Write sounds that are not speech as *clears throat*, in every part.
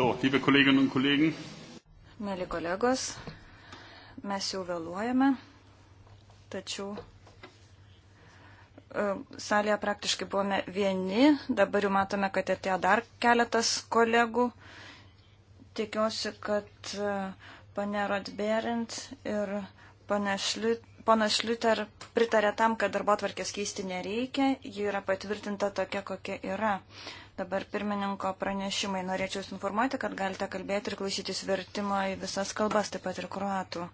So, liebe Kolleginnen und Kollegen. Mėly kolegos, mes jau vėluojame, tačiau e, salėje praktiškai buvome vieni, dabar jau matome, kad atėjo dar keletas kolegų. Tikiuosi, kad e, pane Rodberint ir pana Šliuter pritarė tam, kad darbo tvarkės keisti nereikia, ji yra patvirtinta tokia, kokia yra. Dabar pirmininko pranešimai. Norėčiau Jūs informuoti, kad galite kalbėti ir klausytis vertimo į visas kalbas, taip pat ir kruatų.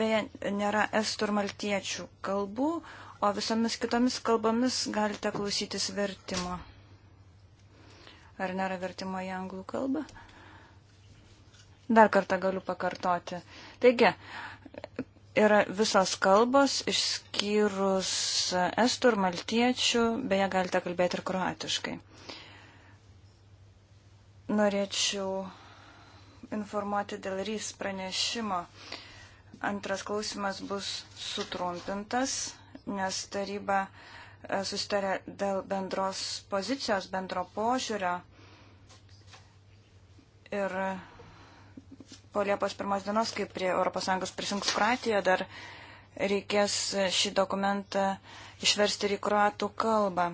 Beje, nėra estų ir maltiečių kalbų, o visomis kitomis kalbomis galite klausytis vertimo. Ar nėra vertimo į anglų kalbą? Dar kartą galiu pakartoti. Taigi, yra visos kalbos, išskyrus estų ir maltiečių, beje, galite kalbėti ir kroatiškai. Norėčiau informuoti dėl RIS pranešimo. Antras klausimas bus sutrumpintas, nes taryba e, sustarė dėl bendros pozicijos, bendro požiūrio. Ir po Liepos pirmos dienos, kai prie ES prisijungs Kroatija, dar reikės šį dokumentą išversti ir į kroatų kalbą.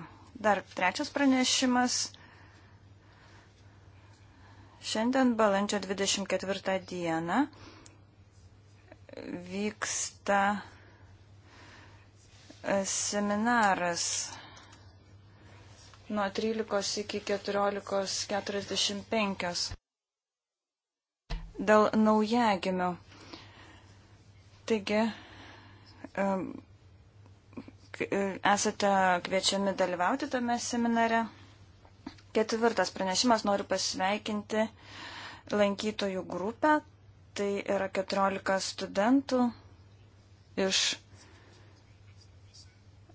Dar trečias pranešimas Šiandien balandžio 24 dieną vyksta e, seminaras nuo 13 iki 14.45 dėl naujagimių. Taigi, e, e, esate kviečiami dalyvauti tame seminare. Ketvirtas pranešimas noriu pasveikinti lankytojų grupę. Tai yra 14 studentų iš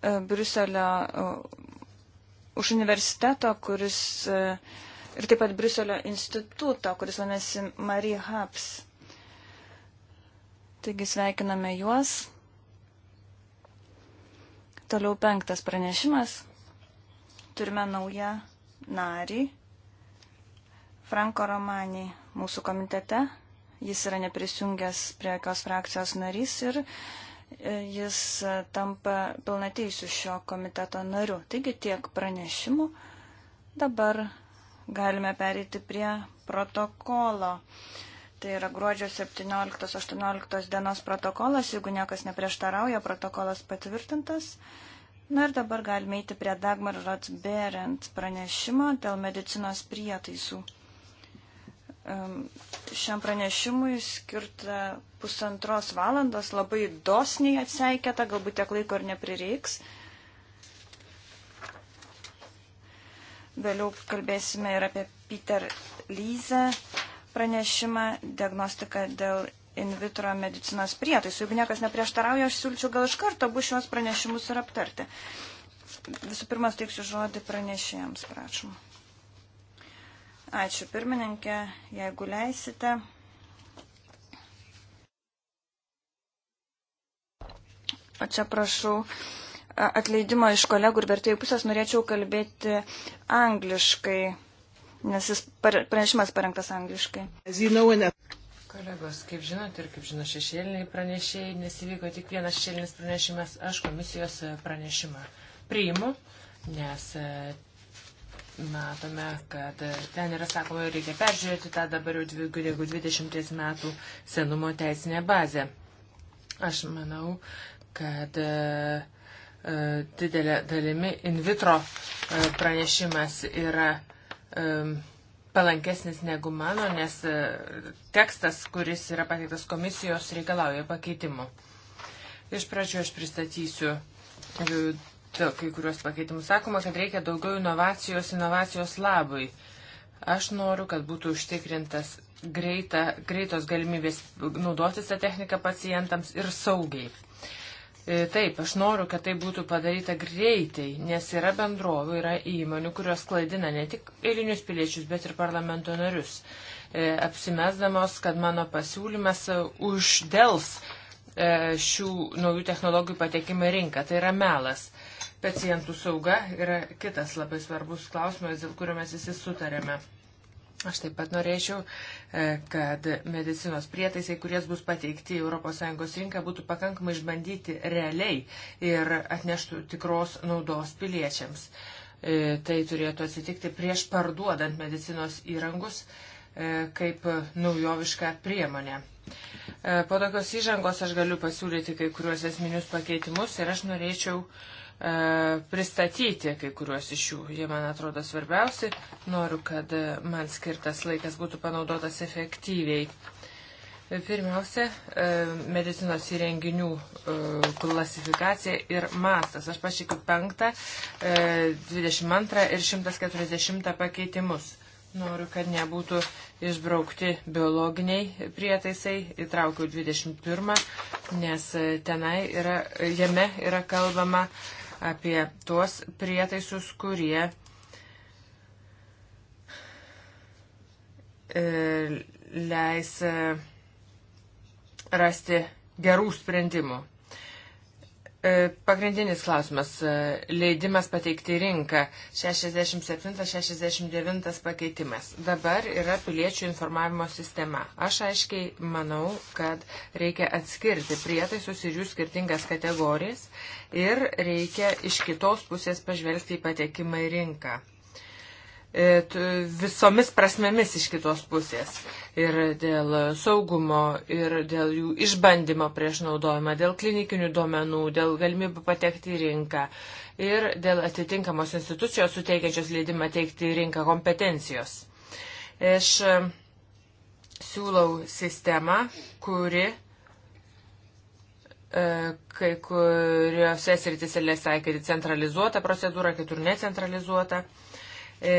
e, Briuselio e, už universiteto, kuris e, ir taip pat Briuselio instituto, kuris vadinasi Marie Haps. Taigi sveikiname juos. Toliau penktas pranešimas. Turime naują narį, Franko Romanį, mūsų komitete. Jis yra neprisijungęs prie jokios frakcijos narys ir e, jis e, tampa pilnateisiu šio komiteto nariu. Taigi tiek pranešimų. Dabar galime perėti prie protokolo. Tai yra gruodžio 17-18 dienos protokolas. Jeigu niekas neprieštarauja, protokolas patvirtintas. Na ir dabar galime eiti prie Dagmar Rotberent pranešimo dėl medicinos prietaisų. Šiam pranešimui skirta pusantros valandos, labai dosniai atseikėta, galbūt tiek laiko ir neprireiks. Vėliau kalbėsime ir apie Peter Lyze pranešimą, diagnostiką dėl in vitro medicinos prietaisų. Jeigu niekas neprieštarauja, aš siūlyčiau gal iš karto abu šios pranešimus ir aptarti. Visų pirma, teiksiu žodį pranešėjams, prašom. Ačiū pirmininkė, jeigu leisite. O čia prašau atleidimo iš kolegų ir vertėjų pusės norėčiau kalbėti angliškai, nes jis pranešimas parengtas angliškai. Kolegos, kaip žinote ir kaip žino šešėliniai pranešėjai, nesivyko tik vienas šešėlinis pranešimas, aš komisijos pranešimą priimu, nes e, matome, kad ten yra sakoma, reikia peržiūrėti tą dabar jau daugiau 20 metų senumo teisinę bazę. Aš manau, kad e, e, didelė dalimi in vitro pranešimas yra palankesnis negu mano, nes e, tekstas, kuris yra pateiktas komisijos, reikalauja pakeitimų. Iš pradžių aš pristatysiu e, kai kuriuos pakeitimus. Sakoma, kad reikia daugiau inovacijos inovacijos labui. Aš noriu, kad būtų užtikrintas greita, greitos galimybės naudotis tą techniką pacientams ir saugiai. E, taip, aš noriu, kad tai būtų padaryta greitai, nes yra bendrovų, yra įmonių, kurios klaidina ne tik eilinius piliečius, bet ir parlamento narius, e, apsimesdamos, kad mano pasiūlymas uždels e, šių naujų technologijų patekimą į rinką. Tai yra melas. Pacientų sauga yra kitas labai svarbus klausimas, dėl kurio mes visi sutarėme. Aš taip pat norėčiau, e, kad medicinos prietaisai, kuries bus pateikti į ES rinką, būtų pakankamai išbandyti realiai ir atneštų tikros naudos piliečiams. E, tai turėtų atsitikti prieš parduodant medicinos įrangus e, kaip naujovišką priemonę. Po tokios įžangos aš galiu pasiūlyti kai kuriuos esminius pakeitimus ir aš norėčiau uh, E, pristatyti kai kuriuos iš jų. Jie man atrodo svarbiausi. Noriu, kad man skirtas laikas būtų panaudotas efektyviai. Pirmiausia, e, medicinos įrenginių e, klasifikacija ir mastas. Aš pašykiu 5, 22 ir 140 pakeitimus. Noriu, kad nebūtų išbraukti biologiniai prietaisai. Įtraukiau 21, nes tenai yra, jame yra kalbama uh, apie tuos prietaisus, kurie e, leis e, rasti gerų sprendimų. E, pagrindinis klausimas e, - leidimas pateikti rinką 67-69 pakeitimas. Dabar yra piliečių informavimo sistema. Aš aiškiai manau, kad reikia atskirti prietaisus ir jų skirtingas kategorijas ir reikia iš kitos pusės pažvelgti į patekimą į rinką. E, visomis prasmėmis iš kitos pusės. Ir dėl saugumo, ir dėl jų išbandymo prieš naudojimą, dėl klinikinių duomenų, dėl galimybių patekti į rinką ir dėl atitinkamos institucijos suteikiančios leidimą teikti į rinką kompetencijos. Aš e, siūlau sistemą, kuri e, kai kuriuose sritise leis taikyti centralizuotą procedūrą, kitur necentralizuotą. E,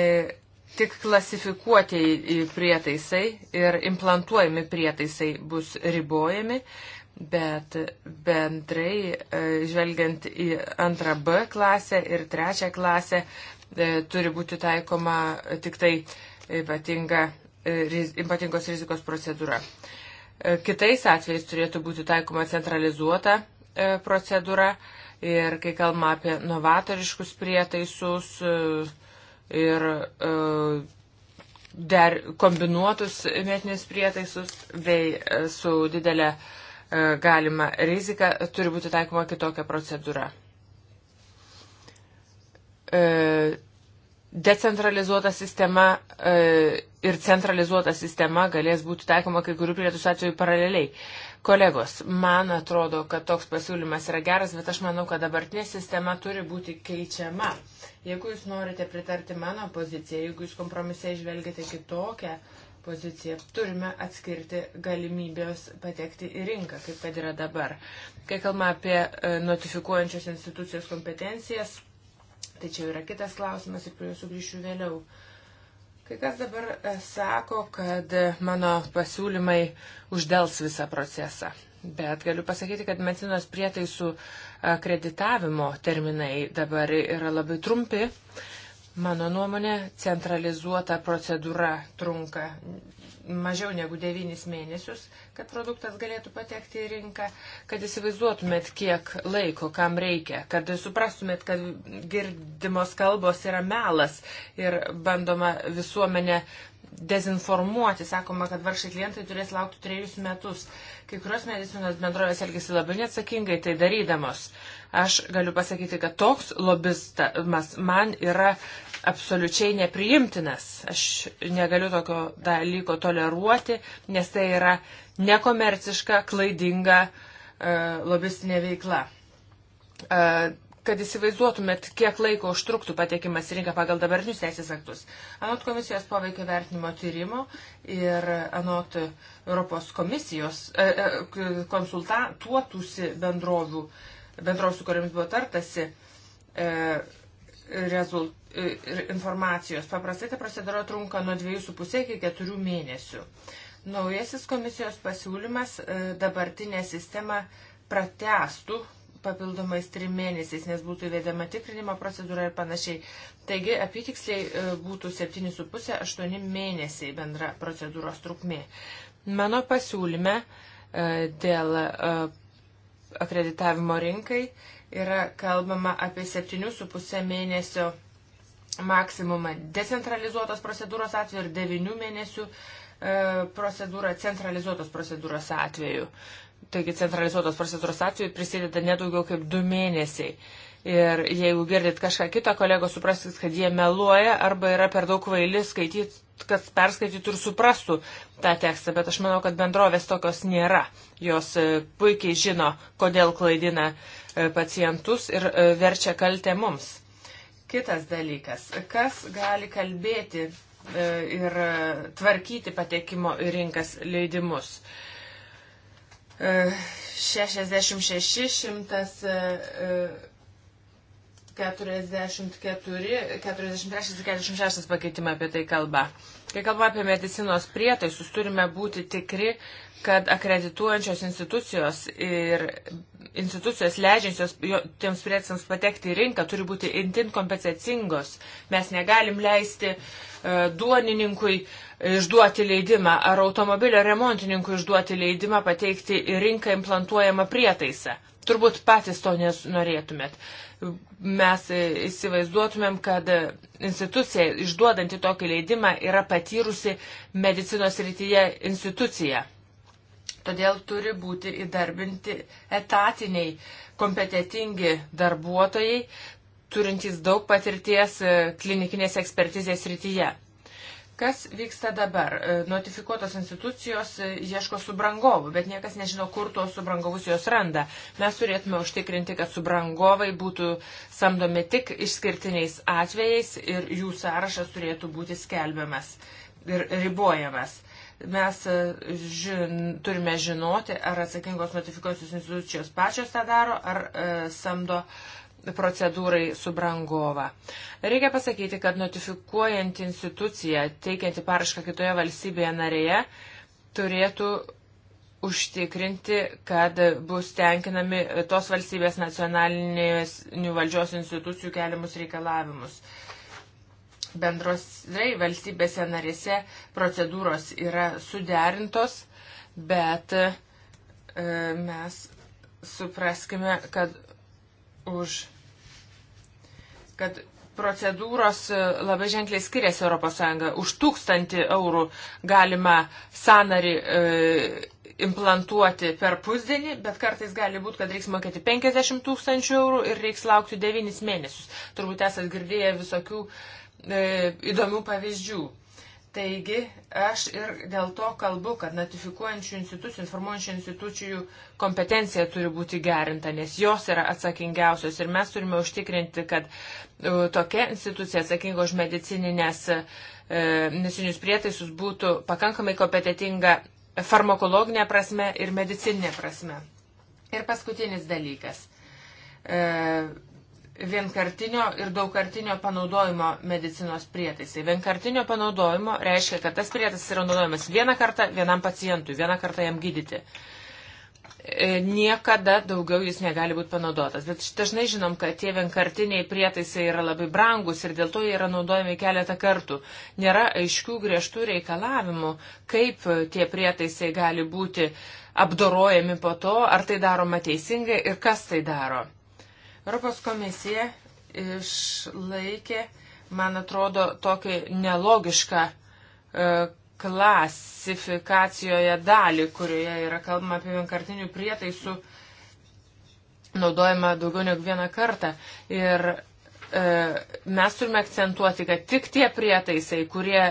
tik klasifikuotieji prietaisai ir implantuojami prietaisai bus ribojami, bet bendrai, e, žvelgiant į antrą B klasę ir trečią klasę, e, turi būti taikoma tik tai ypatinga, ypatingos rizikos procedūra. Kitais atvejais turėtų būti taikoma centralizuota procedūra ir kai kalbama apie novatoriškus prietaisus, ir e, dar kombinuotus metinės prietaisus bei e, su didelė e, galima rizika turi būti taikoma kitokia procedūra. Decentralizuota sistema ir centralizuota sistema galės būti taikoma kai kurių prietaisų atveju paraleliai. Kolegos, man atrodo, kad toks pasiūlymas yra geras, bet aš manau, kad dabartinė sistema turi būti keičiama. Jeigu jūs norite pritarti mano poziciją, jeigu jūs kompromise išvelgite kitokią poziciją, turime atskirti galimybės patekti į rinką, kaip kad yra dabar. Kai kalbame apie e, notifikuojančios institucijos kompetencijas, tai čia yra kitas klausimas ir prie jo sugrįšiu vėliau. Uh, Kai kas dabar e, sako, kad e, mano pasiūlymai uždels visą procesą. Bet galiu pasakyti, kad medicinos prietaisų akreditavimo e, terminai dabar yra labai trumpi. Mano nuomonė, centralizuota procedūra trunka mažiau negu 9 mėnesius, kad produktas galėtų patekti į rinką, kad įsivaizduotumėt, kiek laiko kam reikia, kad suprastumėt, kad girdimos kalbos yra melas ir bandoma visuomenė dezinformuoti, sakoma, kad vargšai klientai turės laukti trejus metus. Kai kurios medicinos bendrovės elgesi labai neatsakingai tai darydamos. Aš galiu pasakyti, kad toks lobistas man yra absoliučiai nepriimtinas. Aš negaliu tokio dalyko toleruoti, nes tai yra nekomerciška, klaidinga e, lobistinė veikla. E, kad įsivaizduotumėt, kiek laiko užtruktų patekimas į rinką pagal dabartinius teisės aktus. Anot komisijos poveikio vertinimo tyrimo ir anot Europos komisijos e, e, konsultantuotųsi bendrovių, bendrovių, su kuriamis buvo tartasi, e, rezult, informacijos. Paprastai ta procedūra trunka nuo 2,5 iki 4 mėnesių. Naujasis komisijos pasiūlymas e, dabartinę sistemą pratestų papildomais trim mėnesiais, nes būtų įvedama tikrinimo procedūra ir panašiai. Taigi apytiksliai e, būtų 7,5-8 mėnesiai bendra procedūros trukmė. Mano pasiūlyme e, dėl akreditavimo rinkai yra kalbama apie 7,5 mėnesio maksimumą decentralizuotos procedūros atveju ir devinių mėnesių e, procedūrą centralizuotos procedūros atveju. Taigi centralizuotos procedūros atveju prisideda nedaugiau kaip du mėnesiai. Ir jeigu girdit kažką kitą, kolegos supraskit, kad jie meluoja arba yra per daug kvaili skaityti, kad perskaitytų ir suprastų tą tekstą. Bet aš manau, kad bendrovės tokios nėra. Jos e, puikiai žino, kodėl klaidina e, pacientus ir verčia kaltę mums. Kitas dalykas, kas gali kalbėti e, ir tvarkyti patekimo į rinkas leidimus. 66, 144, 43, 46 pakeitimai apie tai kalba. Kai kalbame apie medicinos prietaisus, turime būti tikri, kad akredituojančios institucijos ir institucijos leidžiančios tiems prietaisams patekti į rinką turi būti intin kompensacingos. Mes negalim leisti e, duonininkui išduoti leidimą ar automobilio remontininkui išduoti leidimą pateikti į rinką implantuojamą prietaisą turbūt patys to norėtumėt. Mes įsivaizduotumėm, kad institucija išduodanti tokį leidimą yra patyrusi medicinos rytyje institucija. Todėl turi būti įdarbinti etatiniai kompetitingi darbuotojai, turintys daug patirties e, klinikinės ekspertizės rytyje. Kas vyksta dabar? E, notifikuotos institucijos e, ieško subrangovų, bet niekas nežino, kur tuos subrangovus jos randa. Mes turėtume užtikrinti, kad subrangovai būtų samdomi tik išskirtiniais atvejais ir jų sąrašas turėtų būti skelbiamas ir ribojamas. Mes e, žin, turime žinoti, ar atsakingos notifikuotos institucijos pačios tą daro, ar e, samdo e, procedūrai subrangovą. Reikia pasakyti, kad notifikuojant instituciją, teikianti parašką kitoje valstybėje narėje, turėtų užtikrinti, kad bus tenkinami tos valstybės nacionalinių valdžios institucijų keliamus reikalavimus. Bendrosrai valstybėse narėse procedūros yra suderintos, bet e, mes supraskime, kad už kad procedūros e, labai ženkliai skiriasi ES. Už tūkstantį eurų galima sanari e, implantuoti per pusdienį, bet kartais gali būti, kad reiks mokėti 50 tūkstančių eurų ir reiks laukti 9 mėnesius. Turbūt esat girdėję visokių e, įdomių pavyzdžių. Taigi, aš ir dėl to kalbu, kad notifikuojančių institucijų, informuojančių institucijų kompetencija turi būti gerinta, nes jos yra atsakingiausios ir mes turime užtikrinti, kad tokia institucija atsakinga už medicininės e, nesinius prietaisus būtų pakankamai kompetitinga farmakologinė prasme ir medicininė prasme. Ir paskutinis dalykas. E, vienkartinio ir daugkartinio panaudojimo medicinos prietaisai. Vienkartinio panaudojimo reiškia, kad tas prietaisas yra naudojamas vieną kartą vienam pacientui, vieną kartą jam gydyti. E, niekada daugiau jis negali būti panaudotas. Bet dažnai žinom, kad tie vienkartiniai prietaisai yra labai brangus ir dėl to jie yra naudojami keletą kartų. Nėra aiškių griežtų reikalavimų, kaip e, tie prietaisai gali būti apdorojami po to, ar tai daroma teisingai ir kas tai daro. Europos komisija išlaikė, man atrodo, tokį nelogišką e, klasifikacijoje dalį, kurioje yra kalbama apie vienkartinių prietaisų naudojama daugiau negu vieną kartą. Ir e, mes turime akcentuoti, kad tik tie prietaisai, kurie,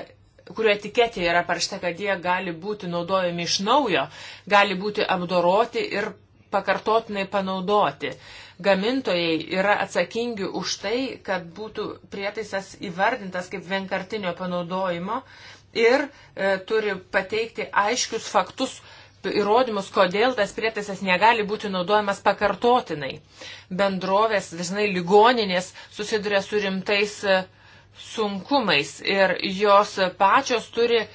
kurio etiketė yra parašta, kad jie gali būti naudojami iš naujo, gali būti apdoroti ir pakartotinai panaudoti. E, gamintojai yra atsakingi už tai, kad būtų prietaisas įvardintas kaip vienkartinio panaudojimo ir e, turi pateikti aiškius faktus, įrodymus, kodėl tas prietaisas negali būti naudojamas pakartotinai. Bendrovės, dažnai ligoninės susiduria su rimtais e, sunkumais ir jos pačios turi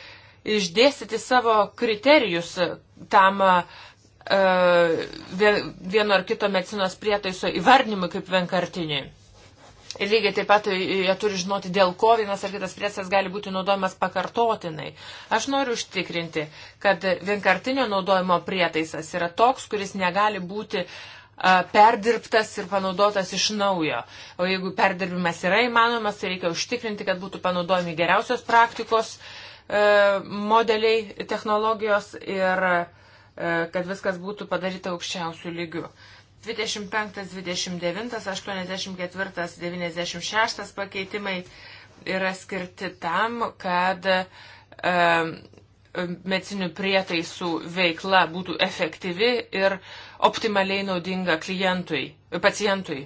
išdėstyti savo kriterijus tam uh, E, vieno ar kito medicinos prietaiso įvardinimui kaip vienkartiniai. Ir lygiai taip pat e, jie turi žinoti, dėl ko vienas ar kitas priesas gali būti naudojamas pakartotinai. Aš noriu užtikrinti, kad vienkartinio naudojimo prietaisas yra toks, kuris negali būti e, perdirbtas ir panaudotas iš naujo. O jeigu perdirbimas yra įmanomas, tai reikia užtikrinti, kad būtų panaudojami geriausios praktikos modeliai, technologijos ir uh, E, kad viskas būtų padaryta aukščiausių lygių. 25, 29, 84, 96 pakeitimai yra skirti tam, kad e, medicinių prietaisų veikla būtų efektyvi ir optimaliai naudinga klientui, pacientui.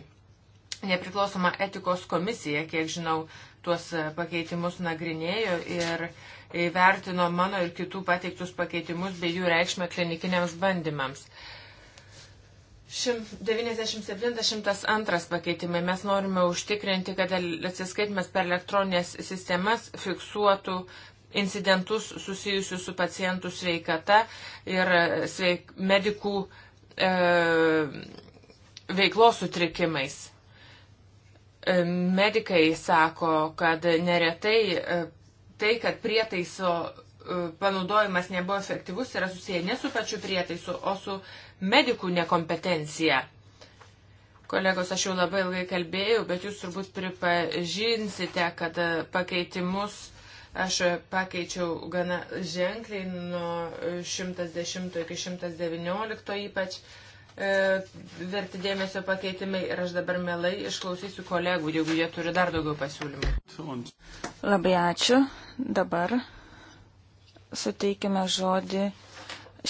Nepriklausoma etikos komisija, kiek žinau, tuos pakeitimus nagrinėjo ir įvertino mano ir kitų pateiktus pakeitimus bei jų reikšmę klinikiniams bandymams. 97-102 pakeitimai. Mes norime užtikrinti, kad atsiskaitimas per elektroninės sistemas fiksuotų incidentus susijusius su pacientų sveikata ir e, sveik, medikų e, veiklos sutrikimais. E, medikai sako, kad neretai e, tai, kad prietaiso e, panaudojimas nebuvo efektyvus, yra susiję ne su pačiu prietaisu, o su medikų nekompetencija. Kolegos, aš jau labai ilgai kalbėjau, bet jūs turbūt pripažinsite, kad e, pakeitimus aš pakeičiau gana ženkliai nuo 110 iki 119 ypač. E, verti dėmesio pakeitimai ir aš dabar mielai išklausysiu kolegų, jeigu jie turi dar daugiau pasiūlymų. Labai ačiū. Dabar suteikime žodį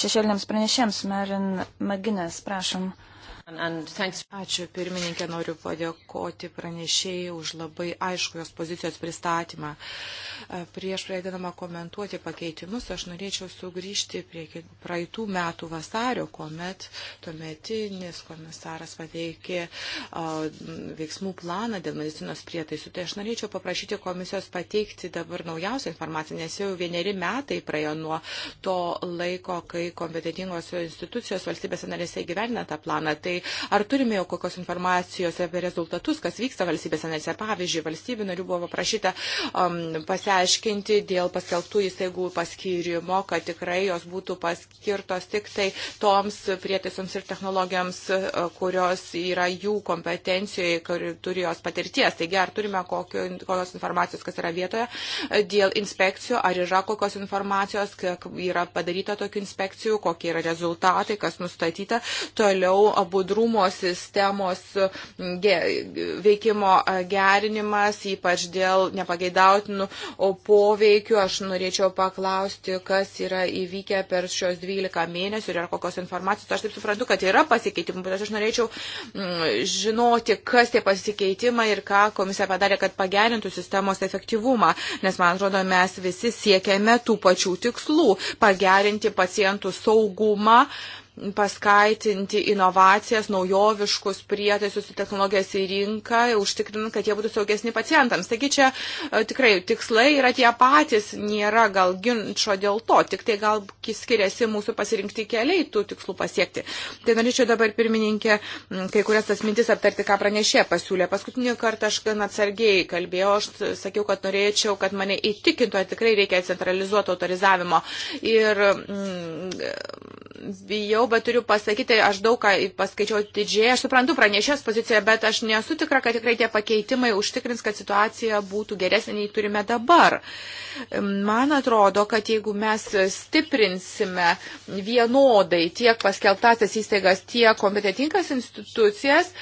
šešėliniams pranešėms. Merin Maginės, prašom. Uh, Ačiū pirmininkė, noriu padėkoti pranešėjai už labai aišku jos pozicijos pristatymą. E, prieš pradedama komentuoti pakeitimus, aš norėčiau sugrįžti prie praeitų metų vasario, kuomet tuometinis komisaras pateikė e, veiksmų planą dėl medicinos prietaisų. Tai aš norėčiau paprašyti komisijos pateikti dabar naujausią informaciją, nes jau vieneri metai praėjo nuo to laiko, kai kompetitingos institucijos valstybės narėse įgyvendina tą planą. Tai tai ar turime jau kokios informacijos apie rezultatus, kas vyksta valstybėse narėse. Pavyzdžiui, valstybių narių buvo paprašyta um, pasiaiškinti dėl paskelbtų įstaigų paskyrimo, kad tikrai jos būtų paskirtos tik tai toms prietaisoms ir technologijoms, e, kurios yra jų kompetencijoje, kur turi jos patirties. Taigi, ar turime kokio, kokios informacijos, kas yra vietoje e, dėl inspekcijų, ar yra kokios informacijos, kiek yra padaryta tokių inspekcijų, kokie yra rezultatai, kas nustatyta. Toliau abu skaidrumo sistemos mm, ge, veikimo gerinimas, ypač dėl nepageidautinų poveikių. Aš norėčiau paklausti, kas yra įvykę per šios 12 mėnesių ir ar kokios informacijos. Aš taip suprantu, kad yra pasikeitimų, bet aš norėčiau mm, žinoti, kas tie pasikeitimai ir ką komisija padarė, kad pagerintų sistemos efektyvumą. Nes, man atrodo, mes visi siekiame tų pačių tikslų - pagerinti pacientų saugumą. Uh, paskaitinti inovacijas, naujoviškus prietaisus ir technologijas į rinką, užtikrinant, kad jie būtų saugesni pacientams. Taigi čia e, tikrai tikslai yra tie patys, nėra gal ginčio dėl to, tik tai gal skiriasi mūsų pasirinkti keliai tų tikslų pasiekti. Tai norėčiau dabar pirmininkė kai kurias tas mintis aptarti, ką pranešė pasiūlė. Paskutinį kartą aš gan atsargiai kalbėjau, aš sakiau, kad norėčiau, kad mane įtikintų, kad tikrai reikia centralizuoto autorizavimo. Ir mm, bijau, toliau, bet turiu pasakyti, aš daug ką paskaičiau didžiai, aš suprantu pranešės poziciją, bet aš nesu tikra, kad tikrai tie pakeitimai užtikrins, kad situacija būtų geresnė nei turime dabar. Man atrodo, kad jeigu mes stiprinsime vienodai tiek paskeltasias įstaigas, tiek kompetitinkas institucijas,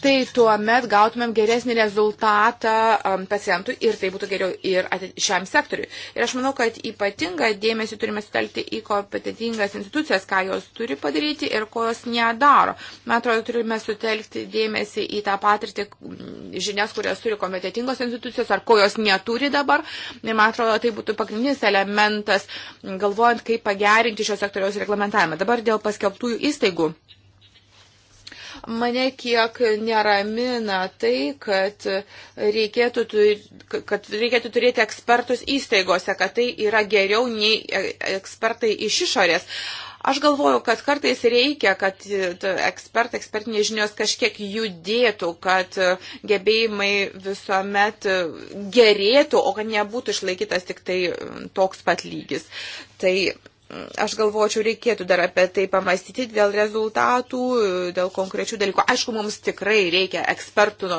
tai tuo met gautumėm geresnį rezultatą um, pacientui ir tai būtų geriau ir šiam sektoriui. Ir aš manau, kad ypatingą dėmesį turime sutelkti į kompetentingas institucijas, ką jos turi padaryti ir ko jos nedaro. Man atrodo, turime sutelkti dėmesį į tą patirtį mm, žinias, kurias turi kompetentingos institucijos ar ko jos neturi dabar. Ir man atrodo, tai būtų pagrindinis elementas, galvojant, kaip pagerinti šio sektoriaus reglamentavimą. Dabar dėl paskelbtųjų įstaigų. Mane kiek neramina tai, kad reikėtų, kad reikėtų turėti ekspertus įstaigose, kad tai yra geriau nei ekspertai iš išorės. Aš galvoju, kad kartais reikia, kad ekspert, ekspertinės žinios kažkiek judėtų, kad gebėjimai visuomet gerėtų, o kad nebūtų išlaikytas tik tai toks pat lygis. Tai aš galvočiau, reikėtų dar apie tai pamastyti dėl rezultatų, dėl konkrečių dalykų. Aišku, mums tikrai reikia ekspertų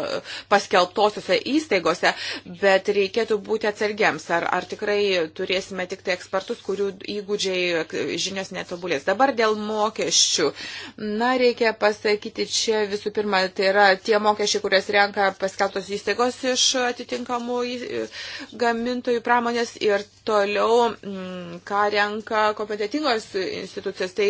paskelbtosiuose įstaigose, bet reikėtų būti atsargiams. Ar, ar tikrai turėsime tik tai ekspertus, kurių įgūdžiai e, žinios netobulės. Dabar dėl mokesčių. Na, reikia pasakyti čia visų pirma, tai yra tie mokesčiai, kurias renka paskelbtos įstaigos iš atitinkamų e, gamintojų pramonės ir toliau, mm, ką renka kompetitingos institucijos. Tai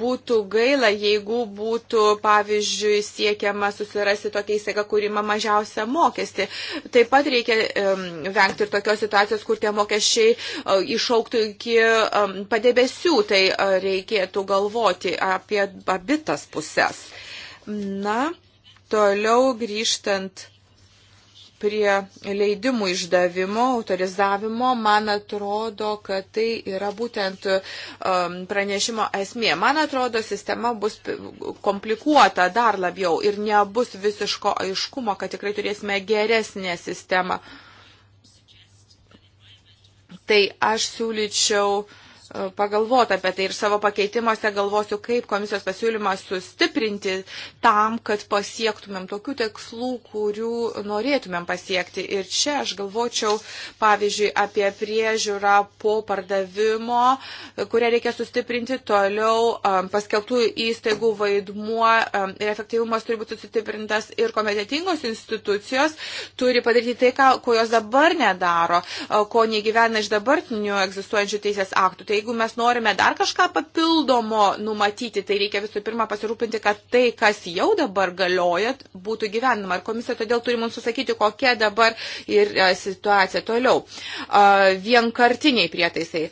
būtų gaila, jeigu būtų, pavyzdžiui, siekiama susirasti tokia įsaiga, kuri ima mažiausią mokestį. Taip pat reikia um, vengti ir tokios situacijos, kur tie mokesčiai uh, išauktų iki um, padebesių. Tai uh, reikėtų galvoti apie abitas pusės. Na, toliau grįžtant prie leidimų išdavimo, autorizavimo, man atrodo, kad tai yra būtent um, pranešimo esmė. Man atrodo, sistema bus komplikuota dar labiau ir nebus visiško aiškumo, kad tikrai turėsime geresnę sistemą. Tai aš siūlyčiau uh, E, pagalvoti apie tai ir savo pakeitimuose galvosiu, kaip komisijos pasiūlymą sustiprinti tam, kad pasiektumėm tokių tikslų, kurių norėtumėm pasiekti. Ir čia aš galvočiau, pavyzdžiui, apie priežiūrą po pardavimo, kurią reikia sustiprinti toliau, e, paskeltų įstaigų vaidmuo e, ir efektyvumas turi būti sustiprintas ir kompetitingos institucijos turi padaryti tai, ką, ko jos dabar nedaro, ko negyvena iš dabartinių egzistuojančių teisės aktų. Tai jeigu mes norime dar kažką papildomo numatyti, tai reikia visų pirma pasirūpinti, kad tai, kas jau dabar galioja, būtų gyvenama. Ir komisija todėl turi mums susakyti, kokia dabar ir e, situacija toliau. Vienkartiniai prietaisai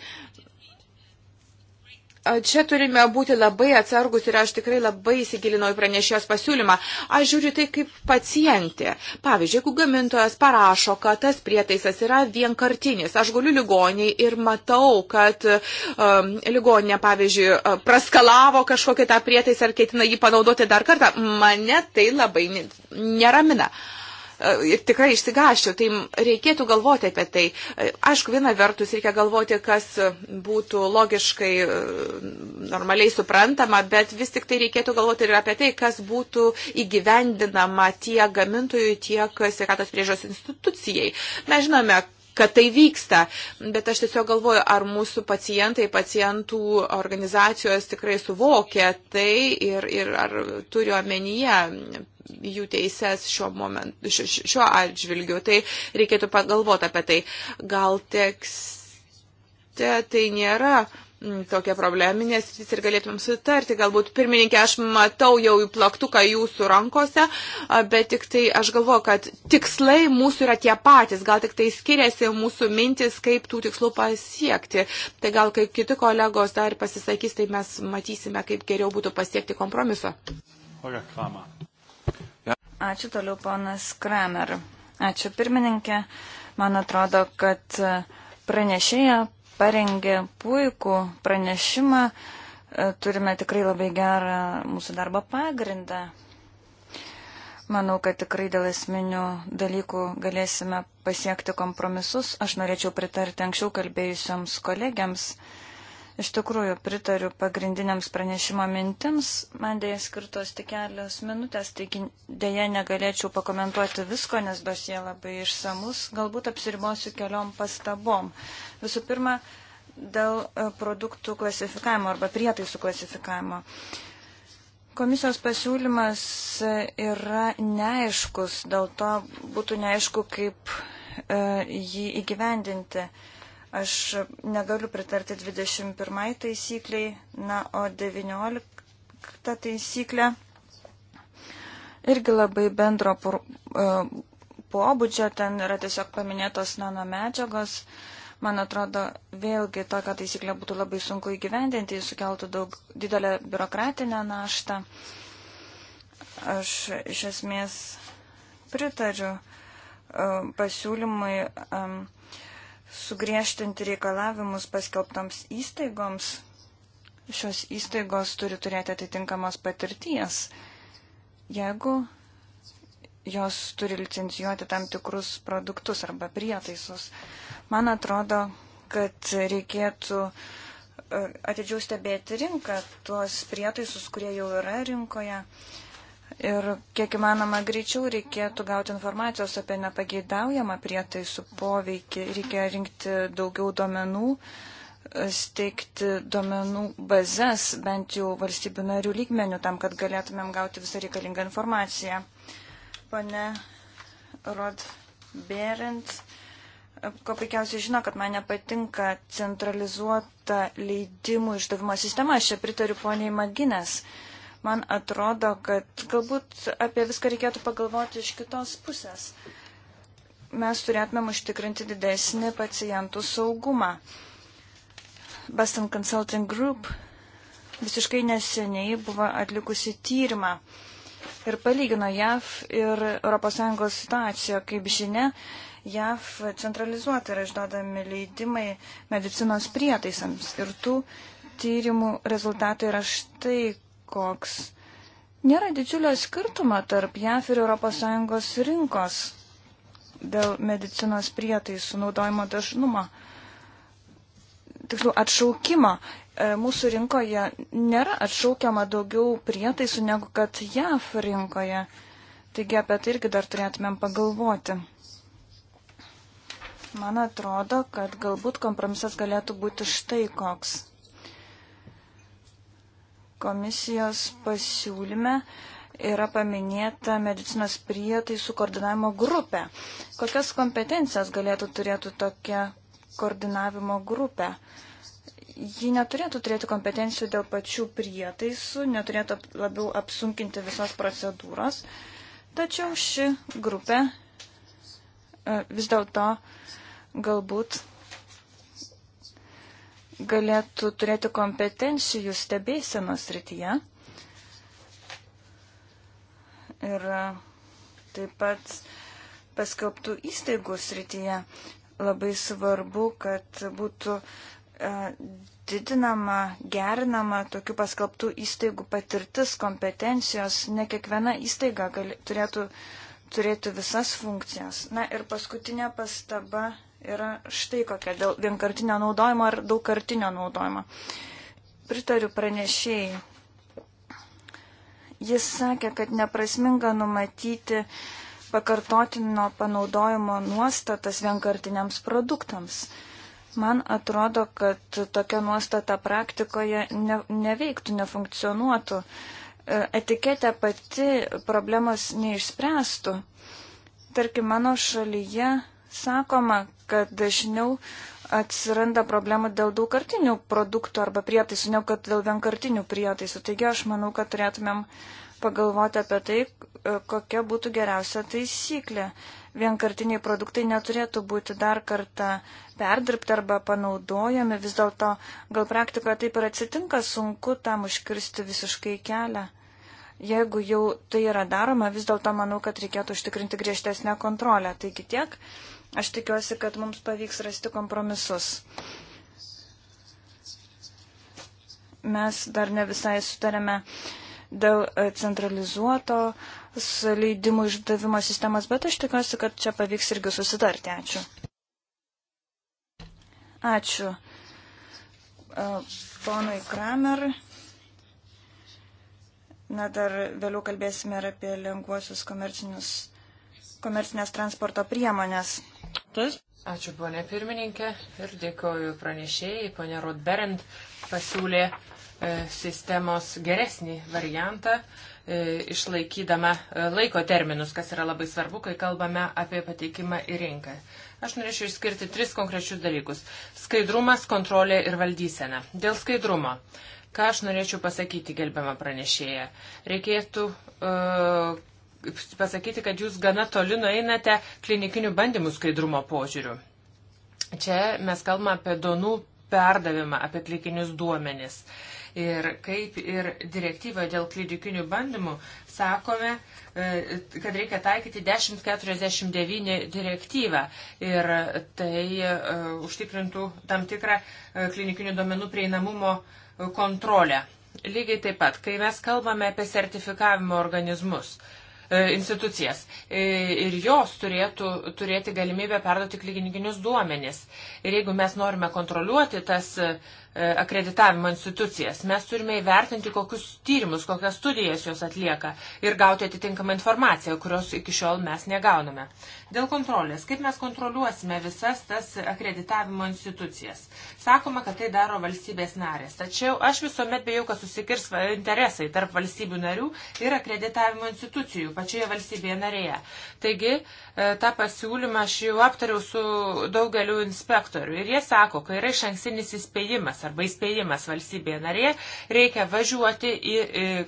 čia turime būti labai atsargus ir aš tikrai labai įsigilinau į pranešėjos pasiūlymą. Aš žiūriu tai kaip pacientė. Pavyzdžiui, jeigu gamintojas parašo, kad tas prietaisas yra vienkartinis, aš guliu ligoniai ir matau, kad um, ligoninė, pavyzdžiui, praskalavo kažkokį tą prietaisą ar ketina jį panaudoti dar kartą, mane tai labai neramina. Uh, E, ir tikrai išsigaščiau, tai reikėtų galvoti apie tai. E, aišku, viena vertus reikia galvoti, kas būtų logiškai e, normaliai suprantama, bet vis tik tai reikėtų galvoti ir apie tai, kas būtų įgyvendinama tiek gamintojui, tiek sveikatos priežos institucijai. Mes žinome, kad tai vyksta. Bet aš tiesiog galvoju, ar mūsų pacientai, pacientų organizacijos tikrai suvokia tai ir, ir ar turi omenyje jų teises šiuo, moment, šiuo atžvilgiu. Tai reikėtų pagalvoti apie tai. Gal tekste tai nėra Mm, tokia probleminė sritis ir galėtumėm sutarti. Galbūt, pirmininkė, aš matau jau plaktuką jūsų rankose, bet tik tai aš galvoju, kad tikslai mūsų yra tie patys, gal tik tai skiriasi mūsų mintis, kaip tų tikslų pasiekti. Tai gal kaip kiti kolegos dar pasisakys, tai mes matysime, kaip geriau būtų pasiekti kompromiso. Ačiū toliau, ponas Kramer. Ačiū pirmininkė. Man atrodo, kad pranešėja parengė puikų pranešimą, e, turime tikrai labai gerą mūsų darbo pagrindą. Manau, kad tikrai dėl esminių dalykų galėsime pasiekti kompromisus. Aš norėčiau pritarti anksčiau kalbėjusioms kolegiams. Iš tikrųjų, pritariu pagrindiniams pranešimo mintims. Man dėja skirtos tik kelios minutės, taigi dėja negalėčiau pakomentuoti visko, nes dosie labai išsamus. Galbūt apsiribosiu keliom pastabom. Visų pirma, dėl e, produktų klasifikavimo arba prietaisų klasifikavimo. Komisijos pasiūlymas e, yra neaiškus, dėl to būtų neaišku, kaip e, jį įgyvendinti. E, Aš negaliu pritarti 21 taisykliai, na, o 19 taisyklė irgi labai bendro e, pobūdžio, ten yra tiesiog paminėtos nano medžiagos. Man atrodo, vėlgi tokią taisyklę būtų labai sunku įgyvendinti, jis sukeltų daug didelę biurokratinę naštą. Aš iš esmės pritariu e, pasiūlymui sugriežtinti reikalavimus paskelbtoms įstaigoms. Šios įstaigos turi turėti atitinkamos patirties. Jeigu jos turi licencijuoti tam tikrus produktus arba prietaisus, man atrodo, kad reikėtų e, atidžiau stebėti rinką, tuos prietaisus, kurie jau yra rinkoje. Uh, ir kiek įmanoma greičiau reikėtų gauti informacijos apie nepageidaujamą prietaisų poveikį. Reikia rinkti daugiau duomenų, steigti duomenų bazės bent jau valstybių narių lygmenių tam, kad galėtumėm gauti visą reikalingą informaciją. Pane Rod Berint, ko puikiausiai žino, kad man nepatinka centralizuota leidimų išdavimo sistema. Aš čia pritariu poniai Maginės. Uh, man atrodo, kad galbūt apie viską reikėtų pagalvoti iš kitos pusės. Mes turėtumėm užtikrinti didesnį pacientų saugumą. Boston Consulting Group visiškai neseniai buvo atlikusi tyrimą ir palygino JAV ir ES situaciją. Kaip žinia, JAV centralizuotai yra išduodami leidimai medicinos prietaisams ir tų tyrimų rezultatai yra štai koks. Nėra didžiulio skirtumo tarp JAF ir ES rinkos dėl medicinos prietaisų naudojimo dažnumo, tiksliau atšaukimo. E, mūsų rinkoje nėra atšaukiama daugiau prietaisų negu kad JAF rinkoje. Taigi apie tai irgi dar turėtumėm pagalvoti. Man atrodo, kad galbūt kompromisas galėtų būti štai koks. Komisijos pasiūlyme yra paminėta medicinos prietaisų koordinavimo grupė. Kokias kompetencijas galėtų turėtų tokia koordinavimo grupė? Ji neturėtų turėti kompetencijų dėl pačių prietaisų, neturėtų labiau apsunkinti visos procedūros, tačiau ši grupė e, vis dėlto galbūt galėtų turėti kompetencijų stebėsenos rytyje. Ir e, taip pat paskelbtų įstaigų srityje labai svarbu, kad būtų e, didinama, gerinama tokių paskelbtų įstaigų patirtis, kompetencijos. Ne kiekviena įstaiga gali, turėtų turėti visas funkcijas. Na ir paskutinė pastaba yra štai kokia dėl vienkartinio naudojimo ar daugkartinio naudojimo. Pritariu pranešėjai. Jis sakė, kad neprasminga numatyti pakartotino panaudojimo nuostatas vienkartiniams produktams. Man atrodo, kad tokia nuostata praktikoje ne, neveiktų, nefunkcionuotų. E, etiketė pati problemos neišspręstų. Tarkim, mano šalyje sakoma, kad dažniau atsiranda problemų dėl daugkartinių produktų arba prietaisų, ne kad dėl vienkartinių prietaisų. Taigi aš manau, kad turėtumėm pagalvoti apie tai, e, kokia būtų geriausia taisyklė. Vienkartiniai produktai neturėtų būti dar kartą perdirbti arba panaudojami. Vis dėlto gal praktikoje taip ir atsitinka, sunku tam užkirsti visiškai kelią. Jeigu jau tai yra daroma, vis dėlto manau, kad reikėtų užtikrinti griežtesnę kontrolę. Taigi tiek. Aš tikiuosi, kad mums pavyks rasti kompromisus. Mes dar ne visai sutarėme dėl e, centralizuoto leidimų išdavimo sistemas, bet aš tikiuosi, kad čia pavyks irgi susitarti. Ačiū. Ačiū. E, ponui Kramer. Na, dar vėliau kalbėsime ir apie lengvuosius komercinės transporto priemonės. Ačiū, ponė pirmininkė, ir dėkoju pranešėjai. Ponė Rodberend pasiūlė e, sistemos geresnį variantą, e, išlaikydama e, laiko terminus, kas yra labai svarbu, kai kalbame apie pateikimą į rinką. Aš norėčiau išskirti tris konkrečius dalykus. Skaidrumas, kontrolė ir valdysena. Dėl skaidrumo. Ką aš norėčiau pasakyti, gerbiamą pranešėją? Reikėtų. E, pasakyti, kad jūs gana toli nueinate klinikinių bandymų skaidrumo požiūrių. Čia mes kalbame apie donų perdavimą, apie klinikinius duomenis. Ir kaip ir direktyvoje dėl klinikinių bandymų sakome, e, kad reikia taikyti 1049 direktyvą ir tai e, užtikrintų tam tikrą e, klinikinių duomenų prieinamumo kontrolę. Lygiai taip pat, kai mes kalbame apie sertifikavimo organizmus, E, institucijas. E, ir jos turėtų turėti galimybę perduoti klinikinius duomenis. Ir jeigu mes norime kontroliuoti tas E, akreditavimo institucijas. Mes turime įvertinti, kokius tyrimus, kokias studijas jos atlieka ir gauti atitinkamą informaciją, kurios iki šiol mes negauname. Dėl kontrolės. Kaip mes kontroliuosime visas tas akreditavimo institucijas? Sakoma, kad tai daro valstybės narės. Tačiau aš visuomet bejau, kad susikirs interesai tarp valstybių narių ir akreditavimo institucijų pačioje valstybėje narėje. Taigi, e, tą pasiūlymą aš jau aptariau su daugeliu inspektorių ir jie sako, kai yra iš ankstinis įspėjimas arba įspėjimas valstybėje narėje, reikia važiuoti į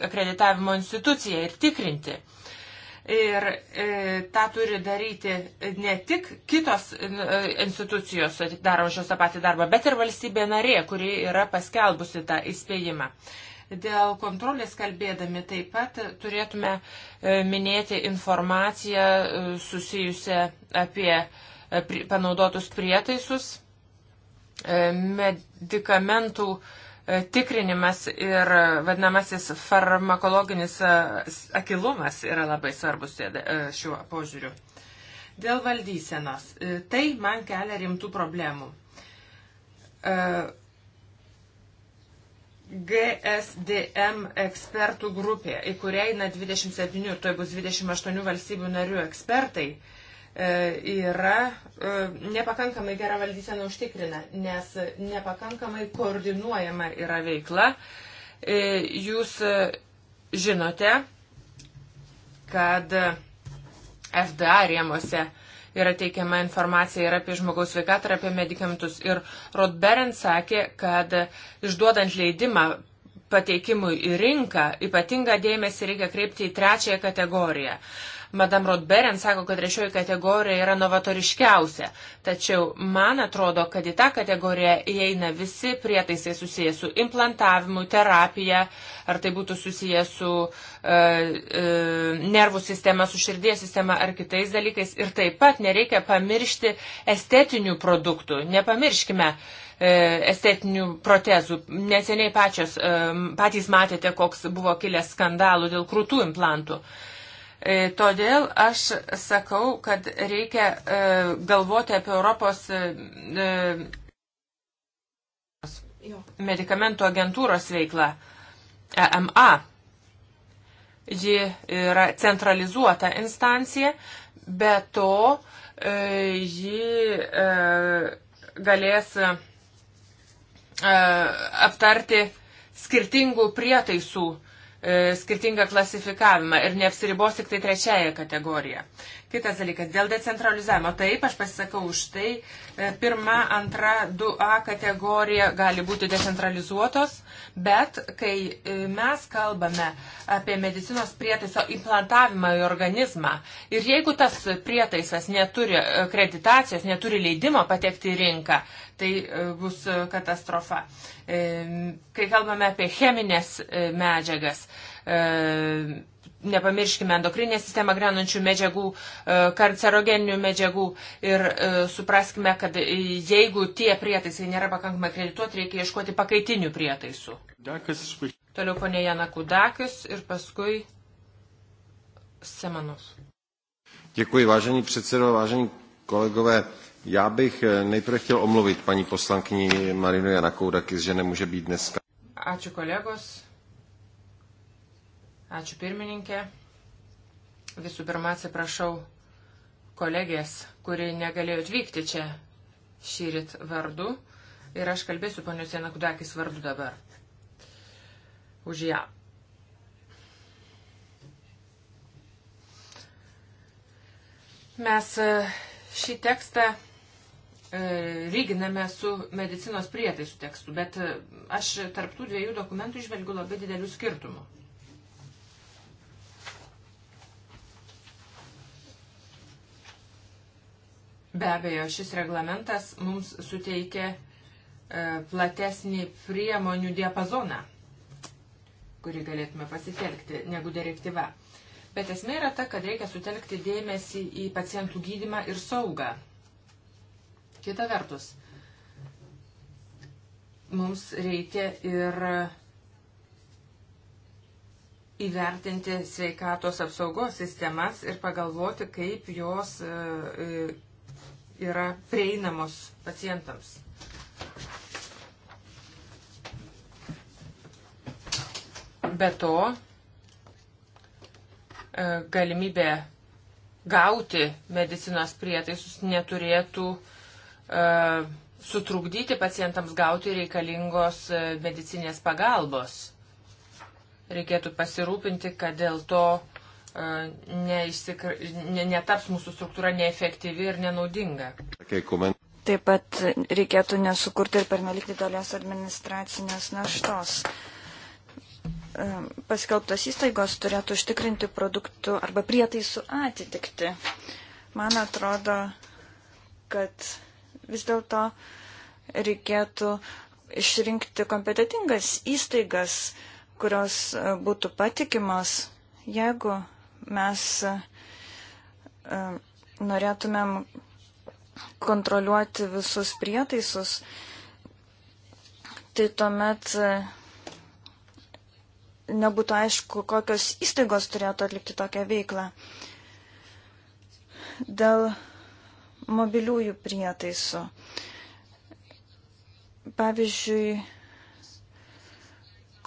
akreditavimo instituciją ir tikrinti. Ir e, tą turi daryti ne tik kitos e, institucijos darančios tą patį darbą, bet ir valstybė narė, kuri yra paskelbusi tą įspėjimą. Dėl kontrolės kalbėdami taip pat turėtume e, minėti informaciją e, susijusią apie e, pri, panaudotus prietaisus E, medikamentų e, tikrinimas ir vadinamasis farmakologinis e, akilumas yra labai svarbus šiuo požiūriu. Dėl valdysenos. Tai man kelia rimtų problemų. GSDM ekspertų grupė, į kurią eina 27, tai bus 28 valstybių narių ekspertai, uh, E, yra e, nepakankamai gera valdysena užtikrina, nes nepakankamai koordinuojama yra veikla. E, jūs žinote, kad FDA rėmose yra teikiama informacija ir apie žmogaus sveikatą, ir apie medikamentus. Ir Rodberen sakė, kad išduodant leidimą pateikimui į rinką ypatingą dėmesį reikia kreipti į trečiąją kategoriją. Uh, Madame Rodberen sako, kad trečioji kategorija yra novatoriškiausia. Tačiau man atrodo, kad į tą kategoriją įeina visi prietaisai susiję su implantavimu, terapija, ar tai būtų susiję su e, e, nervų sistema, su širdies sistema ar kitais dalykais. Ir taip pat nereikia pamiršti estetinių produktų. Nepamirškime e, estetinių protezų. Neseniai pačios, e, patys matėte, koks buvo kilęs skandalų dėl krūtų implantų. Uh, E, todėl aš sakau, kad reikia e, galvoti apie Europos e, medikamentų agentūros veiklą EMA. Ji yra centralizuota instancija, bet to ji galės aptarti skirtingų prietaisų E, skirtingą klasifikavimą ir neapsiribos tik tai trečiaja kategorija. Kitas dalykas, dėl decentralizavimo. Taip, aš pasisakau už tai, e, pirma, antra, 2A kategorija gali būti decentralizuotos, Bet kai e, mes kalbame apie medicinos prietaiso implantavimą į organizmą ir jeigu tas prietaisas neturi kreditacijos, neturi leidimo patekti į rinką, tai e, bus e, katastrofa. Kai kalbame apie cheminės medžiagas, nepamirškime endokrinę sistemą grenančių medžiagų, karcerogeninių medžiagų ir supraskime, kad jeigu tie prietaisai nėra pakankamai kredituoti, reikia ieškoti pakaitinių prietaisų. Toliau ponė Jana Kudakis ir paskui Semanus. Děkuji, vážený předsedo, vážení kolegové. Já bych eh, nejprve chtěl omluvit paní poslankyni Marinu Janakoudakis, že nemůže být dneska. Ačiū kolegos, ačiū pirmininkė. Visų pirma, atsiprašau kolegės, kuri negalėjo atvykti čia šyrit vardu. Ir aš kalbėsiu ponios Janakudakis vardu dabar už ją. Mes e, šį tekstą e, lyginame su medicinos prietaisų tekstu, bet e, aš tarptų dviejų dokumentų išvelgiu labai didelių skirtumų. Be abejo, šis reglamentas mums suteikia platesnį priemonių diapazoną kurį galėtume pasitelkti, negu direktyva. Bet esmė yra ta, kad reikia sutelkti dėmesį į pacientų gydimą ir saugą. Kita vertus, mums reikia ir įvertinti sveikatos apsaugos sistemas ir pagalvoti, kaip jos e, e, yra prieinamos pacientams. Be to, e, galimybė gauti medicinos prietaisus neturėtų e, sutrukdyti pacientams gauti reikalingos e, medicinės pagalbos. Reikėtų pasirūpinti, kad dėl to neišsikra... ne, netaps mūsų struktūra neefektyvi ir nenaudinga. Taip pat reikėtų nesukurti ir pernelik didelės administracinės naštos. Na, paskelbtos įstaigos turėtų užtikrinti produktų arba prietaisų atitikti. Man atrodo, kad vis dėlto reikėtų išrinkti kompetitingas įstaigas, kurios e, būtų patikimos, jeigu mes e, norėtumėm kontroliuoti visus prietaisus, tai tuomet e, nebūtų aišku, kokios įstaigos turėtų atlikti tokią veiklą. Dėl mobiliųjų prietaisų. Pavyzdžiui,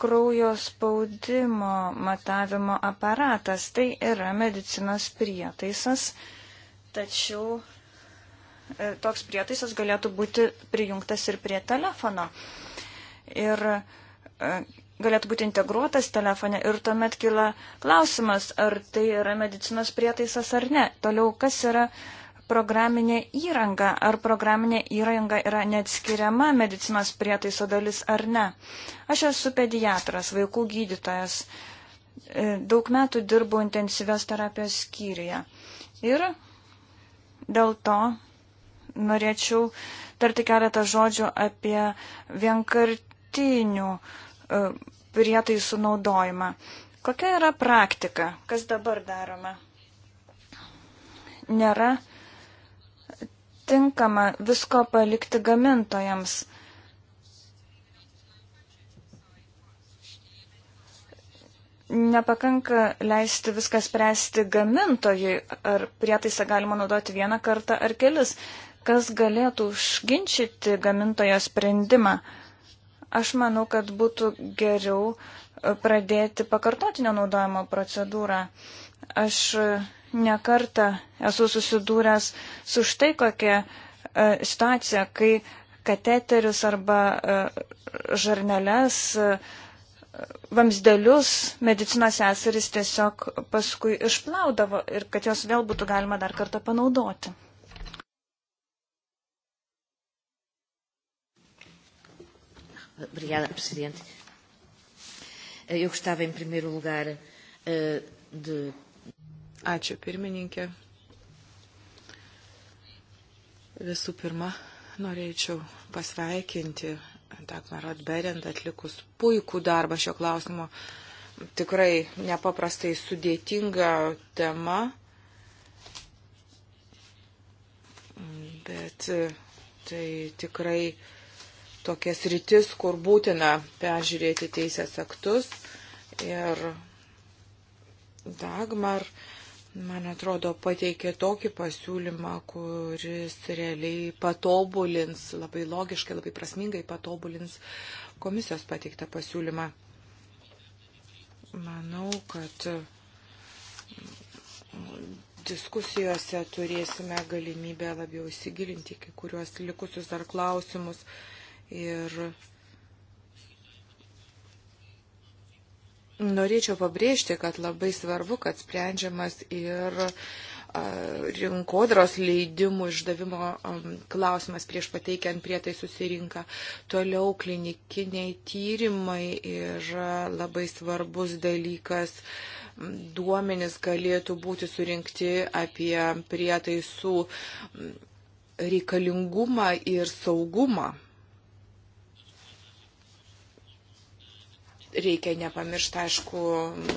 kraujo spaudimo matavimo aparatas tai yra medicinos prietaisas, tačiau e, toks prietaisas galėtų būti prijungtas ir prie telefono. Ir e, galėtų būti integruotas telefone ir tuomet kyla klausimas, ar tai yra medicinos prietaisas ar ne. Toliau, kas yra programinė įranga, ar programinė įranga yra neatskiriama medicinos prietaiso dalis ar ne. Aš esu pediatras, vaikų gydytojas, e, daug metų dirbu intensyvios terapijos skyriuje ir dėl to norėčiau tarti keletą žodžių apie vienkartinių uh, E, prietaisų naudojimą. Kokia yra praktika? Kas dabar daroma? Nėra tinkama visko palikti gamintojams. nepakanka leisti viską spręsti gamintojui, ar prietaisą galima naudoti vieną kartą ar kelis, kas galėtų užginčyti gamintojo sprendimą. Aš manau, kad būtų geriau e, pradėti pakartotinio naudojimo procedūrą. Aš e, nekartą esu susidūręs su štai kokia e, situacija, kai kateterius arba žarneles vamsdelius medicinos seseris tiesiog paskui išplaudavo ir kad jos vėl būtų galima dar kartą panaudoti. Obrigada, Presidente. Eh, eu gostava, em primeiro lugar, eh, de. Ačiū, pirmininkė. Visų pirma, norėčiau pasveikinti Dagmarą Berend atlikus puikų darbą šio klausimo. Tikrai nepaprastai sudėtinga tema, bet eh, tai tikrai uh, tokias rytis, kur būtina peržiūrėti teisės aktus. Ir Dagmar, man atrodo, pateikė tokį pasiūlymą, kuris realiai patobulins, labai logiškai, labai prasmingai patobulins komisijos pateiktą pasiūlymą. Manau, kad diskusijose turėsime galimybę labiau įsigilinti kai kuriuos likusius dar klausimus. Uh, Ir norėčiau pabrėžti, kad labai svarbu, kad sprendžiamas ir rinkodaros leidimų išdavimo klausimas prieš pateikiant prietai susirinka. Toliau klinikiniai tyrimai yra labai svarbus dalykas. Duomenis galėtų būti surinkti apie prietaisų reikalingumą ir saugumą. Reikia nepamiršti, aišku,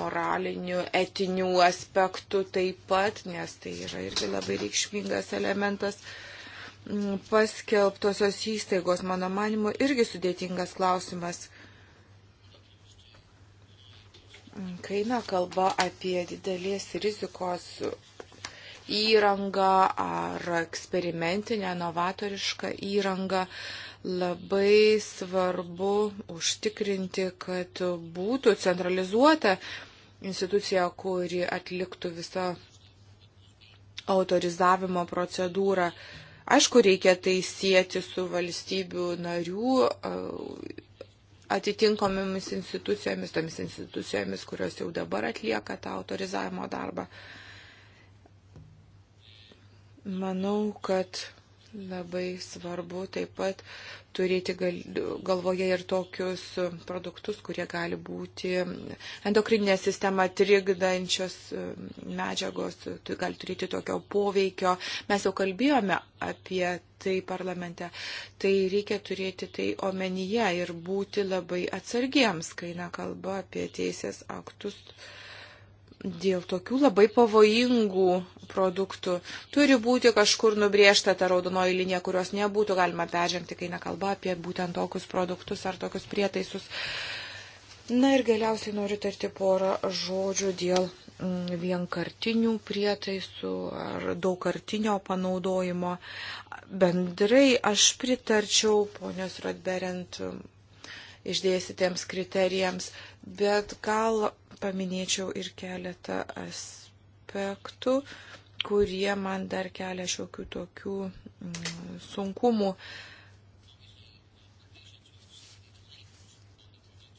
moralinių, etinių aspektų taip pat, nes tai yra irgi labai reikšmingas elementas. Mm, paskelbtosios įstaigos, mano manimu, irgi sudėtingas klausimas. Mm, kai na kalba apie didelės rizikos įrangą ar eksperimentinę novatorišką įrangą, labai svarbu užtikrinti, kad būtų centralizuota institucija, kuri atliktų visą autorizavimo procedūrą. Aišku, reikia tai sieti su valstybių narių atitinkomomis institucijomis, tomis institucijomis, kurios jau dabar atlieka tą autorizavimo darbą. Manau, kad Labai svarbu taip pat turėti gal, galvoje ir tokius produktus, kurie gali būti endokrininę sistemą trikdančios e, medžiagos, gali turėti tokio poveikio. Mes jau kalbėjome apie tai parlamente. Tai reikia turėti tai omenyje ir būti labai atsargiems, kai nekalba apie teisės aktus dėl tokių labai pavojingų produktų turi būti kažkur nubriežta ta raudonoji linija, kurios nebūtų galima peržengti, kai nekalba apie būtent tokius produktus ar tokius prietaisus. Na ir galiausiai noriu tarti porą žodžių dėl mm, vienkartinių prietaisų ar daugkartinio panaudojimo. Bendrai aš pritarčiau ponios Rodberent mm, išdėsitėms kriterijams, bet gal paminėčiau ir keletą aspektų, kurie man dar kelia šiokių tokių mm, sunkumų.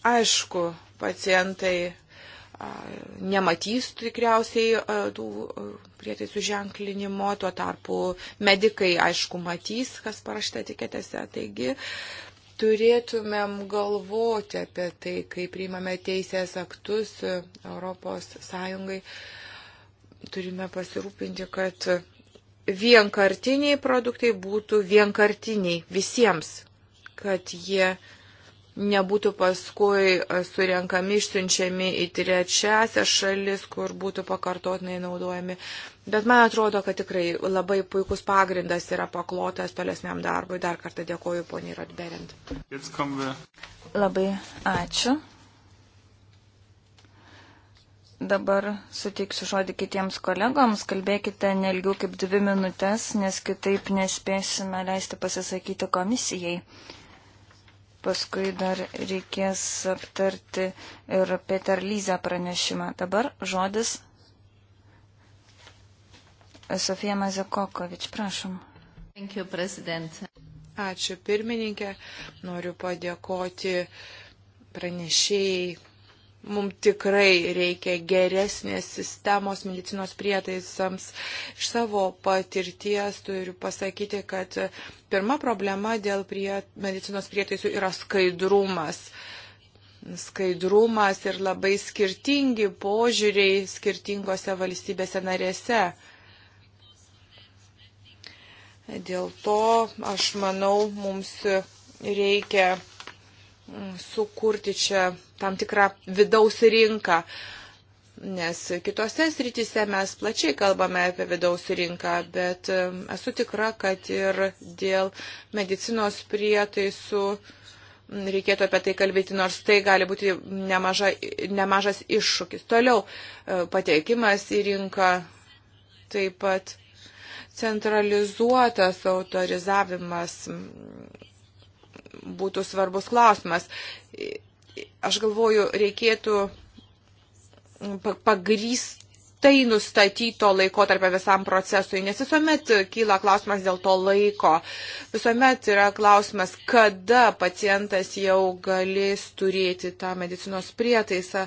Aišku, pacientai nematys tikriausiai tų prietaisų ženklinimo, tuo tarpu medikai, aišku, matys, kas parašyta etiketėse. Taigi, uh, turėtumėm galvoti apie tai, kai priimame teisės aktus Europos Sąjungai. Turime pasirūpinti, kad vienkartiniai produktai būtų vienkartiniai visiems, kad jie nebūtų paskui e, surenkami, išsiunčiami į trečiasią šalis, kur būtų pakartotinai naudojami. Bet man atrodo, kad tikrai labai puikus pagrindas yra paklotas tolesniam darbui. Dar kartą dėkoju poniai Rodberint. Labai ačiū. Dabar sutiksiu žodį kitiems kolegoms, kalbėkite nelgiau kaip dvi minutės, nes kitaip nespėsime leisti pasisakyti komisijai. Paskui dar reikės aptarti ir Peter Lyze pranešimą. Dabar žodis Sofija Mazekokovič, prašom. Thank you, president. Ačiū pirmininkė. Noriu padėkoti pranešėjai Mums tikrai reikia geresnės sistemos medicinos prietaisams. Iš savo patirties turiu pasakyti, kad pirma problema dėl prie, medicinos prietaisų yra skaidrumas skaidrumas ir labai skirtingi požiūriai skirtingose valstybėse narėse. Dėl to, aš manau, mums reikia sukurti čia tam tikrą vidaus rinką. Nes kitose srityse mes plačiai kalbame apie vidaus rinką, bet esu tikra, kad ir dėl medicinos prietaisų reikėtų apie tai kalbėti, nors tai gali būti nemaža, nemažas iššūkis. Toliau e, patekimas į rinką taip pat centralizuotas autorizavimas būtų svarbus klausimas aš galvoju, reikėtų pagrįstai nustatyto laiko tarp visam procesui, nes visuomet kyla klausimas dėl to laiko. Visuomet yra klausimas, kada pacientas jau galės turėti tą medicinos prietaisą.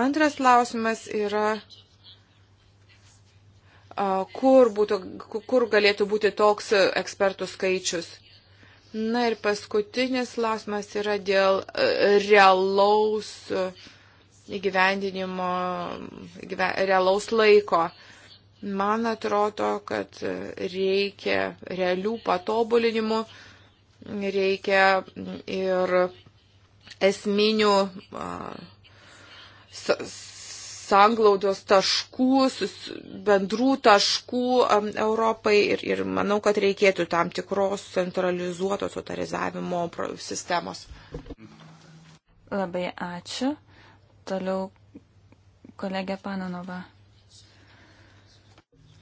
Antras klausimas yra, kur, būtų, kur galėtų būti toks ekspertų skaičius. Na ir paskutinis klausimas yra dėl e, realaus e, įgyvendinimo, gyve, realaus laiko. Man atrodo, kad reikia realių patobulinimų, reikia ir esminių uh, sanglaudos taškų, bendrų taškų um, Europai ir, ir manau, kad reikėtų tam tikros centralizuotos autorizavimo sistemos. Labai ačiū. Toliau kolegė Pananova.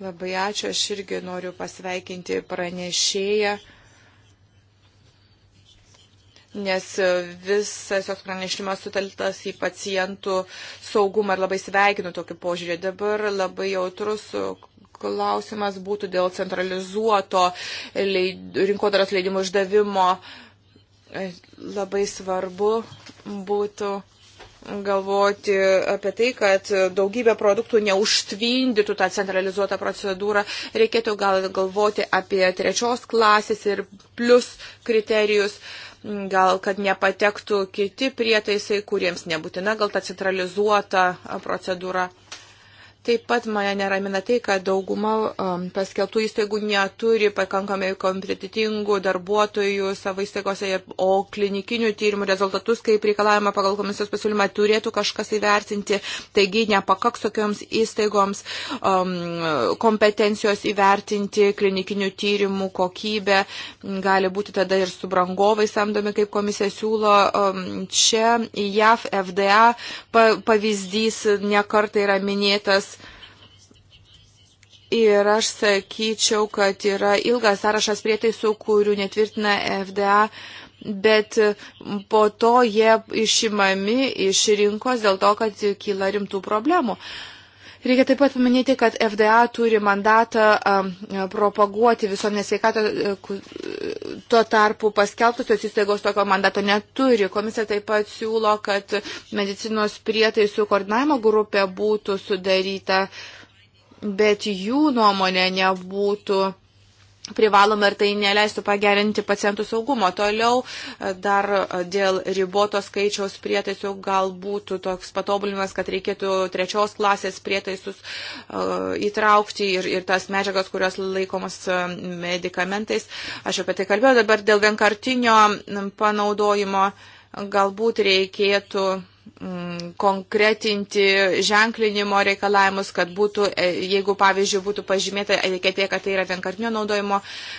Labai ačiū, aš irgi noriu pasveikinti pranešėją nes visas jos pranešimas suteltas į pacientų saugumą ir labai sveikinu tokiu požiūriu. Dabar labai jautrus klausimas būtų dėl centralizuoto leid, rinkodaros leidimų išdavimo. Labai svarbu būtų galvoti apie tai, kad daugybė produktų neužtvindytų tą centralizuotą procedūrą. Reikėtų gal galvoti apie trečios klasės ir plus kriterijus. Uh, gal kad nepatektų kiti prietaisai, kuriems nebūtina gal ta centralizuota procedūra. Taip pat mane neramina tai, kad dauguma um, paskeltų įstaigų neturi pakankamai kompetitingų darbuotojų savo įstaigose, o klinikinių tyrimų rezultatus, kaip reikalavimą pagal komisijos pasiūlymą, turėtų kažkas įvertinti. Taigi nepakaks tokioms įstaigoms um, kompetencijos įvertinti klinikinių tyrimų kokybę. Gali būti tada ir subrangovai samdomi, kaip komisija siūlo. Um, čia JAF FDA pa, pavyzdys nekartai yra minėtas Ir aš sakyčiau, kad yra ilgas sąrašas prietaisų, kurių netvirtina FDA, bet po to jie išimami iš rinkos dėl to, kad kyla rimtų problemų. Reikia taip pat paminėti, kad FDA turi mandatą propaguoti visuomenės sveikatą, e, tuo tarpu paskelbtusios įstaigos tokio mandato neturi. Komisija taip pat siūlo, kad medicinos prietaisų koordinavimo grupė būtų sudaryta uh, bet jų nuomonė nebūtų privaloma ir tai neleistų pagerinti pacientų saugumo. Toliau e, dar e, dėl riboto skaičiaus prietaisų gal būtų toks patobulinimas, kad reikėtų trečios klasės prietaisus uh, įtraukti ir, ir tas medžiagas, kurios laikomas medikamentais. Aš apie tai kalbėjau dabar dėl vienkartinio panaudojimo. Galbūt reikėtų Mm, konkretinti ženklinimo reikalavimus, kad būtų, e, jeigu pavyzdžiui būtų pažymėta etiketė, kad tai yra vienkartinio naudojimo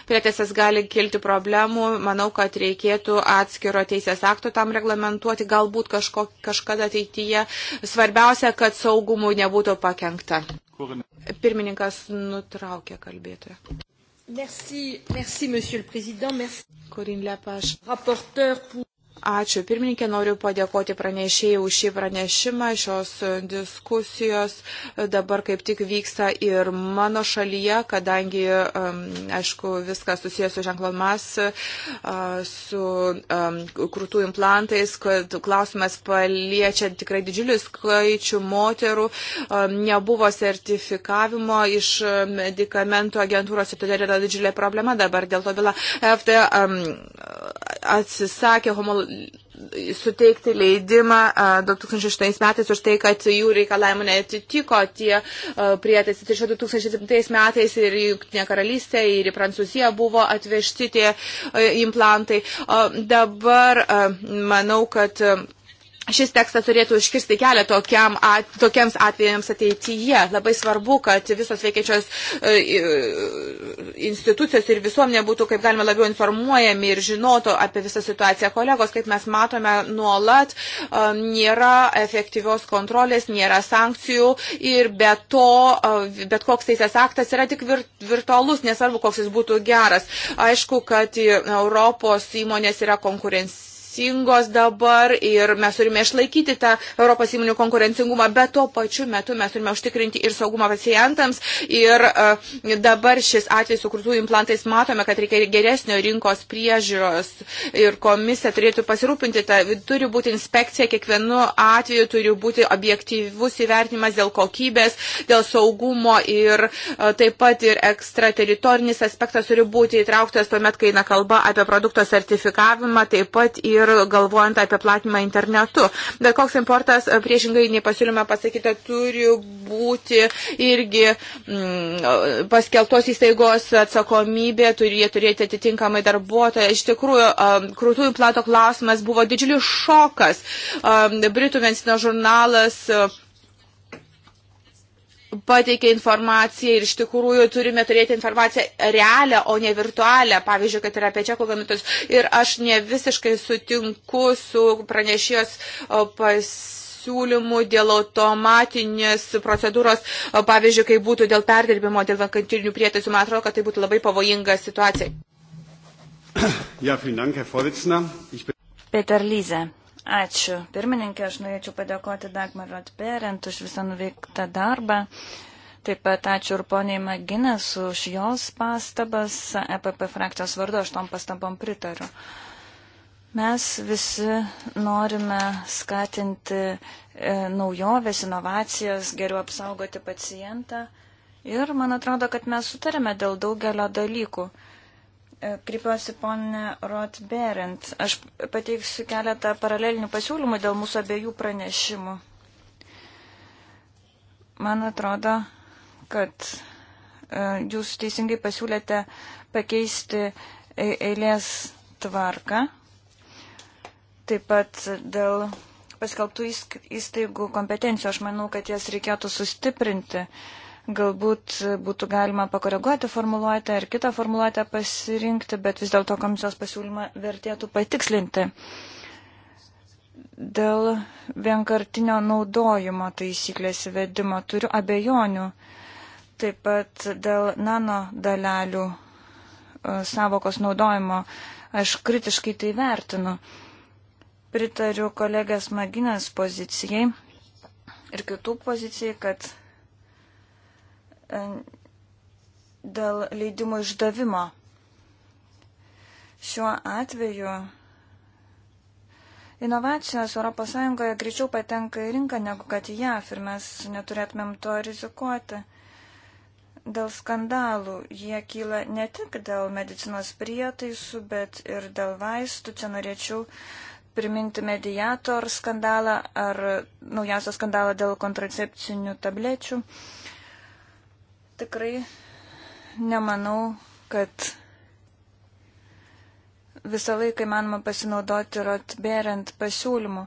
prietaisas, gali kilti problemų. Manau, kad reikėtų atskiro teisės akto tam reglamentuoti, galbūt kažko, kažkada ateityje. Svarbiausia, kad saugumui nebūtų pakengta. Pirmininkas nutraukė kalbėtoją. Merci, merci, monsieur le président, merci. Corinne Lapache, rapporteur pour. Ačiū pirmininkė, noriu padėkoti pranešėjai už šį pranešimą, šios diskusijos dabar kaip tik vyksta ir mano šalyje, kadangi, um, aišku, viskas susijęs su ženklomas, uh, su um, krūtų implantais, kad klausimas paliečia tikrai didžiulį skaičių moterų, um, nebuvo sertifikavimo iš medikamentų agentūros ir todėl yra didžiulė problema dabar dėl to byla FT atsisakė homo, suteikti leidimą 2008 metais už tai, kad jų reikalavimų netitiko tie prietaisai. Tačiau 2007 metais ir į Junktinę karalystę, ir į Prancūziją buvo atvežti tie implantai. Dabar manau, kad šis tekstas turėtų užkirsti kelią tokiam at, tokiems atvejams ateityje. Labai svarbu, kad visos veikiačios e, institucijos ir visuomenė būtų kaip galima labiau informuojami ir žinotų apie visą situaciją. Kolegos, kaip mes matome, nuolat e, nėra efektyvios kontrolės, nėra sankcijų ir be to, e, bet koks teisės aktas yra tik vir, virtualus, nesvarbu, koks jis būtų geras. Aišku, kad Europos įmonės yra konkurencinės ambicingos dabar ir mes turime išlaikyti tą Europos įmonių konkurencingumą, bet tuo pačiu metu mes turime užtikrinti ir saugumą pacientams. Ir e, dabar šis atvejs su krūtų implantais matome, kad reikia geresnio rinkos priežiūros ir komisija turėtų pasirūpinti, ta, turi būti inspekcija, kiekvienu atveju turi būti objektyvus įvertinimas dėl kokybės, dėl saugumo ir e, taip pat ir ekstrateritorinis aspektas turi būti įtrauktas tuomet, kai eina kalba apie produkto sertifikavimą, taip pat ir ir galvojant apie platinimą internetu. Bet koks importas, e, priešingai nei pasiūlyme pasakyta, turi būti irgi mm, paskeltos įstaigos atsakomybė, turi jie turėti atitinkamai darbuotoją. Iš tikrųjų, krūtųjų plato klausimas buvo didžiulis šokas. Britų medicinos žurnalas pateikė informaciją ir iš tikrųjų turime turėti informaciją realią, o ne virtualią, pavyzdžiui, kad yra apie čekų gamintus. Ir aš ne visiškai sutinku su pranešėjos pasiūlymų dėl automatinės procedūros, pavyzdžiui, kai būtų dėl perdirbimo, dėl vakantinių prietaisų, man atrodo, kad tai būtų labai pavojinga situacija. Ja, dank, Herr Peter Lyze. Ačiū. Pirmininkė, aš norėčiau padėkoti Dagmar Rotberent už visą nuveiktą darbą. Taip pat ačiū ir poniai Maginės už jos pastabas. EPP frakcijos vardu aš tom pastabom pritariu. Mes visi norime skatinti e, naujoves, inovacijas, geriau apsaugoti pacientą. Ir man atrodo, kad mes sutarėme dėl daugelio dalykų. E, kreipiuosi ponė Rotberent. Aš pateiksiu keletą paralelinių pasiūlymų dėl mūsų abiejų pranešimų. Man atrodo, kad e, jūs teisingai pasiūlėte pakeisti e, eilės tvarką. Taip pat dėl paskelbtų įstaigų kompetencijų, aš manau, kad jas reikėtų sustiprinti. Uh, Galbūt būtų galima pakoreguoti formuluotę ar kitą formuluotę pasirinkti, bet vis dėlto komisijos pasiūlymą vertėtų patikslinti. Dėl vienkartinio naudojimo taisyklės įvedimo turiu abejonių. Taip pat dėl nano dalelių e, savokos naudojimo aš kritiškai tai vertinu. Pritariu kolegės Maginės pozicijai ir kitų pozicijai, kad E, dėl leidimo išdavimo. Šiuo atveju inovacijos ES greičiau patenka į rinką negu kad į JAF ir mes neturėtumėm to rizikuoti. Dėl skandalų jie kyla ne tik dėl medicinos prietaisų, bet ir dėl vaistų. Čia norėčiau priminti mediator skandalą ar naujausią skandalą dėl kontracepcinių tablečių. Uh, Tikrai nemanau, kad visą laiką įmanoma pasinaudoti rotbėrent pasiūlymu.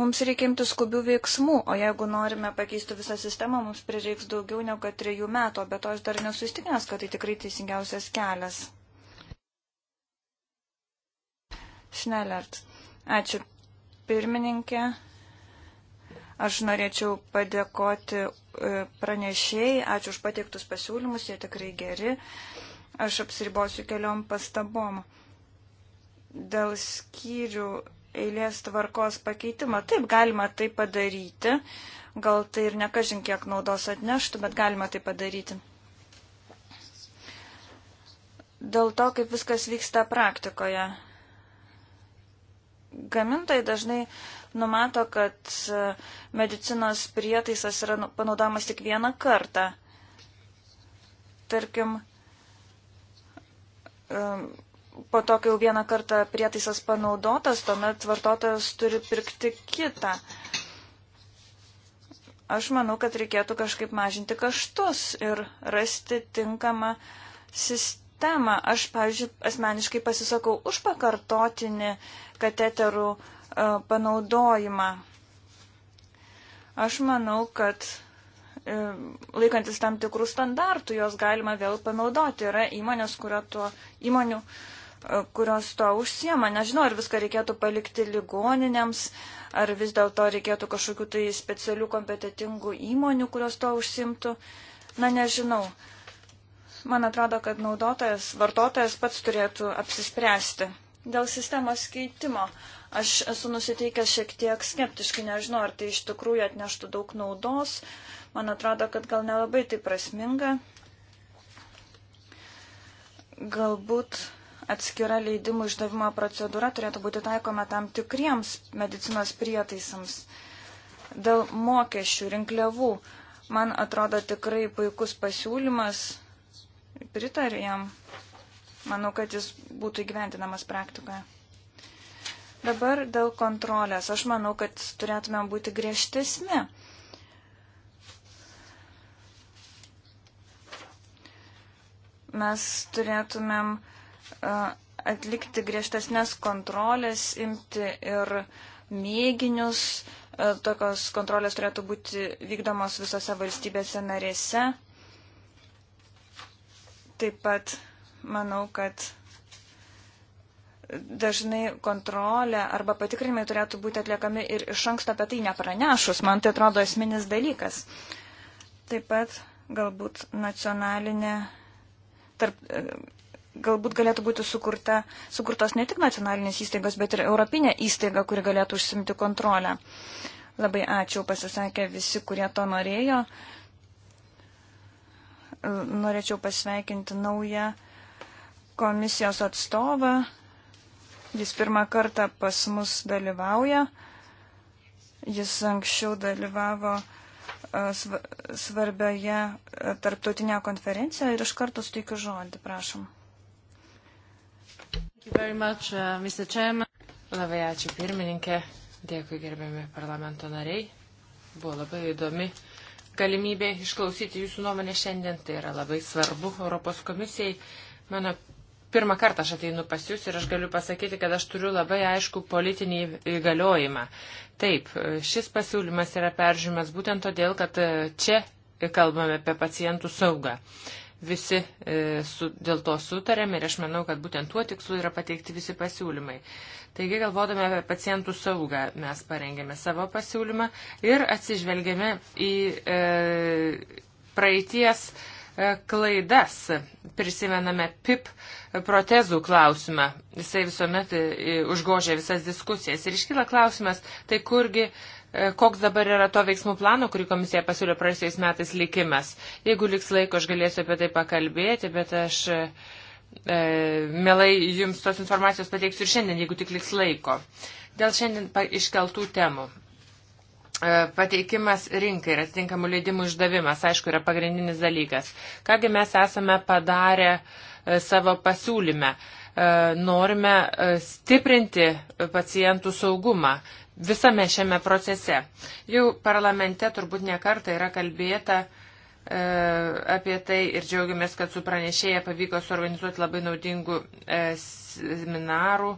Mums reikia imti skubių veiksmų, o jeigu norime pakeisti visą sistemą, mums prireiks daugiau negu kad trejų metų, bet to aš dar nesustikęs, kad tai tikrai teisingiausias kelias. Šnelert. Ačiū pirmininkė. Aš norėčiau padėkoti E, pranešėjai, ačiū už pateiktus pasiūlymus, jie tikrai geri. Aš apsiribosiu keliom pastabom. Dėl skyrių eilės tvarkos pakeitimą. Taip, galima tai padaryti. Gal tai ir nekažin kiek naudos atneštų, bet galima tai padaryti. Dėl to, kaip viskas vyksta praktikoje. Gamintojai dažnai uh, numato, kad e, medicinos prietaisas yra nu, panaudojamas tik vieną kartą. Tarkim, e, po to, kai jau vieną kartą prietaisas panaudotas, tuomet vartotojas turi pirkti kitą. Aš manau, kad reikėtų kažkaip mažinti kaštus ir rasti tinkamą sistemą. Aš, pavyzdžiui, asmeniškai pasisakau už pakartotinį kateterų uh, panaudojimą. Aš manau, kad e, laikantis tam tikrų standartų, jos galima vėl panaudoti. Yra įmonės, kurio to, įmonių, e, kurios to užsiema. Nežinau, ar viską reikėtų palikti ligoninėms, ar vis dėlto reikėtų kažkokių tai specialių kompetitingų įmonių, kurios to užsimtų. Na, nežinau. Man atrodo, kad naudotojas, vartotojas pats turėtų apsispręsti dėl sistemos keitimo. Aš esu nusiteikęs šiek tiek skeptiškai, nežinau, ar tai iš tikrųjų atneštų daug naudos. Man atrodo, kad gal nelabai tai prasminga. Galbūt atskira leidimų išdavimo procedūra turėtų būti taikoma tam tikriems medicinos prietaisams. Dėl mokesčių, rinkliavų, man atrodo tikrai puikus pasiūlymas, pritariu jam. Manau, kad jis būtų įgyventinamas praktikoje. Dabar dėl kontrolės. Aš manau, kad turėtume būti griežtesni. Mes turėtumėm e, atlikti griežtesnės kontrolės, imti ir mėginius. E, tokios kontrolės turėtų būti vykdomos visose valstybėse narėse. Taip pat manau, kad dažnai kontrolė arba patikrinimai turėtų būti atliekami ir iš anksto apie tai nepranešus. Man tai atrodo esminis dalykas. Taip pat galbūt nacionalinė, tarp, e, galbūt galėtų būti sukurta, sukurtos ne tik nacionalinės įstaigos, bet ir europinė įstaiga, kuri galėtų užsimti kontrolę. Labai ačiū, pasisakė visi, kurie to norėjo. Norėčiau pasveikinti naują komisijos atstovą Jis pirmą kartą pas mus dalyvauja. Jis anksčiau dalyvavo e, svarbioje e, tarptautinėje konferencijoje ir iš karto suteikiu žodį, prašom. Much, uh, labai ačiū pirmininkė, dėkui gerbiami parlamento nariai. Buvo labai įdomi galimybė išklausyti jūsų nuomonę šiandien, tai yra labai svarbu Europos komisijai. Mano pirmą kartą aš ateinu pas jūs ir aš galiu pasakyti, kad aš turiu labai aišku politinį įgaliojimą. Taip, šis pasiūlymas yra peržiūrimas būtent todėl, kad e, čia kalbame apie pacientų saugą. Visi e, su, dėl to sutarėm ir aš manau, kad būtent tuo tikslu yra pateikti visi pasiūlymai. Taigi, galvodami apie pacientų saugą, mes parengėme savo pasiūlymą ir atsižvelgėme į e, praeities e, klaidas. Prisimename PIP protezų klausimą. Jisai visuomet e, užgožia visas diskusijas. Ir iškyla klausimas, tai kurgi, e, koks dabar yra to veiksmų plano, kurį komisija pasiūlė praėjusiais metais likimas. Jeigu liks laiko, aš galėsiu apie tai pakalbėti, bet aš. E, mielai jums tos informacijos pateiksiu ir šiandien, jeigu tik liks laiko. Dėl šiandien iškeltų temų. E, pateikimas rinkai ir atitinkamų leidimų išdavimas, aišku, yra pagrindinis dalykas. Kągi mes esame padarę e, savo pasiūlyme. E, norime stiprinti pacientų saugumą visame šiame procese. Jau parlamente turbūt nekarta yra kalbėta apie tai ir džiaugiamės, kad su pranešėja pavyko suorganizuoti labai naudingų seminarų.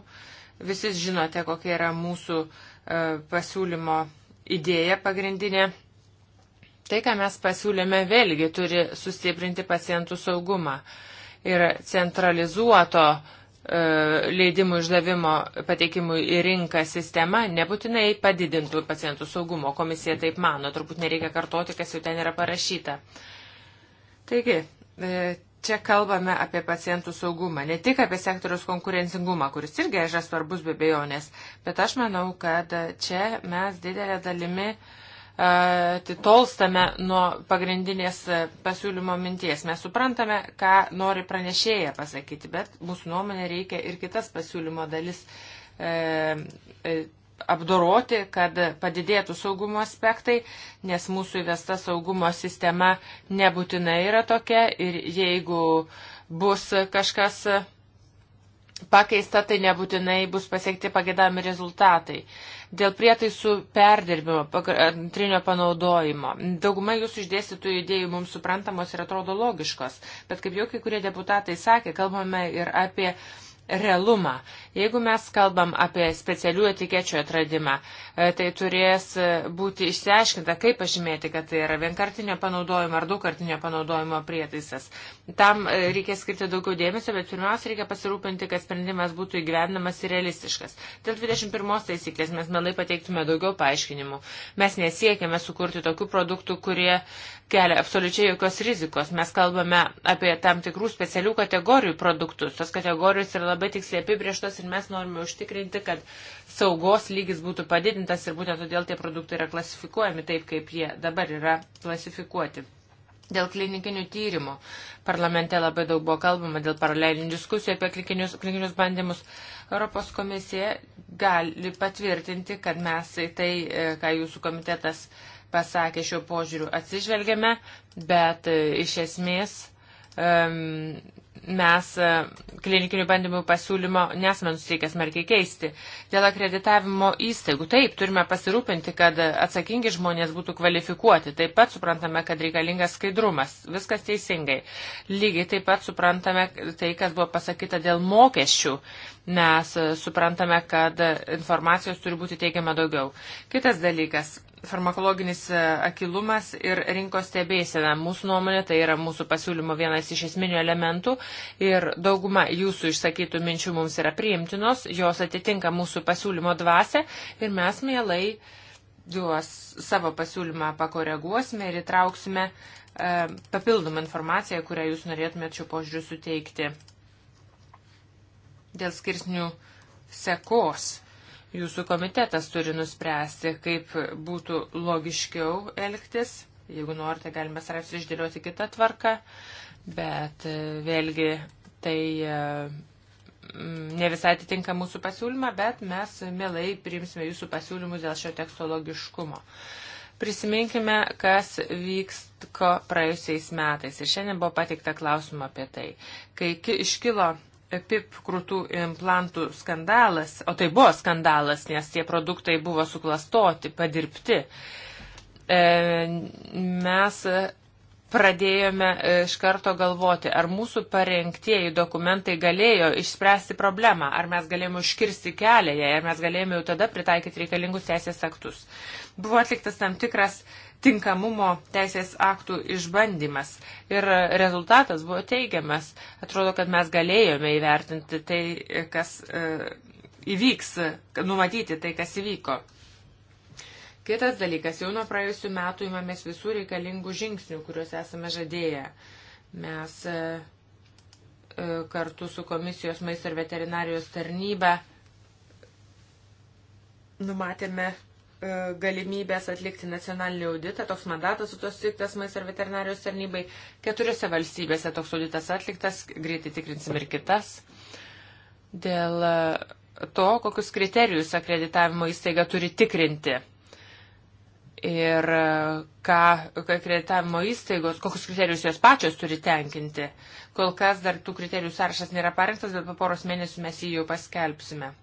Visi žinote, kokia yra mūsų pasiūlymo idėja pagrindinė. Tai, ką mes pasiūlėme, vėlgi turi sustiprinti pacientų saugumą ir centralizuoto e, leidimų išdavimo pateikimui į rinką sistema nebūtinai padidintų pacientų saugumo. Komisija taip mano, turbūt nereikia kartoti, kas jau ten yra parašyta. Taigi, e, čia kalbame apie pacientų saugumą, ne tik apie sektoriaus konkurencingumą, kuris irgi yra svarbus be bejonės, bet aš manau, kad čia mes didelę dalimi e, atitolstame nuo pagrindinės pasiūlymo minties. Mes suprantame, ką nori pranešėja pasakyti, bet mūsų nuomonė reikia ir kitas pasiūlymo dalis e, e, apdoroti, kad padidėtų saugumo aspektai, nes mūsų įvesta saugumo sistema nebūtinai yra tokia ir jeigu bus kažkas pakeista, tai nebūtinai bus pasiekti pagėdami rezultatai. Dėl prietaisų perdirbimo, antrinio panaudojimo. Dauguma jūsų išdėstytų idėjų mums suprantamos ir atrodo logiškos, bet kaip jau kai kurie deputatai sakė, kalbame ir apie realumą. Jeigu mes kalbam apie specialių etikečių atradimą, e, tai turės e, būti išsiaiškinta, kaip pažymėti, kad tai yra vienkartinio panaudojimo ar daugkartinio panaudojimo prietaisas. Tam e, reikės skirti daugiau dėmesio, bet pirmiausia reikia pasirūpinti, kad sprendimas būtų įgyvendinamas ir realistiškas. Dėl 21 taisyklės mes melai pateiktume daugiau paaiškinimų. Mes nesiekėme sukurti tokių produktų, kurie kelia absoliučiai jokios rizikos. Mes kalbame apie tam tikrų specialių kategorijų produktus. Tos kategorijos yra labai tiksliai apibrieštos ir mes norime užtikrinti, kad saugos lygis būtų padidintas ir būtent todėl tie produktai yra klasifikuojami taip, kaip jie dabar yra klasifikuoti. Dėl klinikinių tyrimų parlamente labai daug buvo kalbama dėl paralelinių diskusijų apie klinikinius, klinikinius bandymus. Europos komisija gali patvirtinti, kad mes į tai, e, ką jūsų komitetas pasakė šiuo požiūriu, atsižvelgiame, bet e, iš esmės um, mes e, klinikinių bandymų pasiūlymo nesame nusiteikę smarkiai keisti. Dėl akreditavimo įstaigų taip, turime pasirūpinti, kad atsakingi žmonės būtų kvalifikuoti. Taip pat suprantame, kad reikalingas skaidrumas. Viskas teisingai. Lygiai taip pat suprantame tai, kas buvo pasakyta dėl mokesčių. Mes e, suprantame, kad informacijos turi būti teigiama daugiau. Kitas dalykas farmakologinis e, akilumas ir rinkos stebėsena. Mūsų nuomonė tai yra mūsų pasiūlymo vienas iš esminių elementų ir dauguma jūsų išsakytų minčių mums yra priimtinos, jos atitinka mūsų pasiūlymo dvasę ir mes mielai juos savo pasiūlymą pakoreguosime ir įtrauksime e, papildomą informaciją, kurią jūs norėtumėte šiuo požiūriu suteikti dėl skirsnių sekos Jūsų komitetas turi nuspręsti, kaip būtų logiškiau elgtis. Jeigu norite, galime straipsnį išdėlioti kitą tvarką, bet e, vėlgi tai e, ne visai atitinka mūsų pasiūlymą, bet mes mielai priimsime jūsų pasiūlymus dėl šio teksto logiškumo. Prisiminkime, kas vyksta praėjusiais metais. Ir šiandien buvo pateikta klausimą apie tai. Kai iškilo PIP krūtų implantų skandalas, o tai buvo skandalas, nes tie produktai buvo suklastoti, padirbti, e, mes pradėjome e, iš karto galvoti, ar mūsų parengtieji dokumentai galėjo išspręsti problemą, ar mes galėjome užkirsti kelią, ar mes galėjome jau tada pritaikyti reikalingus teisės aktus. Buvo atliktas tam tikras tinkamumo teisės aktų išbandymas. Ir rezultatas buvo teigiamas. Atrodo, kad mes galėjome įvertinti tai, kas e, įvyks, numatyti tai, kas įvyko. Kitas dalykas, jau nuo praėjusių metų imamės visų reikalingų žingsnių, kuriuos esame žadėję. Mes e, e, kartu su komisijos maisto ir veterinarijos tarnyba numatėme E, galimybės atlikti nacionalinį auditą, toks mandatas sutiktas maisto ir veterinarijos tarnybai. Keturiose valstybėse toks auditas atliktas, greitai tikrinsim ir kitas. Dėl e, to, kokius kriterijus akreditavimo įstaiga turi tikrinti ir e, ką akreditavimo įstaigos, kokius kriterijus jos pačios turi tenkinti. Kol kas dar tų kriterijų sąrašas nėra parengtas, bet po poros mėnesių mes jį jau paskelbsime.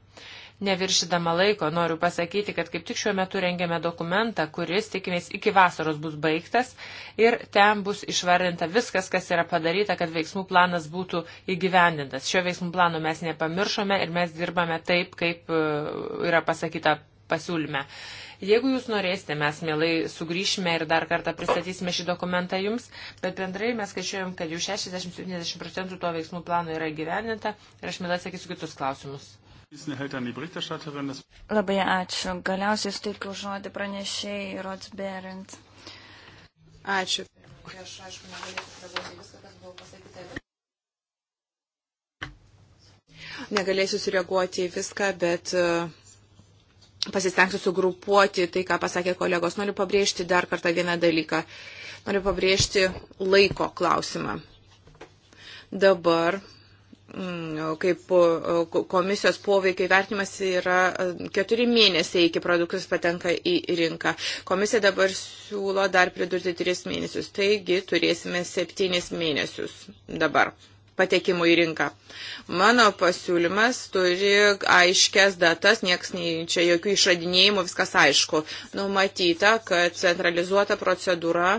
Neviršydama laiko noriu pasakyti, kad kaip tik šiuo metu rengiame dokumentą, kuris, tikimės, iki vasaros bus baigtas ir ten bus išvardinta viskas, kas yra padaryta, kad veiksmų planas būtų įgyvendintas. Šio veiksmų plano mes nepamiršome ir mes dirbame taip, kaip e, yra pasakyta pasiūlyme. Jeigu jūs norėsite, mes mielai sugrįšime ir dar kartą pristatysime šį dokumentą jums, bet bendrai mes skaičiuojam, kad jau 60-70 procentų to veiksmų plano yra gyveninta ir aš mielai atsakysiu kitus klausimus. Labai ačiū. Galiausiai suteikiu žodį pranešėjai Rods Berint. Ačiū. Aš, aišku, negalėsiu prabalti viską, kas buvo pasakyta. Negalėsiu sureaguoti į viską, bet e, pasistengsiu sugrupuoti tai, ką pasakė kolegos. Noriu pabrėžti dar kartą vieną dalyką. Noriu pabrėžti laiko klausimą. Dabar Mm, kaip komisijos poveikio įvertinimas yra e, keturi mėnesiai iki produktas patenka į rinką. Komisija dabar siūlo dar pridurti tris mėnesius, taigi turėsime septynis mėnesius dabar patekimų į rinką. Mano pasiūlymas turi aiškias datas, nieks nei, čia jokių išradinėjimų, viskas aišku. Numatyta, kad centralizuota procedūra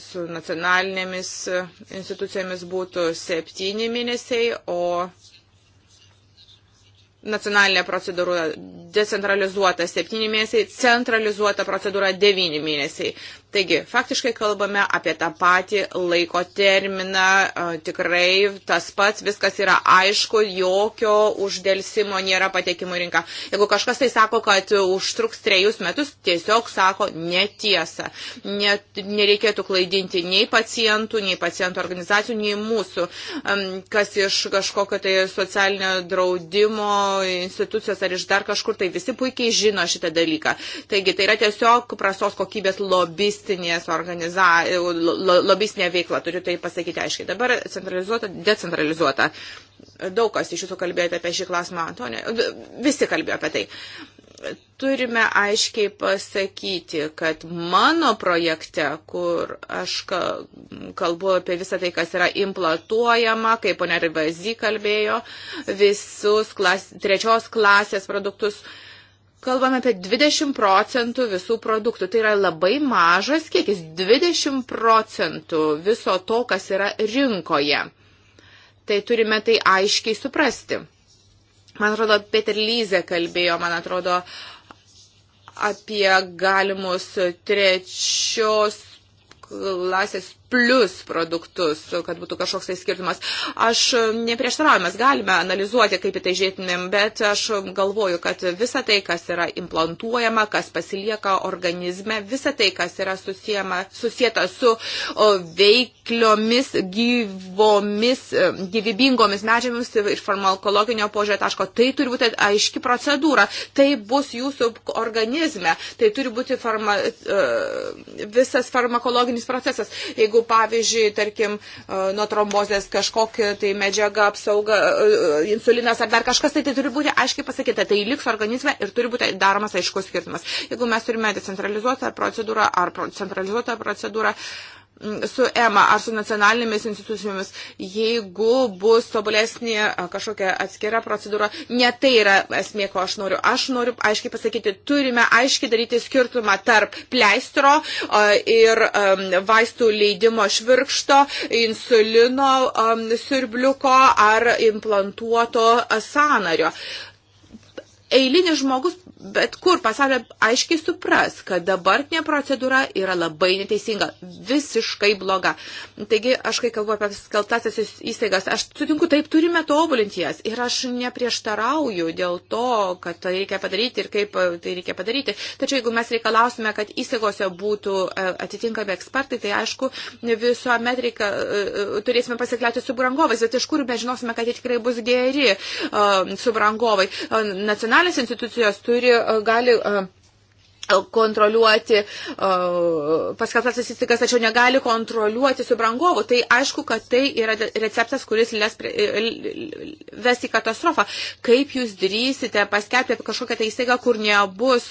su nacionalinėmis institucijomis būtų septyni mėnesiai, o nacionalinė procedūra decentralizuota 7 mėnesiai, centralizuota procedūra 9 mėnesiai. Taigi, faktiškai kalbame apie tą patį laiko terminą, e, tikrai tas pats, viskas yra aišku, jokio uždėlsimo nėra patekimo rinka. Jeigu kažkas tai sako, kad užtruks trejus metus, tiesiog sako netiesą. Net, nereikėtų klaidinti nei pacientų, nei pacientų organizacijų, nei mūsų, kas iš kažkokio tai socialinio draudimo institucijos ar iš dar kažkur, tai visi puikiai žino šitą dalyką. Taigi tai yra tiesiog prastos kokybės lobistinės organiza, lo, lobistinė veikla, turiu tai pasakyti aiškiai. Dabar centralizuota, decentralizuota. Daug kas iš jūsų kalbėjote apie šį klausimą, Antonija. Visi kalbėjo apie tai turime aiškiai pasakyti, kad mano projekte, kur aš kalbu apie visą tai, kas yra implantuojama, kaip ponia Ribazy kalbėjo, visus klas, trečios klasės produktus, kalbame apie 20 procentų visų produktų. Tai yra labai mažas kiekis, 20 procentų viso to, kas yra rinkoje. Tai turime tai aiškiai suprasti. Man atrodo, Peter Lyze kalbėjo, man atrodo, apie galimus trečios klasės plus produktus, kad būtų kažkoks tai skirtumas. Aš e, neprieštarauju, mes galime analizuoti, kaip į tai žiūrėtumėm, bet aš galvoju, kad visa tai, kas yra implantuojama, kas pasilieka organizme, visa tai, kas yra susijama, susieta su veikliomis, gyvomis, e, gyvybingomis medžiamis ir farmakologinio požiūrio taško, tai turi būti aiški procedūra. Tai bus jūsų organizme, tai turi būti farma, e, visas farmakologinis procesas. Jeigu jeigu, pavyzdžiui, tarkim, e, nuo trombozės kažkokia tai medžiaga apsauga, e, e, insulinas ar dar kažkas, tai tai turi būti aiškiai pasakyta, tai liks organizme ir turi būti daromas aiškus skirtumas. Jeigu mes turime decentralizuotą procedūrą ar centralizuotą procedūrą, su EMA ar su nacionalinėmis institucijomis, jeigu bus tobulesnė kažkokia atskira procedūra, ne tai yra esmė, ko aš noriu. Aš noriu aiškiai pasakyti, turime aiškiai daryti skirtumą tarp pleistro ir vaistų leidimo švirkšto, insulino sirbliuko ar implantuoto sanario. Eilinis žmogus Bet kur pasaulio aiškiai supras, kad dabartinė procedūra yra labai neteisinga, visiškai bloga. Taigi, aš kai kalbu apie skeltasias įstaigas, aš sutinku, taip turime tobulinti jas. Ir aš neprieštarauju dėl to, kad tai reikia padaryti ir kaip tai reikia padaryti. Tačiau, jeigu mes reikalausime, kad įstaigose būtų e, atitinkami ekspertai, tai aišku, visuomet reikia, e, e, turėsime pasikliauti subrangovais. Bet iš kur mes žinosime, kad jie tikrai bus geri subrangovai? Nacionalinės institucijos turi E, gali e, kontroliuoti uh, paskatasias įstaigas, tačiau negali kontroliuoti su brangovu. Tai aišku, kad tai yra receptas, kuris les, e, ves į katastrofą. Kaip jūs drysite paskelbti apie kažkokią tai įstaigą, kur nebus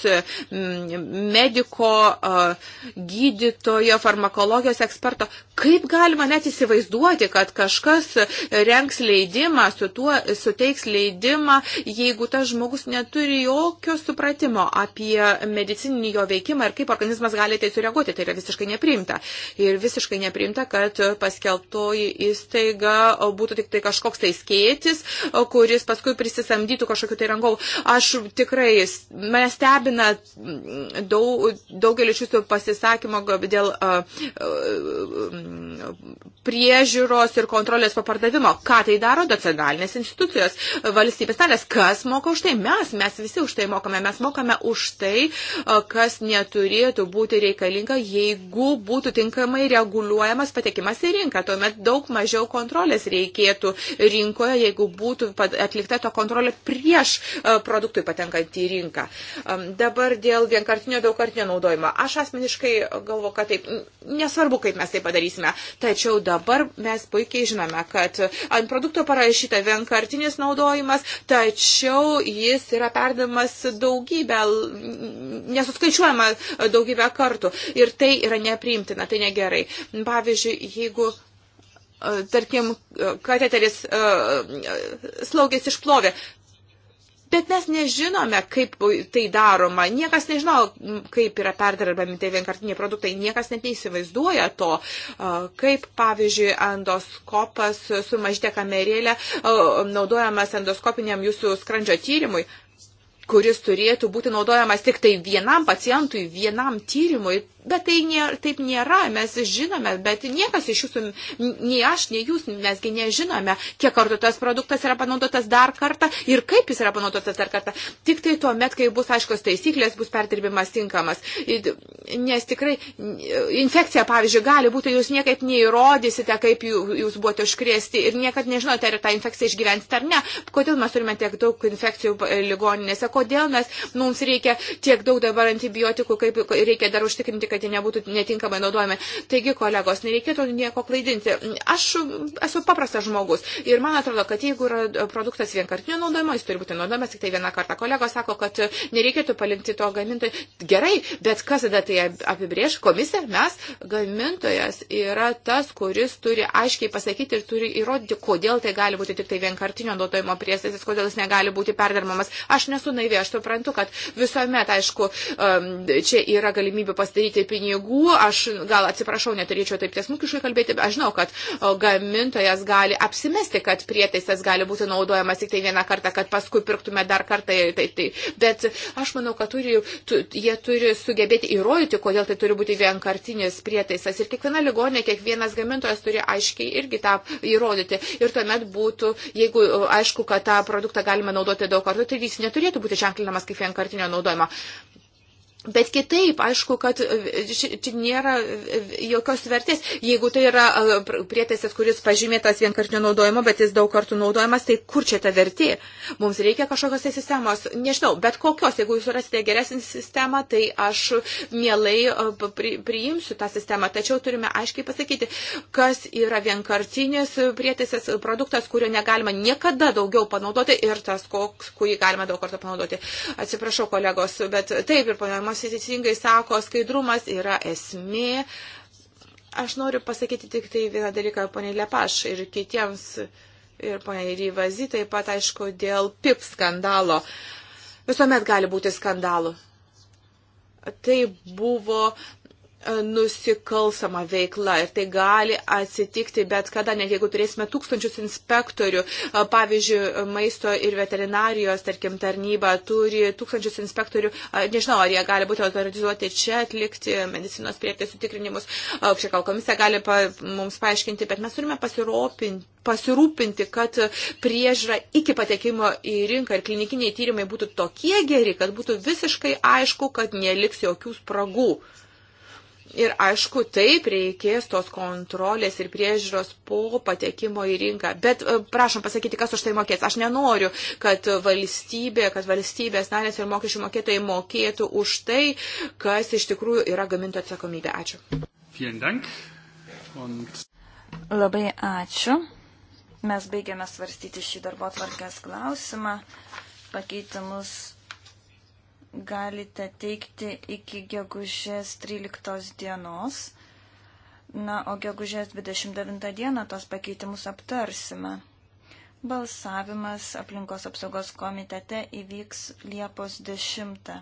mediko, uh, gydytojo, farmakologijos eksperto? Kaip galima net įsivaizduoti, kad kažkas renks leidimą, su tuo, suteiks leidimą, jeigu tas žmogus neturi jokio supratimo apie mediciną? nuolatinį jo veikimą ir kaip organizmas gali tai sureaguoti. Tai yra visiškai neprimta. Ir visiškai neprimta, kad paskelbtoji įstaiga būtų tik tai kažkoks tai skėtis, kuris paskui prisisamdytų kažkokiu tai rangovu. Aš tikrai, mane stebina mm, daug, daugelis jūsų pasisakymo dėl uh, uh, priežiūros ir kontrolės papardavimo. Ką tai daro nacionalinės institucijos, valstybės narės? Kas moka už tai? Mes, mes visi už tai mokame. Mes mokame už tai, kas neturėtų būti reikalinga, jeigu būtų tinkamai reguliuojamas patekimas į rinką. Tuomet daug mažiau kontrolės reikėtų rinkoje, jeigu būtų atlikta to kontrolė prieš e, produktui patenkant į rinką. Dabar dėl vienkartinio daugkartinio naudojimo. Aš asmeniškai galvoju, kad taip, nesvarbu, kaip mes tai padarysime. Tačiau dabar mes puikiai žinome, kad ant produkto parašyta vienkartinis naudojimas, tačiau jis yra perdamas daugybę nesu suskaičiuojama e, daugybę kartų. Ir tai yra nepriimtina, tai negerai. Pavyzdžiui, jeigu e, tarkim, e, kateteris slaugės išplovė, Bet mes nežinome, kaip tai daroma. Niekas nežino, kaip yra perdarbami tie vienkartiniai produktai. Niekas net neįsivaizduoja to, kaip, pavyzdžiui, endoskopas su mažytė kamerėlė naudojamas endoskopiniam jūsų skrandžio tyrimui kuris turėtų būti naudojamas tik tai vienam pacientui, vienam tyrimui, Bet tai nėra, taip nėra, mes žinome, bet niekas iš jūsų, nei aš, nei jūs, mesgi nežinome, kiek kartų tas produktas yra panaudotas dar kartą ir kaip jis yra panaudotas dar kartą. Tik tai tuo met, kai bus aiškos taisyklės, bus perdirbimas tinkamas. Nes tikrai infekcija, pavyzdžiui, gali būti, jūs niekaip neįrodysite, kaip jūs buvote užkrėsti ir niekad nežinote, ar tą infekciją išgyvensite ar ne. Kodėl mes turime tiek daug infekcijų e, ligoninėse, kodėl mes, mums reikia tiek daug dabar antibiotikų, kaip reikia dar užtikrinti kad jie nebūtų netinkamai naudojami. Taigi, kolegos, nereikėtų nieko klaidinti. Aš esu paprastas žmogus ir man atrodo, kad jeigu yra produktas vienkartinio naudojimo, jis turi būti naudojamas tik tai vieną kartą. Kolegos sako, kad nereikėtų palinkti to gamintojui. Gerai, bet kas tada tai apibrėž? Komisija, mes, gamintojas yra tas, kuris turi aiškiai pasakyti ir turi įrodyti, kodėl tai gali būti tik tai vienkartinio naudojimo priestasis, kodėl jis negali būti perdarmamas. Aš nesu naivė, aš suprantu, kad visuomet, aišku, um, čia yra galimybė pasidaryti gauti pinigų. Aš gal atsiprašau, neturėčiau taip tiesmukiškai kalbėti, bet aš žinau, kad gamintojas gali apsimesti, kad prietaisas gali būti naudojamas tik tai vieną kartą, kad paskui pirktume dar kartą. Tai, tai, tai. Bet aš manau, kad turi, tu, jie turi sugebėti įrodyti, kodėl tai turi būti vienkartinis prietaisas. Ir kiekviena ligonė, kiekvienas gamintojas turi aiškiai irgi tą įrodyti. Ir tuomet būtų, jeigu aišku, kad tą produktą galima naudoti daug kartų, tai jis neturėtų būti ženklinamas kaip vienkartinio naudojimo. Bet kitaip, aišku, kad e, čia nėra e, jokios vertės. Jeigu tai yra e, prietaisas, kuris pažymėtas vienkartinio naudojimo, bet jis daug kartų naudojamas, tai kur čia ta vertė? Mums reikia kažkokios tai sistemos, nežinau, bet kokios. Jeigu jūs rasite geresnį sistemą, tai aš mielai priimsiu tą sistemą. Tačiau turime aiškiai pasakyti, kas yra vienkartinis prietaisas produktas, kurio negalima niekada daugiau panaudoti ir tas, koks, kurį galima daug kartų panaudoti. Atsiprašau, kolegos, bet taip ir panaudojama Tomas teisingai sako, skaidrumas yra esmė. Aš noriu pasakyti tik tai vieną dalyką, poniai Lepaš ir kitiems, ir poniai Ryvazy, taip pat, aišku, dėl PIP skandalo. Visuomet gali būti skandalų. Tai buvo nusikalsama veikla ir tai gali atsitikti bet kada, net jeigu turėsime tūkstančius inspektorių, pavyzdžiui, maisto ir veterinarijos, tarkim, tarnyba turi tūkstančius inspektorių, nežinau, ar jie gali būti autorizuoti čia atlikti medicinos prietaisų tikrinimus, čia gal komisija gali pa, mums paaiškinti, bet mes turime pasirūpinti, kad priežra iki patekimo į rinką ir klinikiniai tyrimai būtų tokie geri, kad būtų visiškai aišku, kad neliks jokių spragų. Ir aišku, taip reikės tos kontrolės ir priežiūros po patekimo į rinką. Bet e, prašom pasakyti, kas už tai mokės. Aš nenoriu, kad valstybė, kad valstybės narės ir mokesčių mokėtojai mokėtų už tai, kas iš tikrųjų yra gaminto atsakomybė. Ačiū. Labai ačiū. Mes baigiame svarstyti šį darbo tvarkės klausimą. Pakeitimus galite teikti iki gegužės 13 dienos. Na, o gegužės 29 dieną tos pakeitimus aptarsime. Balsavimas aplinkos apsaugos komitete įvyks Liepos 10.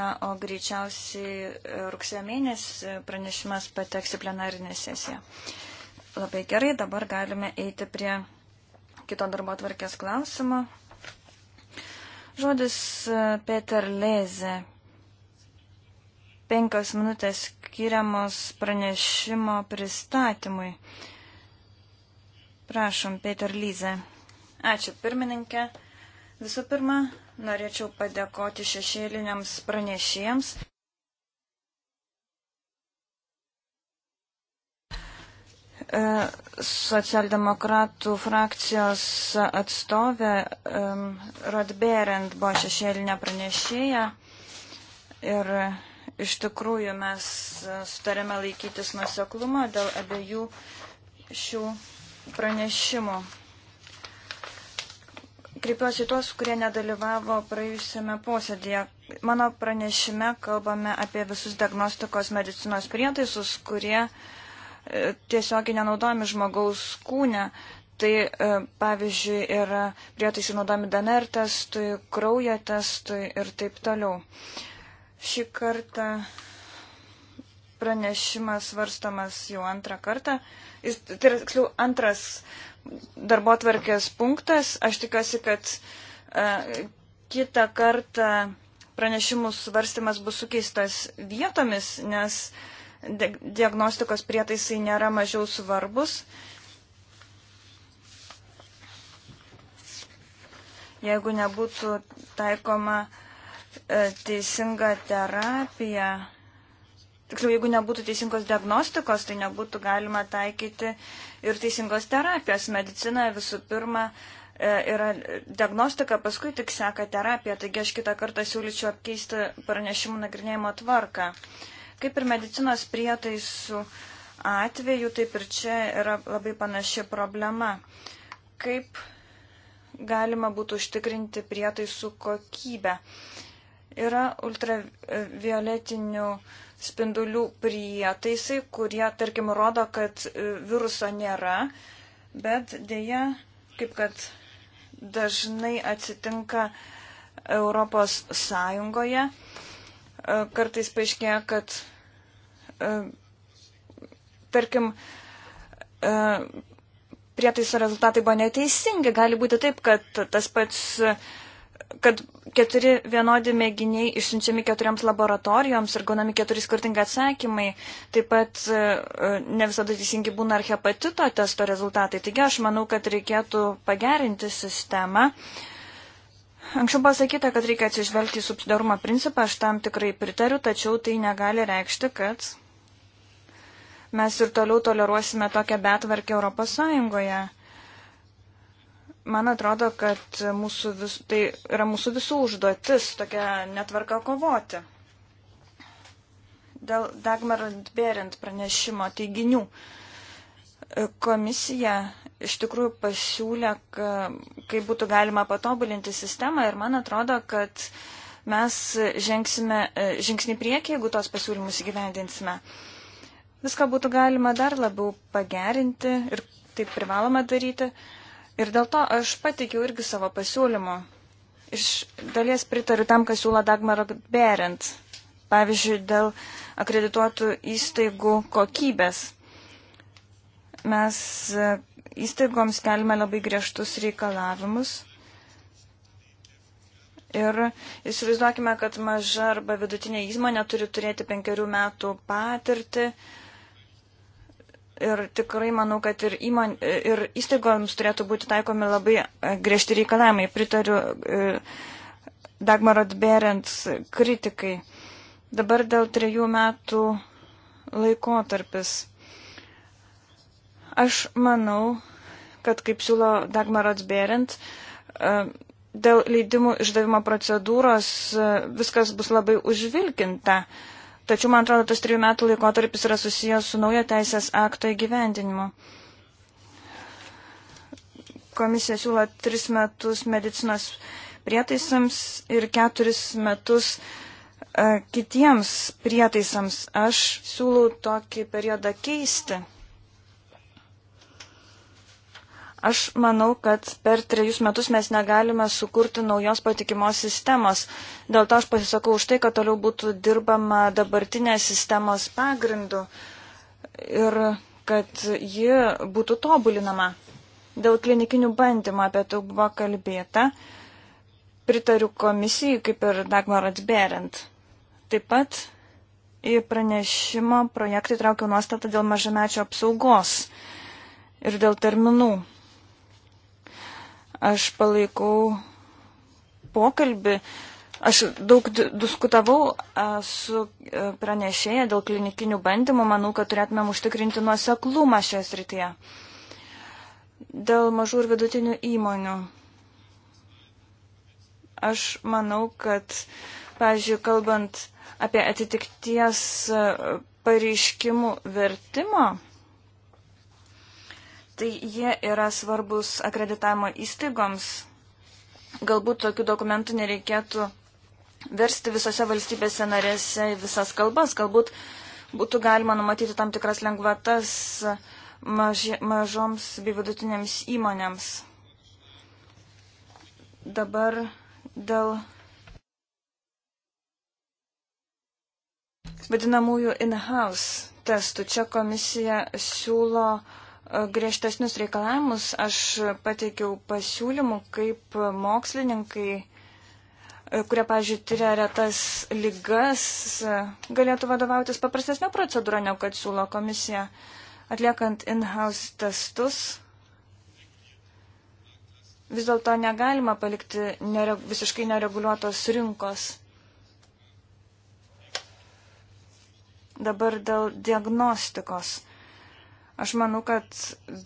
Na, o greičiausiai rugsėjo mėnesį pranešimas pateks į plenarinę sesiją. Labai gerai, dabar galime eiti prie kito darbo tvarkės klausimo. Žodis e, Peter Leze. Penkios minutės skiriamos pranešimo pristatymui. Prašom, Peter Lyze. Ačiū, pirmininkė. Visų pirma, norėčiau padėkoti šešėliniams pranešėjams. E, socialdemokratų frakcijos atstovė e, Rodberend buvo šešėlinė pranešėja ir iš tikrųjų mes sutarėme laikytis nuseklumo dėl abiejų šių pranešimų. Kreipiuosi tuos, kurie nedalyvavo praėjusiame posėdėje. Mano pranešime kalbame apie visus diagnostikos medicinos prietaisus, kurie uh, tiesiogiai nenaudojami žmogaus kūne. Tai e, pavyzdžiui yra prietaisai naudojami DNR testui, kraujo testui ir taip toliau. Šį kartą pranešimas svarstamas jau antrą kartą. Jis, tai yra, tiksliau, antras darbo tvarkės punktas. Aš tikiuosi, kad uh, kitą kartą pranešimų svarstymas bus sukeistas vietomis, nes uh, diagnostikos prietaisai nėra mažiau svarbus. Jeigu nebūtų taikoma e, teisinga terapija, tiksliau, jeigu nebūtų teisingos diagnostikos, tai nebūtų galima taikyti ir teisingos terapijos. Medicina visų pirma e, yra diagnostika, paskui tik seka terapija, taigi aš kitą kartą siūlyčiau apkeisti pranešimų nagrinėjimo tvarką. Uh, Kaip ir medicinos prietaisų atveju, taip ir čia yra labai panaši problema. Kaip galima būtų užtikrinti prietaisų kokybę? Yra ultravioletinių spindulių prietaisai, kurie, tarkim, rodo, kad e, viruso nėra, bet dėja, kaip kad dažnai atsitinka Europos Sąjungoje, uh, E, kartais paaiškėja, kad, e, tarkim, e, prietaiso rezultatai buvo neteisingi. Gali būti taip, kad tas pats, kad keturi vienodi mėginiai išsiunčiami keturioms laboratorijoms ir gaunami keturi skirtingi atsakymai. Taip pat ne visada teisingi būna ar hepatito testo rezultatai. Taigi aš manau, kad reikėtų pagerinti sistemą. Uh, Anksčiau pasakyta, kad reikia atsižvelgti į subsidarumo principą, aš tam tikrai pritariu, tačiau tai negali reikšti, kad mes ir toliau toleruosime tokią betvarkę Europos Sąjungoje. Man atrodo, kad mūsų vis, tai yra mūsų visų užduotis tokia netvarka kovoti. Dėl Dagmar Berint pranešimo teiginių e, komisija iš tikrųjų pasiūlė, kaip būtų galima patobulinti sistemą ir man atrodo, kad mes žengsime e, žingsnį priekį, jeigu tos pasiūlymus įgyvendinsime. Viską būtų galima dar labiau pagerinti ir taip privaloma daryti. Ir dėl to aš patikiu irgi savo pasiūlymu. Iš dalies pritariu tam, kas siūlo Dagmaro Berent. Pavyzdžiui, dėl akredituotų įstaigų kokybės. Mes įstaigoms kelime labai griežtus reikalavimus. Ir įsivaizduokime, kad maža arba vidutinė įmonė turi turėti penkerių metų patirtį. Ir tikrai manau, kad ir, įmon, ir įstaigoms turėtų būti taikomi labai e, griežti reikalavimai. Pritariu e, Dagmar Atberents kritikai. Dabar dėl trejų metų laikotarpis. Aš manau, kad kaip siūlo Dagmarat Berint, e, dėl leidimų išdavimo procedūros e, viskas bus labai užvilkinta. Tačiau, man atrodo, tas trijų metų laikotarpis yra susijęs su naujo teisės akto įgyvendinimu. Komisija siūlo tris metus medicinos prietaisams ir keturis metus e, kitiems prietaisams. Aš siūlau tokį periodą keisti. Aš manau, kad per trejus metus mes negalime sukurti naujos patikimos sistemos. Dėl to aš pasisakau už tai, kad toliau būtų dirbama dabartinės sistemos pagrindu ir kad ji būtų tobulinama. Dėl klinikinių bandymų apie tai buvo kalbėta. Pritariu komisijai, kaip ir Dagmar Atberent. Taip pat į pranešimo projektą įtraukiau nuostatą dėl mažamečio apsaugos ir dėl terminų. Aš palaikau pokalbį. Aš daug diskutavau su e, pranešėja dėl klinikinių bandymų. Manau, kad turėtumėm užtikrinti nuoseklumą šioje srityje. Dėl mažų ir vidutinių įmonių. Aš manau, kad, pavyzdžiui, kalbant apie atitikties e, pareiškimų vertimo, tai jie yra svarbus akreditavimo įstaigoms. Galbūt tokių dokumentų nereikėtų versti visose valstybėse narėse į visas kalbas. Galbūt būtų galima numatyti tam tikras lengvatas maži, mažoms bei vidutinėms įmonėms. Dabar dėl vadinamųjų in-house testų. Čia komisija siūlo uh, griežtesnius reikalavimus, aš pateikiau pasiūlymų, kaip mokslininkai, e, kurie, pažiūrėjau, tyria retas lygas, e, galėtų vadovautis paprastesnė procedūra, negu kad siūlo komisija, atliekant in-house testus. Vis dėlto negalima palikti nere, visiškai nereguliuotos rinkos. Dabar dėl diagnostikos Aš manau, kad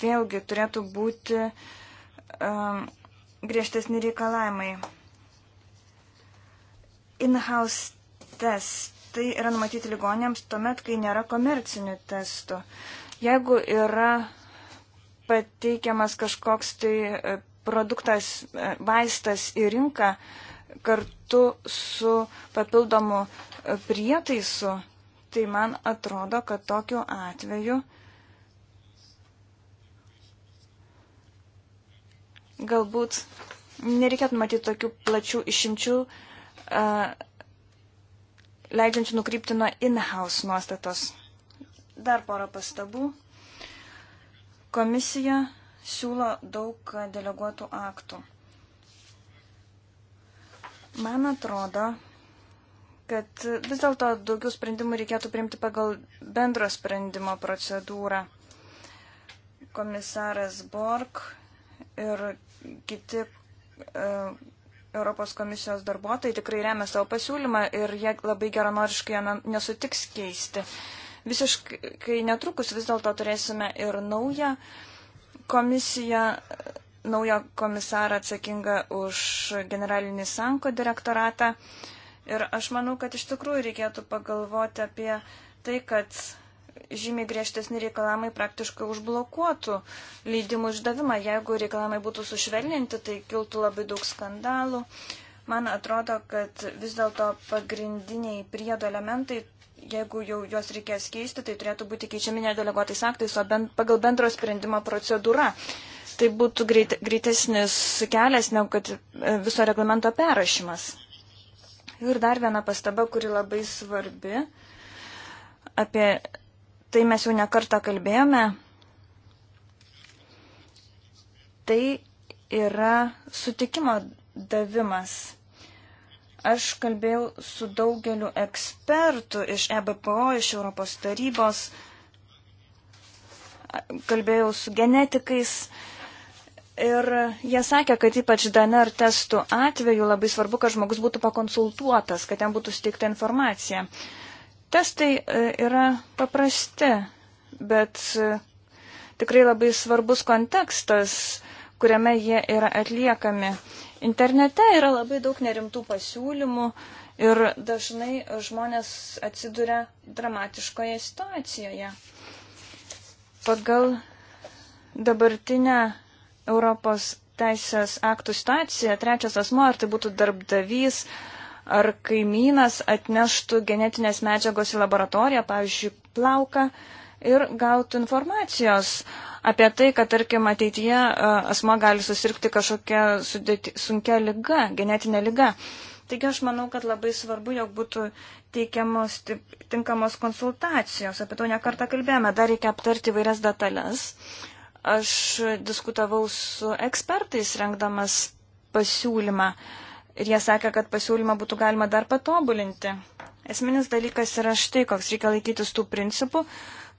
vėlgi turėtų būti um, griežtesni reikalavimai. In-house testai yra numatyti ligonėms tuomet, kai nėra komercinių testų. Jeigu yra pateikiamas kažkoks tai e, produktas, e, vaistas į rinką kartu su papildomu e, prietaisu, tai man atrodo, kad tokiu atveju uh, Galbūt nereikėtų matyti tokių plačių išimčių, leidžiančių nukrypti nuo in-house nuostatos. Dar porą pastabų. Komisija siūlo daug deleguotų aktų. Man atrodo, kad vis dėlto daugiau sprendimų reikėtų priimti pagal bendro sprendimo procedūrą. Komisaras Borg ir kiti e, Europos komisijos darbuotojai tikrai remia savo pasiūlymą ir jie labai geranoriškai nesutiks keisti. Visiškai netrukus vis dėlto turėsime ir naują komisiją, naują komisarą atsakingą už generalinį Sanko direktoratą. Ir aš manau, kad iš tikrųjų reikėtų pagalvoti apie tai, kad žymiai griežtesni reikalavimai praktiškai užblokuotų leidimų išdavimą. Jeigu reikalavimai būtų sušvelninti, tai kiltų labai daug skandalų. Man atrodo, kad vis dėlto pagrindiniai priedo elementai, jeigu jau juos reikės keisti, tai turėtų būti keičiami nedeleguotais aktais, o bent, pagal bendro sprendimo procedūrą. Tai būtų greit, greitesnis kelias, negu kad e, viso reglamento perrašymas. Ir dar viena pastaba, kuri labai svarbi apie tai mes jau nekartą kalbėjome, tai yra sutikimo davimas. Aš kalbėjau su daugeliu ekspertų iš EBPO, iš Europos tarybos, kalbėjau su genetikais ir jie sakė, kad ypač DNR testų atveju labai svarbu, kad žmogus būtų pakonsultuotas, kad jam būtų suteikta informacija. Uh, Testai e, yra paprasti, bet e, tikrai labai svarbus kontekstas, kuriame jie yra atliekami. Internete yra labai daug nerimtų pasiūlymų ir dažnai žmonės atsiduria dramatiškoje situacijoje. Pagal dabartinę Europos teisės aktų situaciją trečias asmo, ar tai būtų darbdavys, uh, ar kaimynas atneštų genetinės medžiagos į laboratoriją, pavyzdžiui, plauką ir gautų informacijos apie tai, kad, tarkim, ateityje e, asmo gali susirgti kažkokia sudėti, sunkia lyga, genetinė lyga. Taigi aš manau, kad labai svarbu, jog būtų teikiamos tinkamos konsultacijos. Apie to tai nekartą kalbėjome. Dar reikia aptarti vairias detalės. Aš diskutavau su ekspertais, rengdamas pasiūlymą. Uh, ir jie sakė, kad pasiūlymą būtų galima dar patobulinti. Esminis dalykas yra štai, koks reikia laikytis tų principų,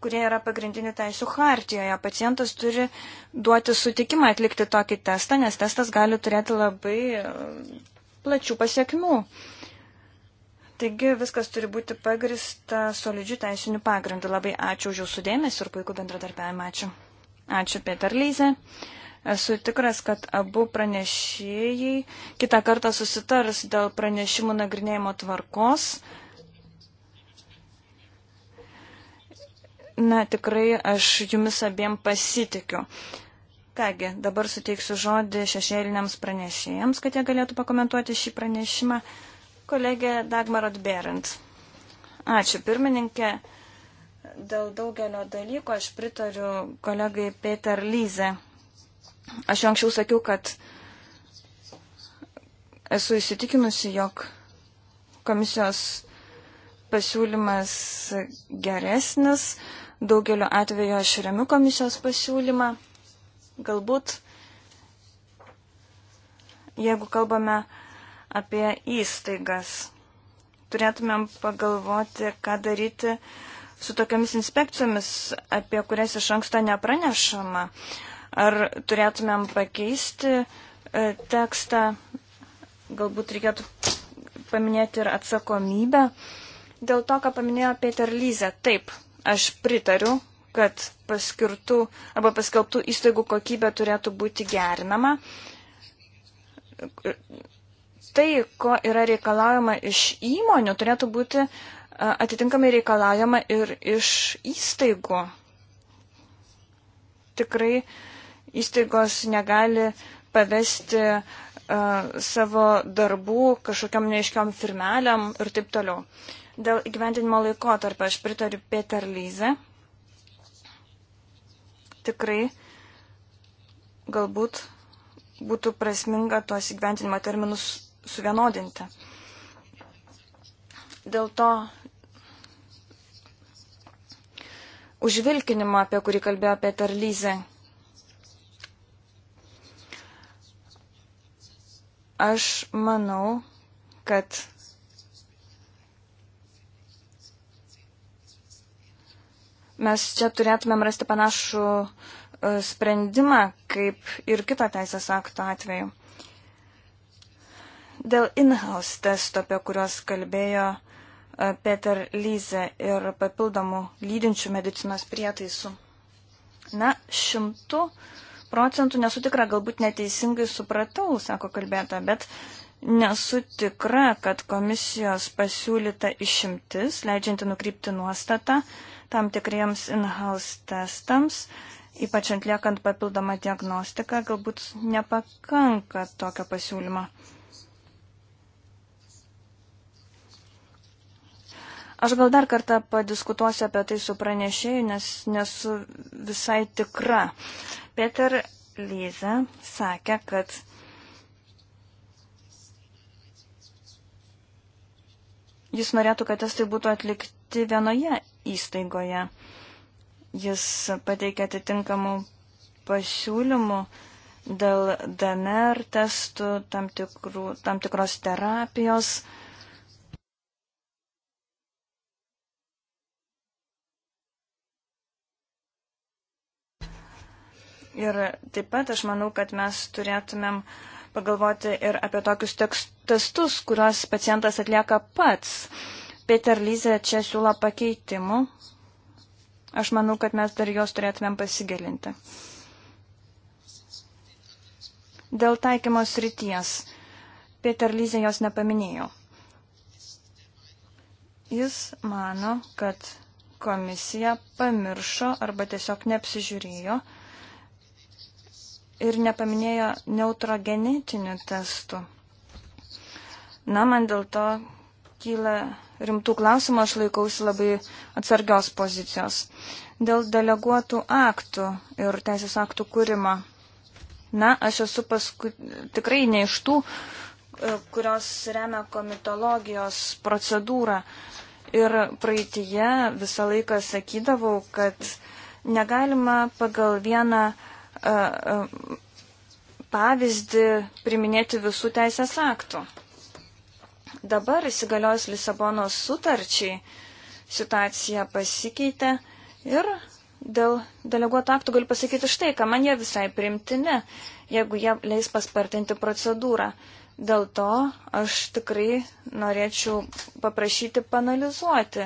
kurie yra pagrindinių teisų hartijoje. Pacientas turi duoti sutikimą atlikti tokį testą, nes testas gali turėti labai e, plačių pasiekmių. Taigi viskas turi būti pagrista solidžių teisinių pagrindų. Labai ačiū už jūsų dėmesį ir puikų bendradarbiavimą. Ačiū. Ačiū Peter Lyze. Esu tikras, kad abu pranešėjai kitą kartą susitars dėl pranešimų nagrinėjimo tvarkos. Na, tikrai aš jumis abiem pasitikiu. Kągi, dabar suteiksiu žodį šešėliniams pranešėjams, kad jie galėtų pakomentuoti šį pranešimą. Kolegė Dagmarot Berint. Ačiū, pirmininkė dėl daugelio dalykų aš pritariu kolegai Peter Lyze. Aš jau anksčiau sakiau, kad esu įsitikinusi, jog komisijos pasiūlymas geresnis. Daugeliu atveju aš remiu komisijos pasiūlymą. Galbūt, jeigu kalbame apie įstaigas, turėtumėm pagalvoti, ką daryti su tokiamis inspekcijomis, apie kurias iš anksto nepranešama. Uh, Ar turėtumėm pakeisti e, tekstą, galbūt reikėtų paminėti ir atsakomybę. Dėl to, ką paminėjo Peter Lyze, taip, aš pritariu, kad paskirtų arba paskelbtų įstaigų kokybė turėtų būti gerinama. Tai, ko yra reikalaujama iš įmonių, turėtų būti e, atitinkamai reikalaujama ir iš įstaigų. Tikrai uh, įstaigos negali pavesti uh, savo darbų kažkokiam neaiškiam firmeliam ir taip toliau. Dėl įgyvendinimo laikotarpio aš pritariu Peter Lyze. Tikrai galbūt būtų prasminga tuos įgyvendinimo terminus suvienodinti. Dėl to užvilkinimo, apie kurį kalbėjo Peter Lyze, Aš manau, kad mes čia turėtumėm rasti panašų e, sprendimą, kaip ir kito teisės akto atveju. Dėl in-house testo, apie kuriuos kalbėjo e, Peter Lyze ir papildomų lydinčių medicinos prietaisų. Na, šimtų procentų, nesu tikra, galbūt neteisingai supratau, sako kalbėta, bet nesu tikra, kad komisijos pasiūlyta išimtis, leidžianti nukrypti nuostatą tam tikriems in-house testams, ypač atliekant papildomą diagnostiką, galbūt nepakanka tokio pasiūlymo. Aš gal dar kartą padiskutuosiu apie tai su pranešėju, nes nesu visai tikra. Peter Lyza sakė, kad jis norėtų, kad testai būtų atlikti vienoje įstaigoje. Jis pateikė atitinkamų pasiūlymų dėl DNR testų, tam, tikrų, tam tikros terapijos. Ir taip pat aš manau, kad mes turėtumėm pagalvoti ir apie tokius testus, kuriuos pacientas atlieka pats. Peter Lyze čia siūlo pakeitimų. Aš manau, kad mes dar jos turėtumėm pasigilinti. Dėl taikymos ryties. Peter Lyze jos nepaminėjo. Jis mano, kad komisija pamiršo arba tiesiog neapsižiūrėjo, ir nepaminėjo neutrogenetinių testų. Na, man dėl to kyla rimtų klausimų, aš laikausi labai atsargios pozicijos. Dėl deleguotų aktų ir teisės aktų kūrimo. Na, aš esu paskui tikrai ne iš tų, e, kurios remia komitologijos procedūrą. Ir praeitie visą laiką sakydavau, kad negalima pagal vieną uh, pavyzdį priminėti visų teisės aktų. Dabar įsigaliojus Lisabonos sutarčiai situacija pasikeitė ir dėl deleguotų aktų galiu pasakyti štai, ką man jie visai primtini, jeigu jie leis paspartinti procedūrą. Dėl to aš tikrai norėčiau paprašyti panalizuoti,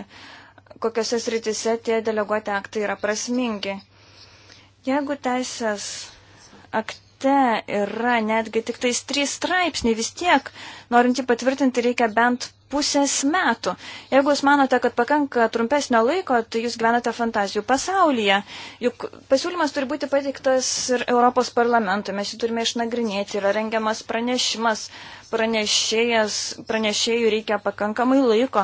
kokiuose sritise tie deleguoti aktai yra prasmingi. Jeigu teisės akte yra netgi tik tais trys straipsniai, vis tiek, norint jį patvirtinti, reikia bent pusės metų. Jeigu jūs manote, kad pakanka trumpesnio laiko, tai jūs gyvenate fantazijų pasaulyje. Juk pasiūlymas turi būti pateiktas ir Europos parlamentui, mes jį turime išnagrinėti, yra rengiamas pranešimas, pranešėjas, pranešėjų reikia pakankamai laiko,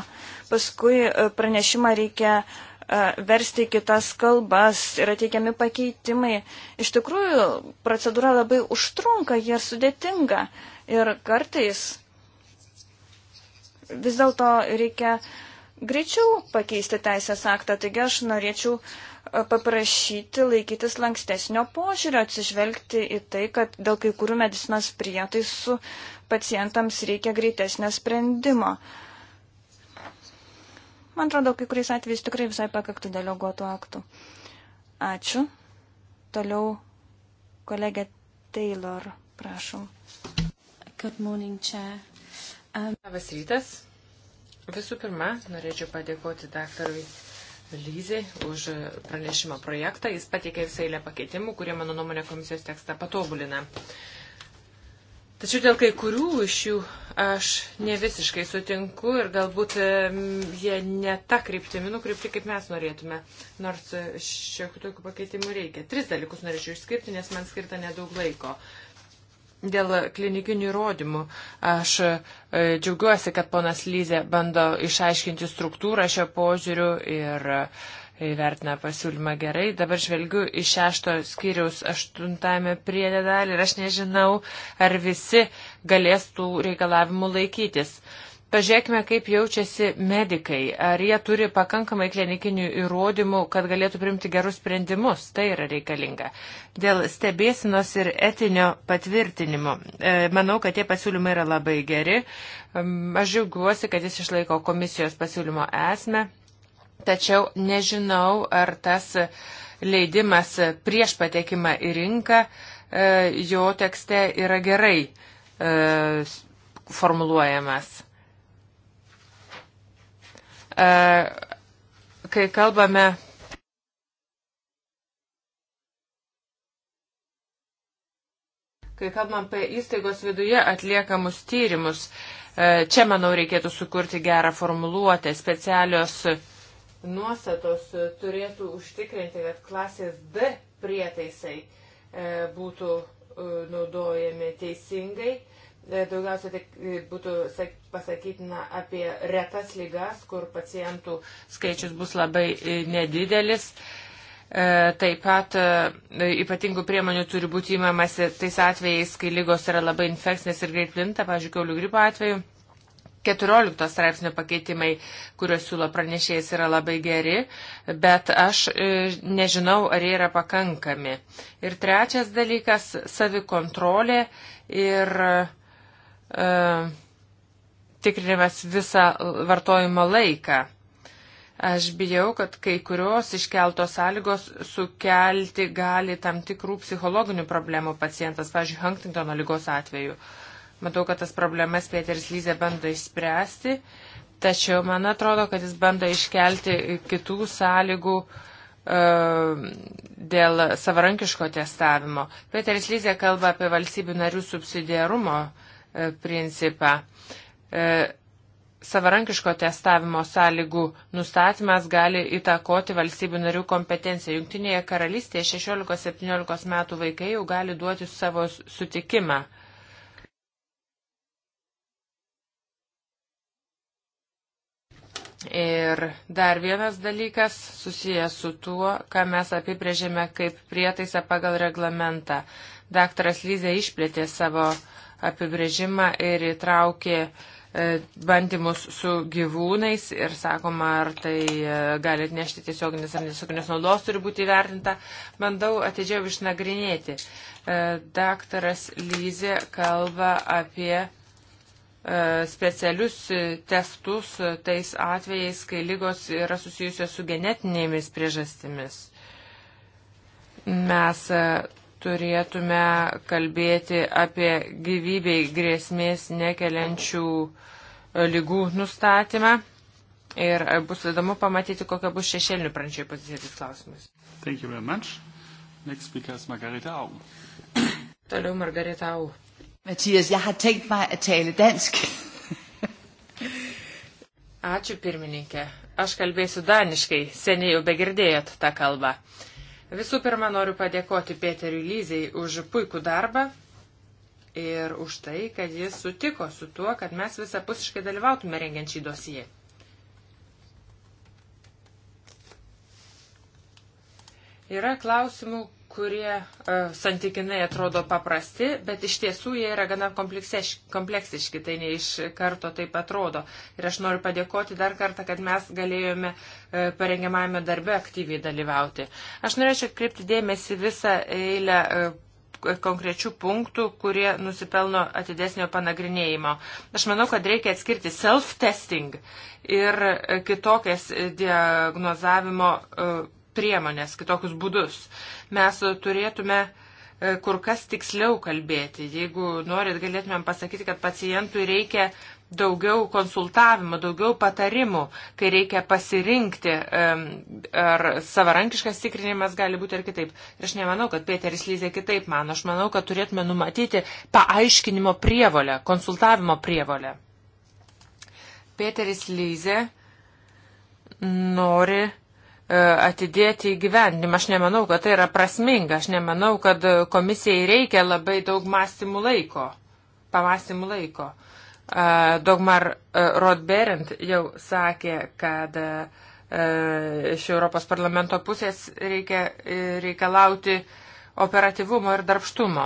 paskui e, pranešimą reikia uh, versti kitas kalbas, yra teikiami pakeitimai. Iš tikrųjų, procedūra labai užtrunka, jie sudėtinga ir kartais vis dėlto reikia greičiau pakeisti teisės aktą, taigi aš norėčiau paprašyti laikytis lankstesnio požiūrio, atsižvelgti į tai, kad dėl kai kurių medicinos prietaisų pacientams reikia greitesnio sprendimo. Uh, Man atrodo, kai kuriais atvejais tikrai visai pakaktų deleguotų aktų. Ačiū. Toliau kolegė Taylor, prašom. Good morning, Chair. Um... Labas rytas. Visų pirma, norėčiau padėkoti daktarui Lyzė už pranešimo projektą. Jis pateikė visą eilę pakeitimų, kurie, mano nuomonė, komisijos tekstą patobulina. Uh, Tačiau dėl kai kurių iš jų aš ne visiškai sutinku ir galbūt jie ne tą kryptimį nukreipti, kaip mes norėtume. Nors e, šiokių tokių pakeitimų reikia. Tris dalykus norėčiau išskirti, nes man skirta nedaug laiko. Dėl klinikinių įrodymų aš e, džiaugiuosi, kad ponas Lyzė bando išaiškinti struktūrą šio požiūriu ir uh, įvertina pasiūlymą gerai. Dabar žvelgiu iš šešto skyriaus aštuntame priedė dalį ir aš nežinau, ar visi galės tų reikalavimų laikytis. Pažiūrėkime, kaip jaučiasi medikai. Ar jie turi pakankamai klinikinių įrodymų, kad galėtų primti gerus sprendimus. Tai yra reikalinga. Dėl stebėsinos ir etinio patvirtinimo. E, manau, kad tie pasiūlymai yra labai geri. Aš džiaugiuosi, kad jis išlaiko komisijos pasiūlymo esmę tačiau nežinau, ar tas leidimas prieš patekimą į rinką e, jo tekste yra gerai e, formuluojamas. E, kai kalbame kai kalbam apie įstaigos viduje atliekamus tyrimus, čia, manau, reikėtų sukurti gerą formuluotę, specialios nuostatos turėtų užtikrinti, kad klasės D prietaisai e, būtų e, naudojami teisingai. E, daugiausia tik būtų pasakytina apie retas lygas, kur pacientų skaičius bus labai nedidelis. Taip pat ypatingų priemonių turi būti įmamasi tais atvejais, kai lygos yra labai infekcinės ir greit plinta, pavyzdžiui, kiaulių gripo atveju. 14 straipsnio pakeitimai, kuriuos siūlo pranešėjas, yra labai geri, bet aš e, nežinau, ar jie yra pakankami. Ir trečias dalykas - savikontrolė ir e, tikrinimas visą vartojimo laiką. Aš bijau, kad kai kurios iškeltos sąlygos sukelti gali tam tikrų psichologinių problemų pacientas, pavyzdžiui, Huntingtono lygos atveju. E, Matau, kad tas problemas Pieteris Lyze bando išspręsti, tačiau man atrodo, kad jis bando iškelti kitų sąlygų e, dėl savarankiško testavimo. Peteris Lyzė kalba apie valstybių narių subsidiarumo e, principą. E, savarankiško testavimo sąlygų nustatymas gali įtakoti valstybių narių kompetenciją. Junktinėje karalystėje 16-17 metų vaikai jau gali duoti savo sutikimą. Uh, Ir dar vienas dalykas susijęs su tuo, ką mes apibrėžėme kaip prietaisą pagal reglamentą. Daktaras Lyzė išplėtė savo apibrėžimą ir įtraukė e, bandymus su gyvūnais ir sakoma, ar tai e, gali atnešti tiesioginės ar nesauginės naudos turi būti įvertinta. Bandau atidžiau išnagrinėti. E, daktaras Lyzė kalba apie E, specialius testus tais atvejais, kai lygos yra susijusios su genetinėmis priežastimis. Mes e, turėtume kalbėti apie gyvybei grėsmės nekeliančių e, lygų nustatymą. Ir bus įdomu pamatyti, kokia bus šešėlinių pranešėjų pozicija tais klausimais. Thank you very much. Next speaker is Margarita Au. Toliau Margarita Au. Matijas, jeg har tænkt mig at tale dansk. Ačiū pirmininkė. Aš kalbėsiu daniškai, seniai jau begirdėjot tą kalbą. Visų pirma, noriu padėkoti Peteriui Lyzei už puikų darbą ir už tai, kad jis sutiko su tuo, kad mes visapusiškai dalyvautume rengiant šį dosiją. Yra klausimų, kurie e, santykinai atrodo paprasti, bet iš tiesų jie yra gana kompleksiški, tai ne iš karto taip atrodo. Ir aš noriu padėkoti dar kartą, kad mes galėjome e, parengiamame darbe aktyviai dalyvauti. Aš norėčiau atkreipti dėmesį visą eilę e, konkrečių punktų, kurie nusipelno atidesnio panagrinėjimo. Aš manau, kad reikia atskirti self-testing ir kitokias diagnozavimo priemonės, kitokius būdus. Mes turėtume e, kur kas tiksliau kalbėti. Jeigu norit, galėtumėm pasakyti, kad pacientui reikia daugiau konsultavimo, daugiau patarimų, kai reikia pasirinkti, ar savarankiškas tikrinimas gali būti ar kitaip. Ir aš nemanau, kad Peteris Lyzė kitaip mano. Aš manau, kad turėtume numatyti paaiškinimo prievolę, konsultavimo prievolę. Peteris Lyzė nori E, atidėti įgyvendimą. Aš nemanau, kad tai yra prasminga. Aš nemanau, kad komisijai reikia labai daug mąstymų laiko, pamastymų laiko. E, Dogmar e, Rodberint jau sakė, kad iš Europos parlamento pusės reikia reikalauti operatyvumo ir darbštumo.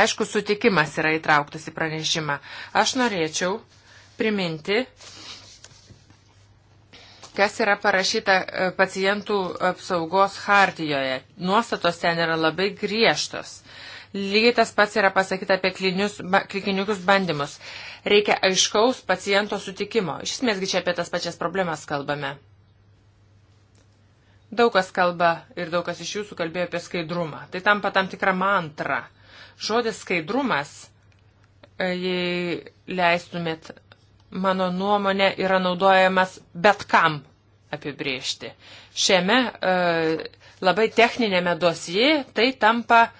Aišku, sutikimas yra įtrauktas į pranešimą. Aš norėčiau priminti, kas yra parašyta e, pacientų apsaugos hartijoje. Nuostatos ten yra labai griežtos. Lygiai tas pats yra pasakyta apie klinius, klikiniukus bandymus. Reikia aiškaus paciento sutikimo. Iš esmėsgi čia apie tas pačias problemas kalbame. Daug kas kalba ir daug kas iš jūsų kalbėjo apie skaidrumą. Tai tampa tam tikrą mantrą. Žodis skaidrumas, e, jei leistumėt mano nuomonė, yra naudojamas bet kam apibriežti. Šiame e, labai techninėme dosijai tai tampa e,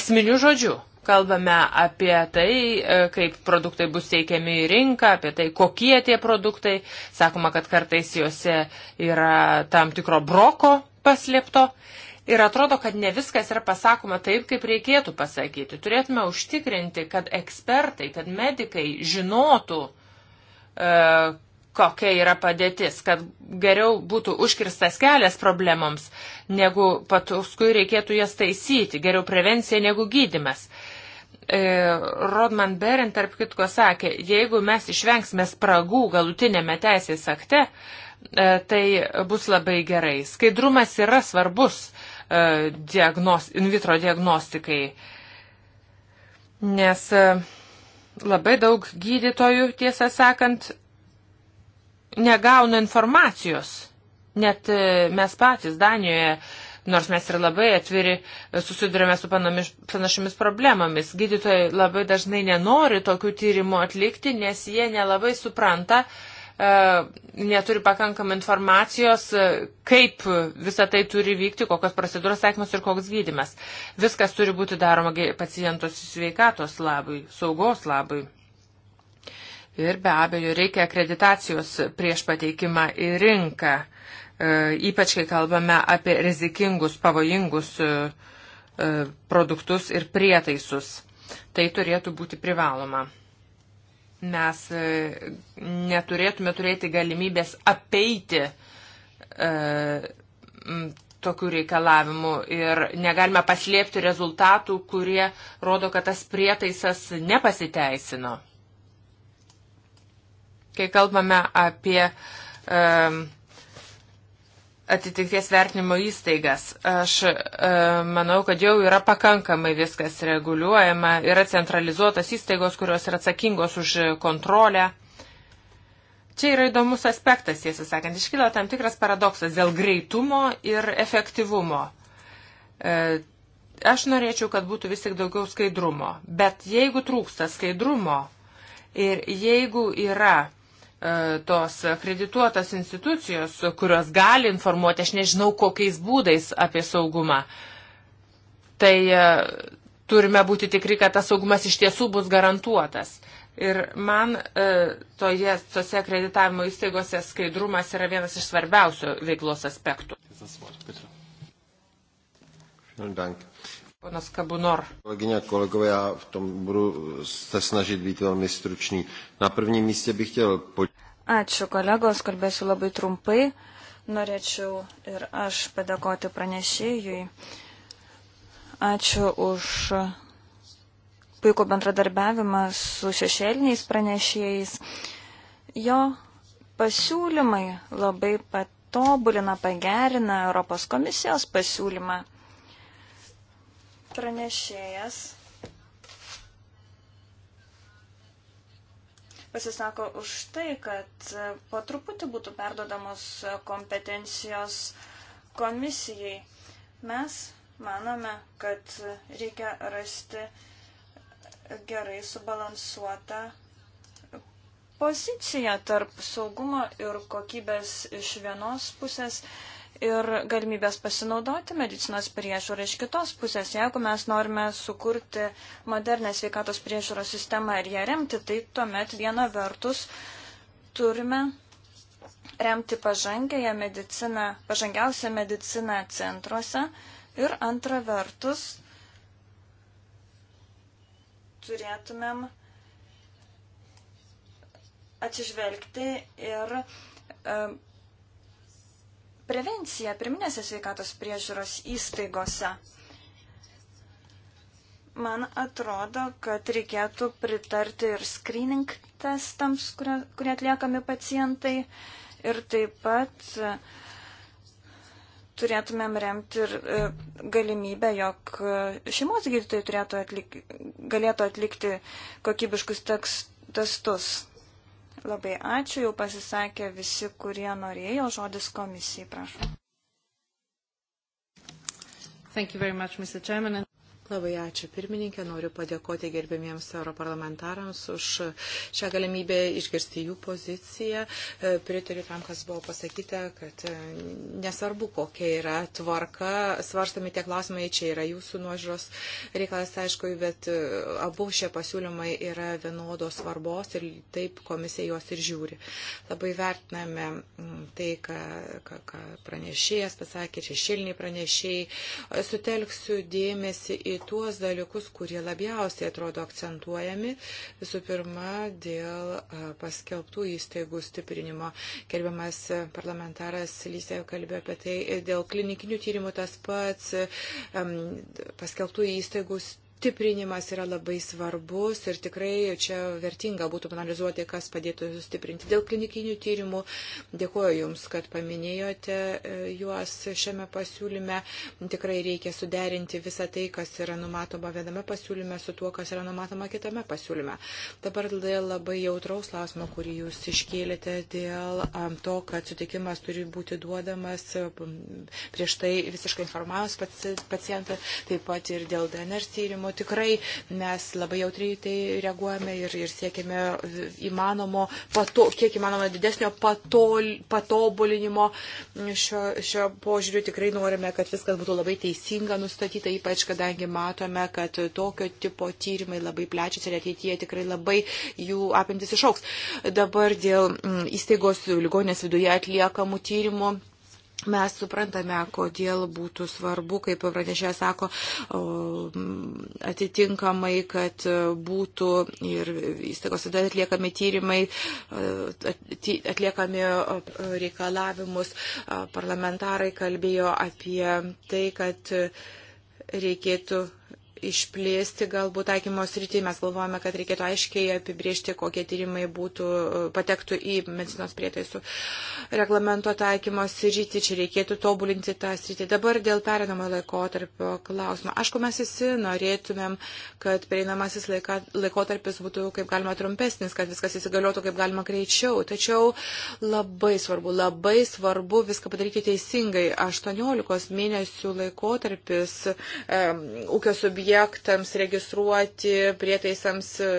esminiu žodžiu. Kalbame apie tai, e, kaip produktai bus teikiami į rinką, apie tai, kokie tie produktai. Sakoma, kad kartais juose yra tam tikro broko paslėpto. E, Ir atrodo, kad ne viskas yra pasakoma taip, kaip reikėtų pasakyti. Turėtume užtikrinti, kad ekspertai, kad medikai žinotų, e, kokia yra padėtis, kad geriau būtų užkirstas kelias problemoms, negu paskui reikėtų jas taisyti, geriau prevencija negu gydimas. E, Rodman Berin, tarp kitko, sakė, jeigu mes išvengsime spragų galutinėme teisės akte, e, tai bus labai gerai. Skaidrumas yra svarbus E, diagnos, in vitro diagnostikai. Nes e, labai daug gydytojų, tiesą sakant, negauna informacijos. Net e, mes patys Danijoje, nors mes ir labai atviri, susidurėme su panašiomis problemomis. Gydytojai labai dažnai nenori tokių tyrimų atlikti, nes jie nelabai supranta, uh, E, neturi pakankam informacijos, e, kaip visa tai turi vykti, kokios procedūros taikymas ir koks gydimas. Viskas turi būti daroma pacientos sveikatos labui, saugos labui. Ir be abejo, reikia akreditacijos prieš pateikimą į rinką, e, ypač kai kalbame apie rizikingus, pavojingus produktus ir prietaisus. Tai turėtų būti privaloma mes e, neturėtume turėti galimybės apeiti e, tokių reikalavimų ir negalime paslėpti rezultatų, kurie rodo, kad tas prietaisas nepasiteisino. Kai kalbame apie um, e, atitikties vertinimo įstaigas. Aš e, manau, kad jau yra pakankamai viskas reguliuojama, yra centralizuotas įstaigos, kurios yra atsakingos už kontrolę. Čia yra įdomus aspektas, tiesą sakant, iškyla tam tikras paradoksas dėl greitumo ir efektyvumo. E, aš norėčiau, kad būtų vis tik daugiau skaidrumo, bet jeigu trūksta skaidrumo ir jeigu yra E, tos akredituotos institucijos, kurios gali informuoti, aš nežinau kokiais būdais apie saugumą. Tai e, turime būti tikri, kad tas saugumas iš tiesų bus garantuotas. Ir man e, toje, tose akreditavimo įstaigose skaidrumas yra vienas iš svarbiausių veiklos aspektų. Vielen Dank. Ponas Kabunor. Kolegyně a kolegové, já v tom budu se snažit být velmi stručný. Na prvním místě bych chtěl... Ačiū kolegos, kalbėsiu labai trumpai. Norėčiau ir aš padėkoti pranešėjui. Ačiū už puikų bendradarbiavimą su šešėliniais pranešėjais. Jo pasiūlymai labai patobulina, pagerina Europos komisijos pasiūlymą. Pranešėjas pasisako už tai, kad po truputį būtų perdodamos kompetencijos komisijai. Mes manome, kad reikia rasti gerai subalansuotą poziciją tarp saugumo ir kokybės iš vienos pusės ir galimybės pasinaudoti medicinos priežiūrą iš kitos pusės. Jeigu mes norime sukurti modernę sveikatos priežiūros sistemą ir ją remti, tai tuomet viena vertus turime remti pažangėją mediciną, pažangiausią mediciną centruose ir antra vertus turėtumėm atsižvelgti ir e, prevenciją pirminėse sveikatos priežiūros įstaigose. Man atrodo, kad reikėtų pritarti ir screening testams, kurie, kurie atliekami pacientai. Ir taip pat e, turėtumėm remti ir e, galimybę, jog e, šeimos gydytojai atlik, galėtų atlikti kokybiškus tekst, testus. Labai ačiū, jau pasisakė visi, kurie norėjo. Žodis komisijai, prašau. Much, Chairman. Labai ačiū pirmininkė, noriu padėkoti gerbėmiems europarlamentarams už šią galimybę išgirsti jų poziciją. E, pritariu tam, kas buvo pasakyta, kad e, nesvarbu, kokia yra tvarka, svarstami tie klausimai, čia yra jūsų nuožiūros reikalas, aišku, bet e, abu šie pasiūlymai yra vienodos svarbos ir taip komisija juos ir žiūri. Labai vertiname tai, ką, ką, ką pranešėjas pasakė, šešilniai pranešėjai. Sutelksiu dėmesį į į tuos dalykus, kurie labiausiai atrodo akcentuojami. Visų pirma, dėl paskelbtų įstaigų stiprinimo. Gerbiamas parlamentaras Lysė kalbėjo apie tai. Dėl klinikinių tyrimų tas pats paskelbtų įstaigų stiprinimas stiprinimas yra labai svarbus ir tikrai čia vertinga būtų analizuoti, kas padėtų sustiprinti. Dėl klinikinių tyrimų dėkuoju Jums, kad paminėjote e, juos šiame pasiūlyme. Tikrai reikia suderinti visą tai, kas yra numatoma viename pasiūlyme su tuo, kas yra numatoma kitame pasiūlyme. Dabar dėl labai jautraus klausimo, kurį Jūs iškėlėte dėl to, kad sutikimas turi būti duodamas prieš tai visiškai informavus pacientą, taip pat ir dėl DNR tyrimų klausimu tikrai mes labai jautriai tai reaguojame ir, ir siekime įmanomo, pato, kiek įmanoma didesnio patol, patobulinimo šio, šio požiūriu. Tikrai norime, kad viskas būtų labai teisinga nustatyta, ypač kadangi matome, kad tokio tipo tyrimai labai plečiasi ir ateityje tikrai labai jų apimtis išauks. Dabar dėl mm, įstaigos ligonės viduje atliekamų tyrimų Mes suprantame, kodėl būtų svarbu, kaip pranešė sako, mm, atitinkamai, kad būtų ir įstaigos tada atliekami tyrimai, atliekami reikalavimus. Parlamentarai kalbėjo apie tai, kad reikėtų išplėsti galbūt taikymo sritį. Mes galvojame, kad reikėtų aiškiai apibriežti, kokie tyrimai būtų, patektų į medicinos prietaisų reglamento taikymo sritį. Čia reikėtų tobulinti tą sritį. Dabar dėl perinamo laikotarpio klausimo. Aišku, mes visi norėtumėm, kad perinamasis laika, laikotarpis būtų kaip galima trumpesnis, kad viskas įsigaliotų kaip galima greičiau. Tačiau labai svarbu, labai svarbu viską padaryti teisingai. 18 mėnesių laikotarpis um, ūkio subjektų projektams registruoti, prietaisams e,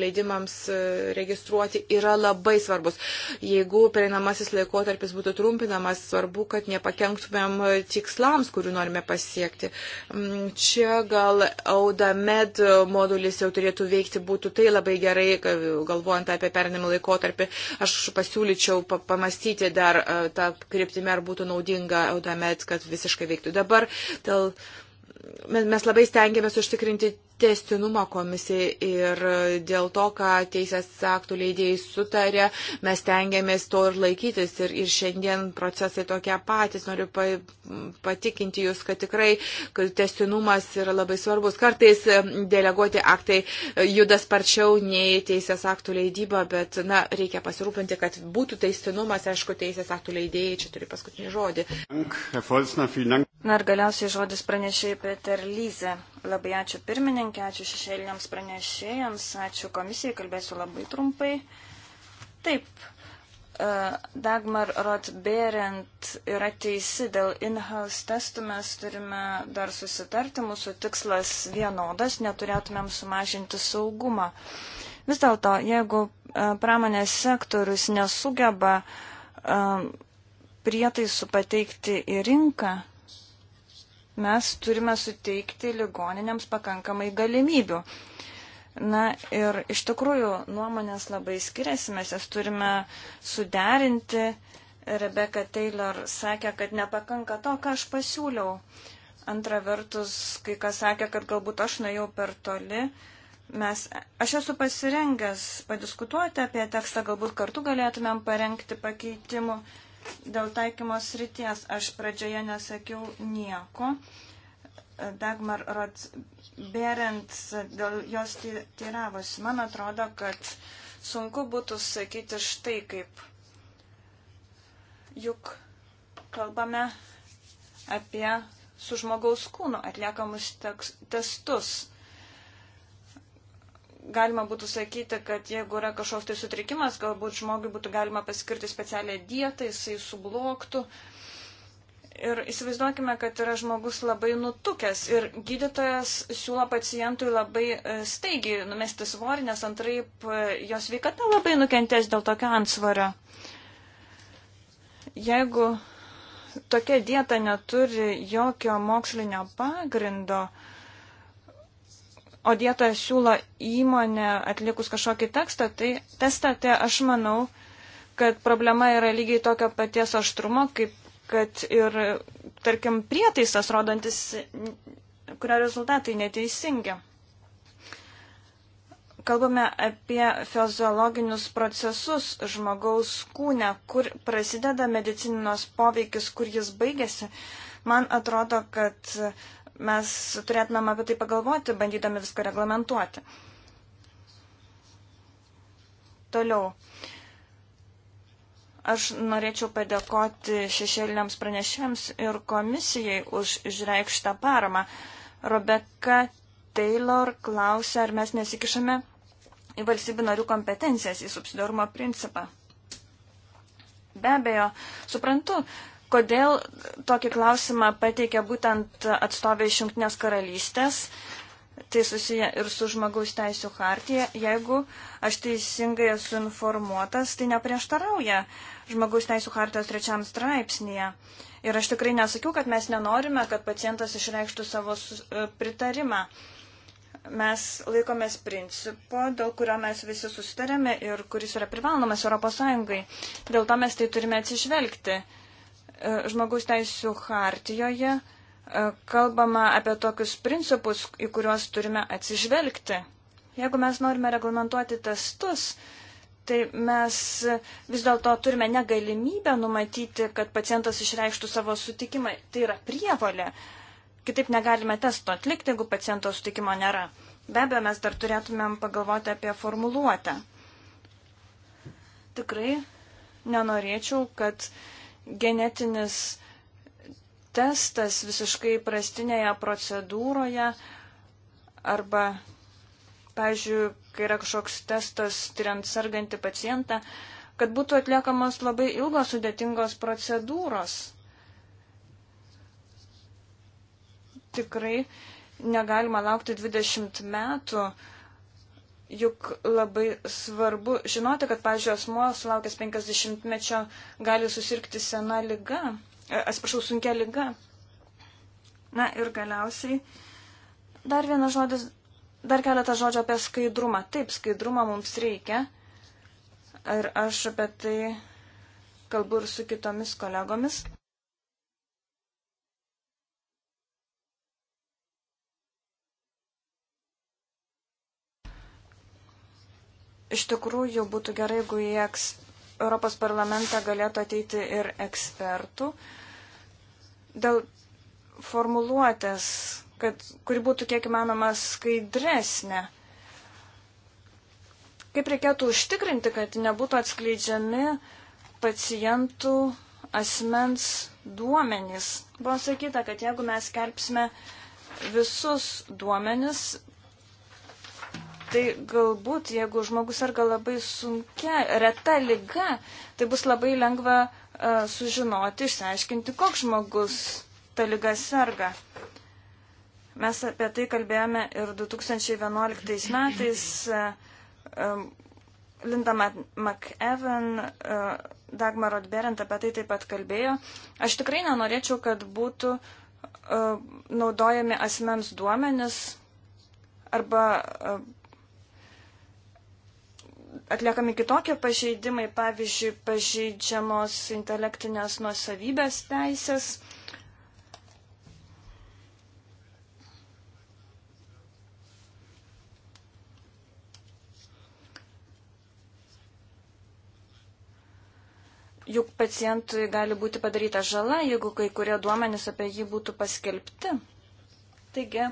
leidimams e, registruoti yra labai svarbus. Jeigu pereinamasis laikotarpis būtų trumpinamas, svarbu, kad nepakenktumėm tikslams, kurių norime pasiekti. Mm, čia gal AUDAMED modulis jau turėtų veikti, būtų tai labai gerai, galvojant apie pereinamą laikotarpį. Aš pasiūlyčiau pamastyti dar e, tą kryptimę, ar būtų naudinga AUDAMED, kad visiškai veiktų. Dabar dėl. Tai mes labai stengiamės užtikrinti testinumą komisijai ir dėl to, ką teisės aktų leidėjai sutarė, mes tengiamės to ir laikytis. Ir, ir šiandien procesai tokie patys. Noriu pa, patikinti Jūs, kad tikrai kad testinumas yra labai svarbus. Kartais deleguoti aktai e, juda sparčiau nei teisės aktų leidyba, bet na, reikia pasirūpinti, kad būtų testinumas. Aišku, teisės aktų leidėjai čia turi paskutinį žodį. Na ir galiausiai žodis pranešė Peter Lyze. Labai ačiū pirmininkai pirmininkė, ačiū šešėliniams pranešėjams, ačiū komisijai, kalbėsiu labai trumpai. Taip, e, Dagmar Rotberent yra teisi dėl in-house testų, mes turime dar susitarti, mūsų tikslas vienodas, neturėtumėm sumažinti saugumą. Vis dėlto, jeigu e, pramonės sektorius nesugeba e, prietaisų pateikti į rinką, mes turime suteikti ligoninėms pakankamai galimybių. Na ir iš tikrųjų nuomonės labai skiriasi, mes jas turime suderinti. Rebeka Taylor sakė, kad nepakanka to, ką aš pasiūliau. Antra vertus, kai kas sakė, kad galbūt aš nuėjau per toli. Mes, aš esu pasirengęs padiskutuoti apie tekstą, galbūt kartu galėtumėm parengti pakeitimų. Uh, Dėl taikymos ryties aš pradžioje nesakiau nieko. Dagmar Rotberent dėl jos tyravosi. Man atrodo, kad sunku būtų sakyti štai kaip. Juk kalbame apie su žmogaus kūnu atliekamus teks, testus galima būtų sakyti, kad jeigu yra kažkoks tai sutrikimas, galbūt žmogui būtų galima paskirti specialią dietą, jisai subloktų. Ir įsivaizduokime, kad yra žmogus labai nutukęs ir gydytojas siūlo pacientui labai e, staigiai numesti svorį, nes antraip e, jos veikata labai nukentės dėl tokio ansvario. Jeigu tokia dieta neturi jokio mokslinio pagrindo, o dietas siūlo įmonę atlikus kažkokį tekstą, tai testą, tai aš manau, kad problema yra lygiai tokio paties aštrumo, kaip kad ir, tarkim, prietaisas rodantis, kurio rezultatai neteisingi kalbame apie fiziologinius procesus žmogaus kūne, kur prasideda medicinos poveikis, kur jis baigėsi, man atrodo, kad mes turėtumėm apie tai pagalvoti, bandydami viską reglamentuoti. Toliau. Aš norėčiau padėkoti šešėliniams pranešėms ir komisijai už išreikštą paramą. Rebeka Taylor klausia, ar mes nesikišame į valstybių narių kompetencijas, į subsidiarumo principą. Be abejo, suprantu, kodėl tokį klausimą pateikė būtent atstovė iš Junktinės karalystės. Tai susiję ir su žmogaus teisų hartija. Jeigu aš teisingai esu informuotas, tai neprieštarauja žmogaus teisų hartijos trečiam straipsnėje. Ir aš tikrai nesakiau, kad mes nenorime, kad pacientas išreikštų savo e, pritarimą. Uh, mes laikomės principo, dėl kurio mes visi susitarėme ir kuris yra privalomas ES. Dėl to mes tai turime atsižvelgti. E, žmogaus teisų hartijoje e, kalbama apie tokius principus, į kuriuos turime atsižvelgti. Jeigu mes norime reglamentuoti testus, tai mes vis dėlto turime negalimybę numatyti, kad pacientas išreikštų savo sutikimą. Tai yra prievalė. Kitaip negalime testo atlikti, jeigu paciento sutikimo nėra. Be abejo, mes dar turėtumėm pagalvoti apie formuluotę. Tikrai nenorėčiau, kad genetinis testas visiškai prastinėje procedūroje arba, pavyzdžiui, kai yra kažkoks testas tyriant sergantį pacientą, kad būtų atliekamos labai ilgos sudėtingos procedūros. tikrai negalima laukti 20 metų. Juk labai svarbu žinoti, kad, pažiūrėjau, asmuo sulaukęs 50-mečio gali susirgti sena lyga, e, atsiprašau, sunkia lyga. Na ir galiausiai dar vienas žodis, dar keletą žodžių apie skaidrumą. Taip, skaidrumą mums reikia. Ir aš apie tai kalbu ir su kitomis kolegomis. Iš tikrųjų būtų gerai, jeigu į eks... Europos parlamentą galėtų ateiti ir ekspertų dėl formuluotės, kad, kuri būtų kiek įmanoma skaidresnė. Kaip reikėtų užtikrinti, kad nebūtų atskleidžiami pacientų asmens duomenys. Buvo sakyta, kad jeigu mes kelpsime visus duomenis, Tai galbūt, jeigu žmogus serga labai sunkia, reta lyga, tai bus labai lengva uh, sužinoti, išsiaiškinti, koks žmogus ta lyga serga. Mes apie tai kalbėjome ir 2011 metais. Uh, Linda McEwen, Dagmar Rodberent apie tai taip pat kalbėjo. Aš tikrai nenorėčiau, kad būtų naudojami asmens duomenis arba atliekami kitokie pažeidimai, pavyzdžiui, pažeidžiamos intelektinės nuosavybės teisės. Juk pacientui gali būti padaryta žala, jeigu kai kurie duomenys apie jį būtų paskelbti. Taigi,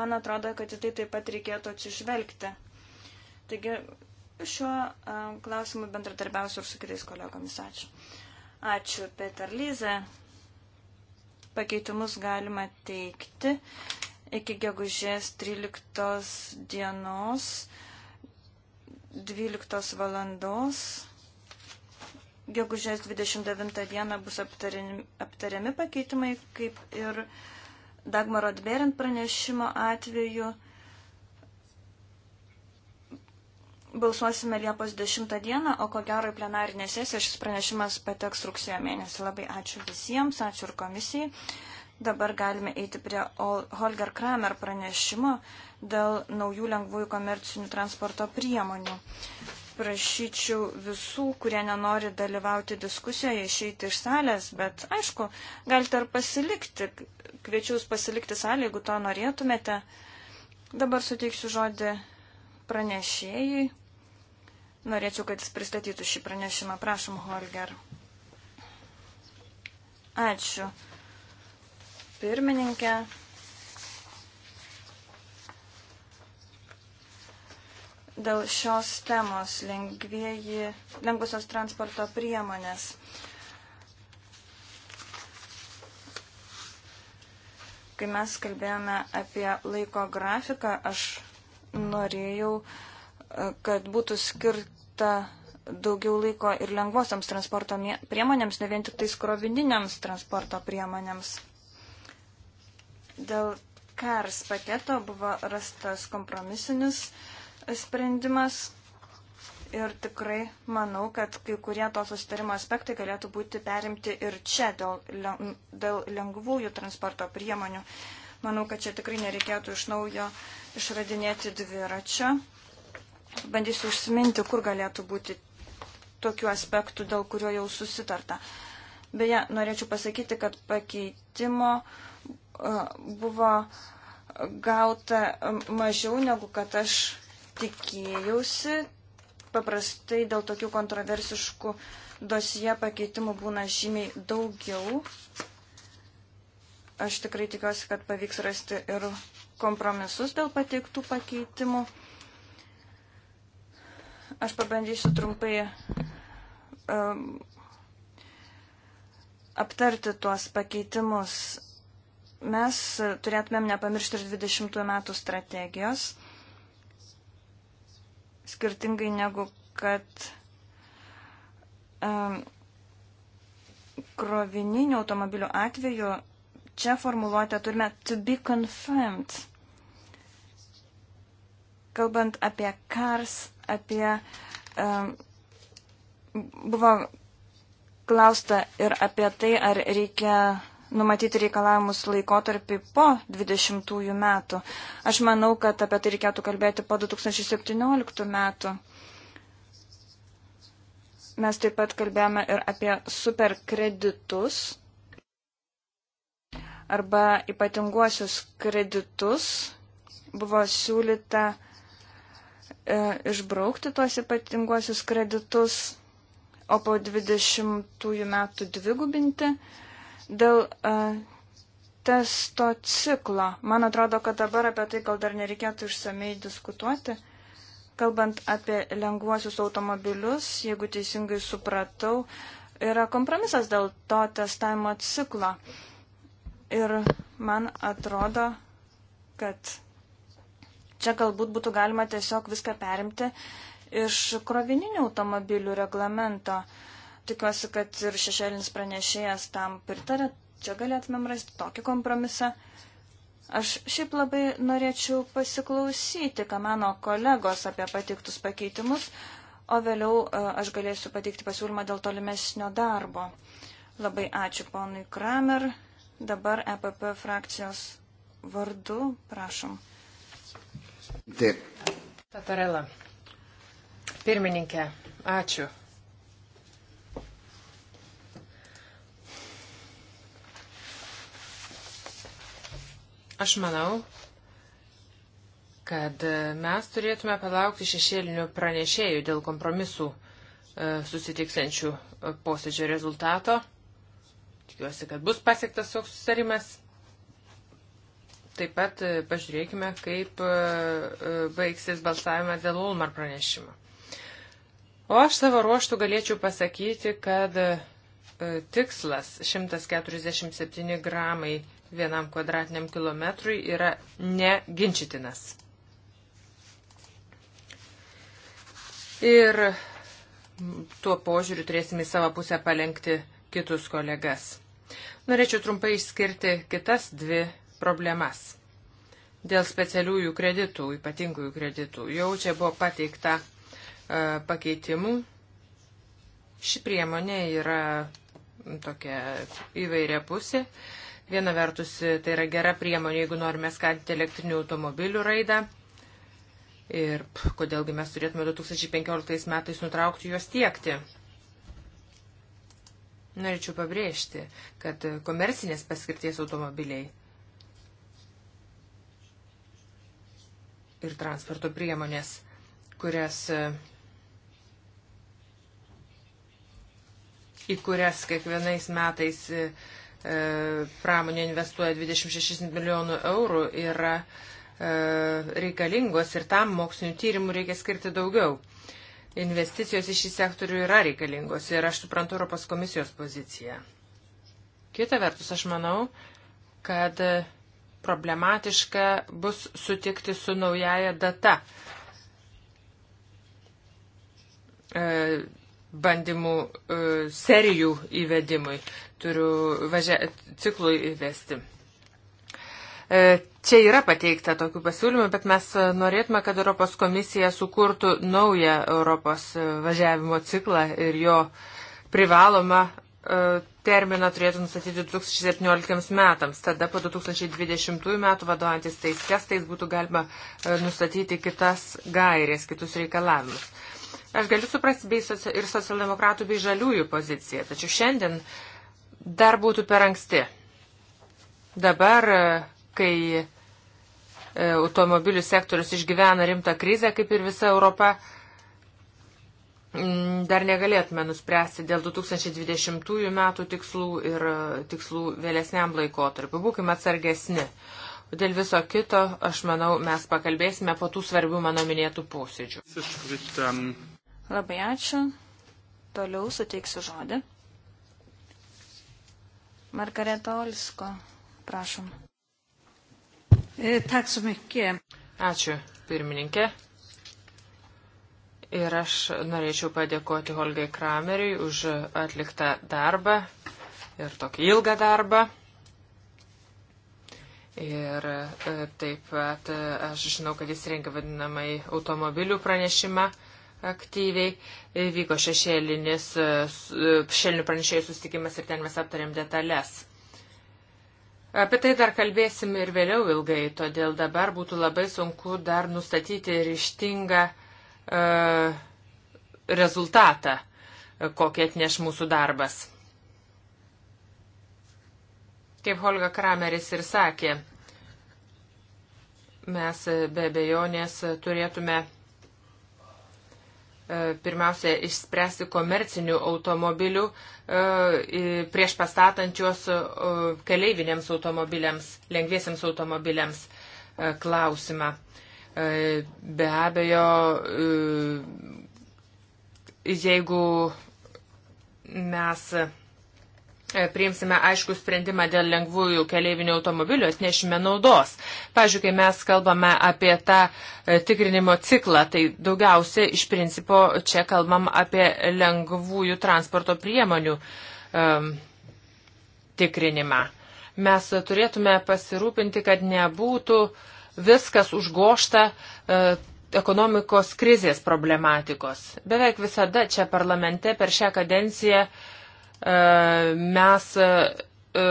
man atrodo, kad į tai taip pat reikėtų atsižvelgti. Taigi, šiuo klausimu bendradarbiausiu ir su kitais kolegomis. Ačiū. Ačiū, Peter Lyze. Pakeitimus galima teikti iki gegužės 13 dienos 12 valandos. Gegužės 29 dieną bus aptariami, aptariami pakeitimai, kaip ir Dagmaro Dberint pranešimo atveju. balsuosime Liepos 10 dieną, o ko gero į plenarinę sesiją šis pranešimas pateks rugsėjo mėnesį. Labai ačiū visiems, ačiū ir komisijai. Dabar galime eiti prie Holger Kramer pranešimo dėl naujų lengvųjų komercinių transporto priemonių. Prašyčiau visų, kurie nenori dalyvauti diskusijoje, išeiti iš salės, bet aišku, galite ir pasilikti. Kviečiu jūs pasilikti salę, jeigu to norėtumėte. Dabar suteiksiu žodį pranešėjui Norėčiau, kad jis pristatytų šį pranešimą. Prašom, Holger. Ačiū. Pirmininkė. Dėl šios temos lengvieji, lengvusios transporto priemonės. Kai mes kalbėjome apie laiko grafiką, aš norėjau uh, kad būtų skirta daugiau laiko ir lengvosiams transporto priemonėms, ne vien tik tais krovininiams transporto priemonėms. Dėl KARS paketo buvo rastas kompromisinis sprendimas ir tikrai manau, kad kai kurie to susitarimo aspektai galėtų būti perimti ir čia dėl, dėl lengvųjų transporto priemonių. Manau, kad čia tikrai nereikėtų iš naujo išradinėti dviračio. Bandysiu užsiminti, kur galėtų būti tokių aspektų, dėl kurio jau susitarta. Beje, norėčiau pasakyti, kad pakeitimo e, buvo gauta mažiau negu kad aš tikėjausi. Paprastai dėl tokių kontroversiškų dosije pakeitimų būna žymiai daugiau. Aš tikrai tikiuosi, kad pavyks rasti ir kompromisus dėl pateiktų pakeitimų. Aš pabandysiu trumpai um, aptarti tuos pakeitimus. Mes turėtumėm nepamiršti ir 20 metų strategijos, skirtingai negu kad um, krovininių automobilių atveju čia formuluotę turime to be confirmed. Kalbant apie kars, apie. Um, buvo klausta ir apie tai, ar reikia numatyti reikalavimus laikotarpį po 20 metų. Aš manau, kad apie tai reikėtų kalbėti po 2017 metų. Mes taip pat kalbėjome ir apie superkreditus arba ypatinguosius kreditus. Buvo siūlyta uh, E, išbraukti tuos ypatinguosius kreditus, o po 20 metų dvigubinti dėl e, testo ciklo. Man atrodo, kad dabar apie tai gal dar nereikėtų išsamei diskutuoti. Kalbant apie lengvuosius automobilius, jeigu teisingai supratau, yra kompromisas dėl to testavimo ciklo. Ir man atrodo, kad čia galbūt būtų galima tiesiog viską perimti iš krovininių automobilių reglamento. Tikiuosi, kad ir šešėlinis pranešėjas tam pritarė. Čia galėtumėm rasti tokį kompromisą. Aš šiaip labai norėčiau pasiklausyti, ką mano kolegos apie pateiktus pakeitimus, o vėliau e, aš galėsiu pateikti pasiūlymą dėl tolimesnio darbo. Labai ačiū ponui Kramer. Dabar EPP frakcijos vardu, prašom. Taip. Tatarela. Pirmininkė, ačiū. Aš manau, kad mes turėtume palaukti šešėlinių pranešėjų dėl kompromisų e, susitiksančių e, posėdžio rezultato. Tikiuosi, kad bus pasiektas toks susitarimas. Taip pat e, pažiūrėkime, kaip e, e, baigsis balsavimas dėl Ulmar pranešimo. O aš savo ruoštų galėčiau pasakyti, kad tikslas 147 gramai vienam kvadratiniam kilometrui yra neginčytinas. Ir tuo požiūriu turėsime į savo pusę palengti kitus kolegas. Norėčiau trumpai išskirti kitas dvi problemas. Dėl specialiųjų kreditų, ypatingųjų kreditų, jau čia buvo pateikta e, pakeitimų. Ši priemonė yra tokia įvairia pusė. Viena vertus, e, tai yra gera priemonė, jeigu norime skatinti elektrinių automobilių raidą. Ir p, kodėlgi mes turėtume 2015 metais nutraukti juos tiekti. Norėčiau pabrėžti, kad komercinės paskirties automobiliai ir transporto priemonės, kurias, e, į kurias kiekvienais metais e, e, pramonė investuoja 26 milijonų eurų, yra reikalingos ir tam mokslinių tyrimų reikia skirti daugiau. Investicijos į šį sektorių yra reikalingos ir aš suprantu Europos komisijos poziciją. Kita vertus, aš manau, kad problematiška bus sutikti su naujaja data e, bandymų e, serijų įvedimui, turiu važia, ciklui įvesti. E, čia yra pateikta tokių pasiūlymų, bet mes norėtume, kad Europos komisija sukurtų naują Europos važiavimo ciklą ir jo privalomą E, terminą turėtų nustatyti 2017 metams. Tada po 2020 metų vadovantis tais testais būtų galima e, nustatyti kitas gairės, kitus reikalavimus. Aš galiu suprasti bei socia ir socialdemokratų bei žaliųjų poziciją, tačiau šiandien dar būtų per anksti. Dabar, e, kai automobilių sektorius išgyvena rimtą krizę, kaip ir visa Europa, Mm, dar negalėtume nuspręsti dėl 2020 metų tikslų ir e, tikslų vėlesniam laikotarpiu. Būkime atsargesni. Dėl viso kito, aš manau, mes pakalbėsime po tų svarbių mano minėtų posėdžių. Labai ačiū. Toliau suteiksiu žodį. Margareta Olsko, prašom. E, ačiū, pirmininkė. Ir aš norėčiau padėkoti Holgai Krameriui už atliktą darbą ir tokį ilgą darbą. Ir e, taip pat e, aš žinau, kad jis rengia vadinamai automobilių pranešimą aktyviai. E, vyko šešėlinis, šešėlinių pranešėjų susitikimas ir ten mes aptarėm detalės. Apie tai dar kalbėsim ir vėliau ilgai, todėl dabar būtų labai sunku dar nustatyti ryštingą uh, E, rezultatą, e, kokį atneš mūsų darbas. Kaip Holga Krameris ir sakė, mes e, be bejonės turėtume pirmiausia išspręsti komercinių automobilių prieš pastatančios keleiviniams automobiliams, lengviesiams automobiliams klausimą. E, be abejo, e, jeigu mes e, priimsime aišku sprendimą dėl lengvųjų keleivinių automobilių, atnešime naudos. Pavyzdžiui, kai mes kalbame apie tą tikrinimo ciklą, tai daugiausia iš principo čia kalbam apie lengvųjų transporto priemonių um, tikrinimą. Mes turėtume pasirūpinti, kad nebūtų uh, viskas užgošta e, ekonomikos krizės problematikos. Beveik visada čia parlamente per šią kadenciją e, mes e, e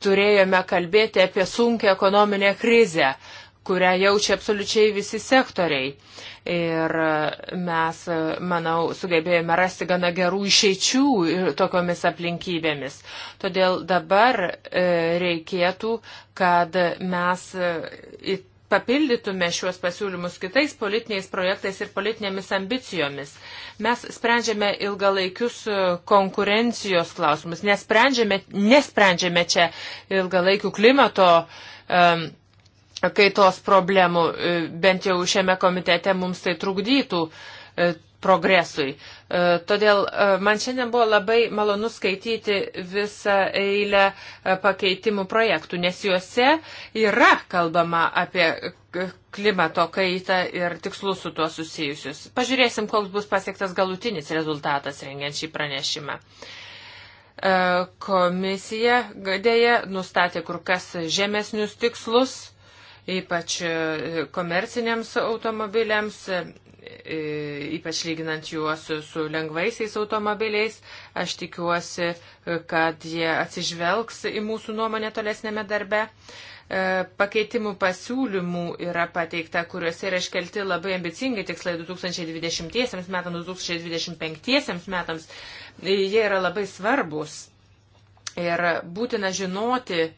turėjome kalbėti apie sunkę ekonominę krizę. E, kurią jaučia absoliučiai visi sektoriai. Ir mes, manau, sugebėjome rasti gana gerų išeičių tokiomis aplinkybėmis. Todėl dabar e, reikėtų, kad mes e, papildytume šiuos pasiūlymus kitais politiniais projektais ir politinėmis ambicijomis. Mes sprendžiame ilgalaikius e, konkurencijos klausimus, nesprendžiame, nesprendžiame čia ilgalaikių klimato um, kaitos problemų, e, bent jau šiame komitete mums tai trukdytų e, progresui. E, todėl man šiandien buvo labai malonu skaityti visą eilę pakeitimų projektų, nes juose yra kalbama apie klimato kaitą ir tikslus su tuo susijusius. Pažiūrėsim, koks bus pasiektas galutinis rezultatas rengiant šį pranešimą komisija dėja nustatė kur kas žemesnius tikslus ypač e, komerciniams automobiliams, e, e, ypač lyginant juos su lengvaisiais automobiliais. Aš tikiuosi, kad jie atsižvelgs į mūsų nuomonę tolesnėme darbe. Pakeitimų pasiūlymų yra pateikta, kuriuose yra iškelti labai ambicingai tikslai 2020 metams, 2025 metams. Jie yra labai svarbus. Ir būtina žinoti,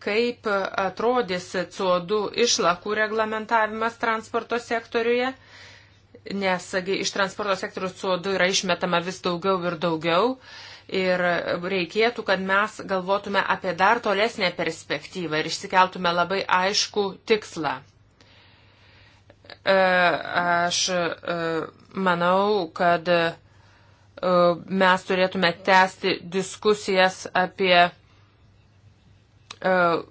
kaip atrodys CO2 išlakų reglamentavimas transporto sektoriuje, nes iš transporto sektoriaus CO2 yra išmetama vis daugiau ir daugiau. Ir reikėtų, kad mes galvotume apie dar tolesnę perspektyvą ir išsikeltume labai aišku tikslą. E, aš e, manau, kad e, mes turėtume tęsti diskusijas apie E,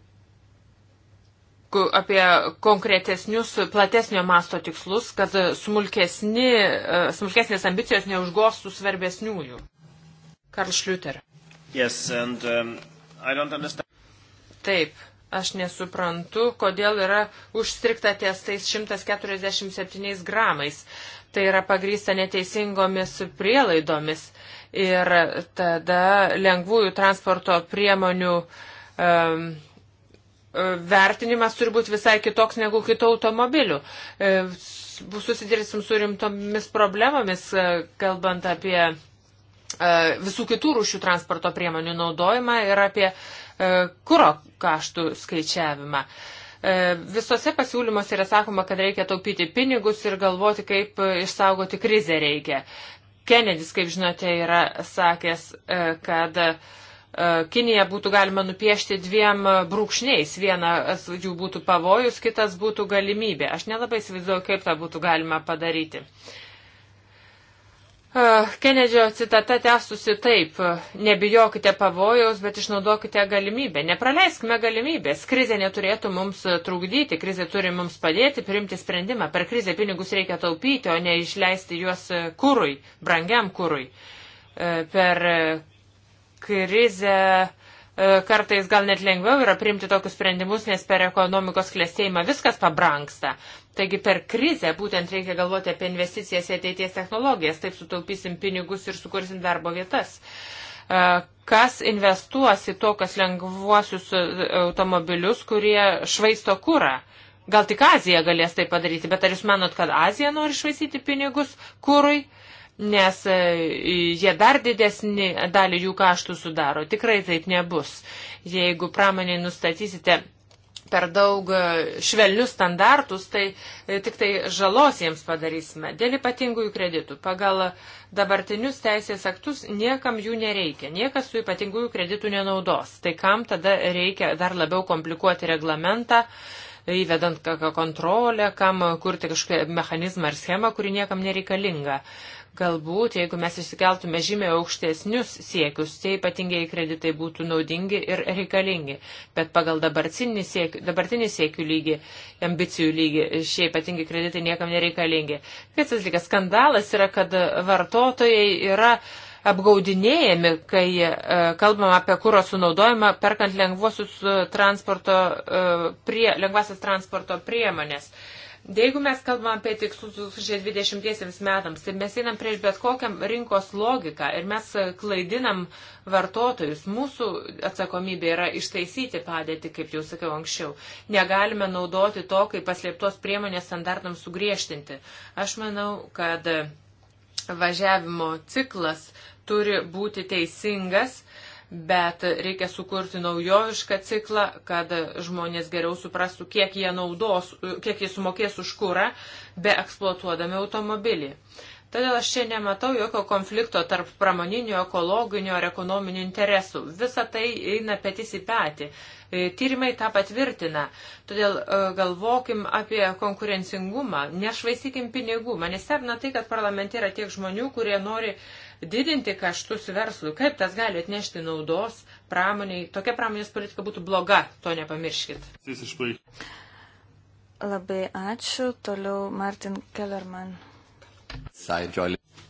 apie konkretesnius, platesnio masto tikslus, kad smulkesni, e, smulkesnės ambicijos neužgostų svarbesniųjų. Karl Schlüter. Yes, and, um, Taip, aš nesuprantu, kodėl yra užstrikta ties tais 147 gramais. Tai yra pagrysta neteisingomis prielaidomis. Ir tada lengvųjų transporto priemonių uh, um, vertinimas turi būti visai kitoks negu kitų automobilių. E, Susidėlėsim su rimtomis problemomis, e, kalbant apie visų kitų rūšių transporto priemonių naudojimą ir apie kuro kaštų skaičiavimą. Visose pasiūlymuose yra sakoma, kad reikia taupyti pinigus ir galvoti, kaip išsaugoti krizę reikia. Kennedys, kaip žinote, yra sakęs, kad uh, E, Kiniją būtų galima nupiešti dviem brūkšniais. Vienas jų būtų pavojus, kitas būtų galimybė. Aš nelabai įsivaizduoju, kaip tą būtų galima padaryti. E, Kenedžio citata tęstusi taip, nebijokite pavojaus, bet išnaudokite galimybę. Nepraleiskime galimybės. Krizė neturėtų mums trukdyti, krizė turi mums padėti priimti sprendimą. Per krizę pinigus reikia taupyti, o ne išleisti juos kūrui, brangiam kūrui. E, per krizę e, kartais gal net lengviau yra priimti tokius sprendimus, nes per ekonomikos klėstėjimą viskas pabranksta. Taigi per krizę būtent reikia galvoti apie investicijas į ateities technologijas, taip sutaupysim pinigus ir sukursim darbo vietas. E, kas investuos į tokias lengvuosius e, automobilius, kurie švaisto kūrą? Gal tik Azija galės tai padaryti, bet ar jūs manot, kad Azija nori švaistyti pinigus kūrui? nes e, jie dar didesnį dalį jų kaštų sudaro. Tikrai taip nebus. Jeigu pramoniai nustatysite per daug e, švelnius standartus, tai e, tik tai žalos jiems padarysime. Dėl ypatingųjų kreditų. Pagal dabartinius teisės aktus niekam jų nereikia. Niekas su ypatingųjų kreditų nenaudos. Tai kam tada reikia dar labiau komplikuoti reglamentą, įvedant kokią kontrolę, kam kurti kažkokią mechanizmą ar schemą, kuri niekam nereikalinga. Galbūt, jeigu mes išsikeltume žymiai aukštesnius siekius, tie ypatingiai kreditai būtų naudingi ir reikalingi. Bet pagal dabartinį siekių, dabartinį siekių lygį, ambicijų lygį, šie ypatingi kreditai niekam nereikalingi. Kitas dalykas, skandalas yra, kad vartotojai yra apgaudinėjami, kai e, kalbam apie kūro sunaudojimą, perkant lengvuosius e, transporto, e, prie, lengvasis transporto priemonės. Uh, Jeigu mes kalbam apie tikslus 2020 metams, tai mes einam prieš bet kokią rinkos logiką ir mes klaidinam vartotojus. Mūsų atsakomybė yra ištaisyti padėtį, kaip jau sakiau anksčiau. Negalime naudoti to, kaip paslėptos priemonės standartams sugriežtinti. Aš manau, kad važiavimo ciklas turi būti teisingas bet reikia sukurti naujovišką ciklą, kad žmonės geriau suprastų, kiek jie naudos, kiek jie sumokės už kurą, be eksploatuodami automobilį. Todėl aš čia nematau jokio konflikto tarp pramoninio, ekologinio ar ekonominio interesų. Visa tai eina petys į petį. E, tyrimai tą patvirtina. Todėl e, galvokim apie konkurencingumą, nešvaistykim pinigų. Mane stebina tai, kad parlamente yra tiek žmonių, kurie nori uh, didinti kaštus verslui, kaip tas gali atnešti naudos pramoniai. Tokia pramonės politika būtų bloga, to nepamirškit. Labai ačiū. Toliau Martin Kellerman.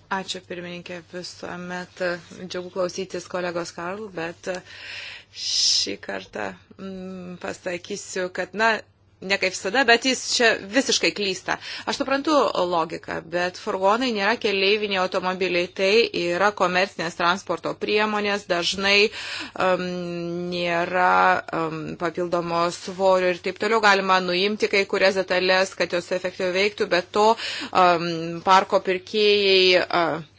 Ačiū pirmininkė visuomet. Džiaugu klausytis kolegos Karl, bet šį kartą mm, pasakysiu, kad, na, ne kaip visada, bet jis čia visiškai klysta. Aš suprantu logiką, bet furgonai nėra keleiviniai automobiliai, tai yra komercinės transporto priemonės, dažnai um, nėra um, papildomo svorio ir taip toliau. Galima nuimti kai kurias detalės, kad jos efektyviai veiktų, bet to um, parko pirkėjai. Uh,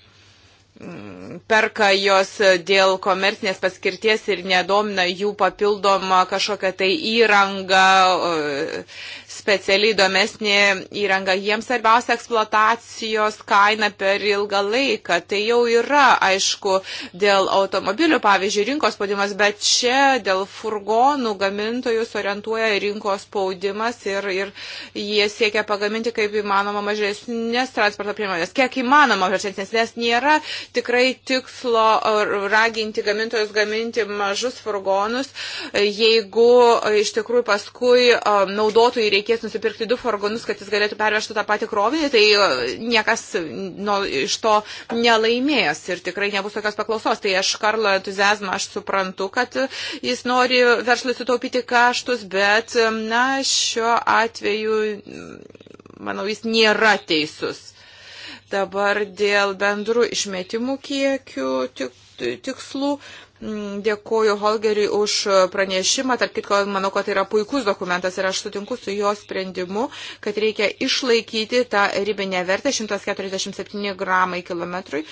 perka jos dėl komercinės paskirties ir nedomina jų papildoma kažkokia tai įranga, specialiai įdomesnė įranga. Jiems svarbiausia eksploatacijos kaina per ilgą laiką. Tai jau yra, aišku, dėl automobilių, pavyzdžiui, rinkos spaudimas, bet čia dėl furgonų gamintojus orientuoja rinkos spaudimas ir, ir jie siekia pagaminti kaip įmanoma mažesnės transporto priemonės. Kiek įmanoma mažesnės, nes nėra tikrai tikslo raginti gamintojus gaminti mažus furgonus, jeigu iš tikrųjų paskui naudotojai reikia reikės nusipirkti du furgonus, kad jis galėtų pervežti tą patį krovinį, tai e, niekas nu, iš to nelaimės ir tikrai nebus tokios paklausos. Tai aš Karlo entuzijazmą aš suprantu, kad jis nori verslui sutaupyti kaštus, bet e, na, šiuo atveju, manau, jis nėra teisus. Dabar dėl bendrų išmetimų kiekių tik, tikslų. Tik Mm, Dėkuoju Holgeriui už pranešimą. Tarp kitko, manau, kad tai yra puikus dokumentas ir aš sutinku su jo sprendimu, kad reikia išlaikyti tą ribinę vertę 147 gramai kilometrui.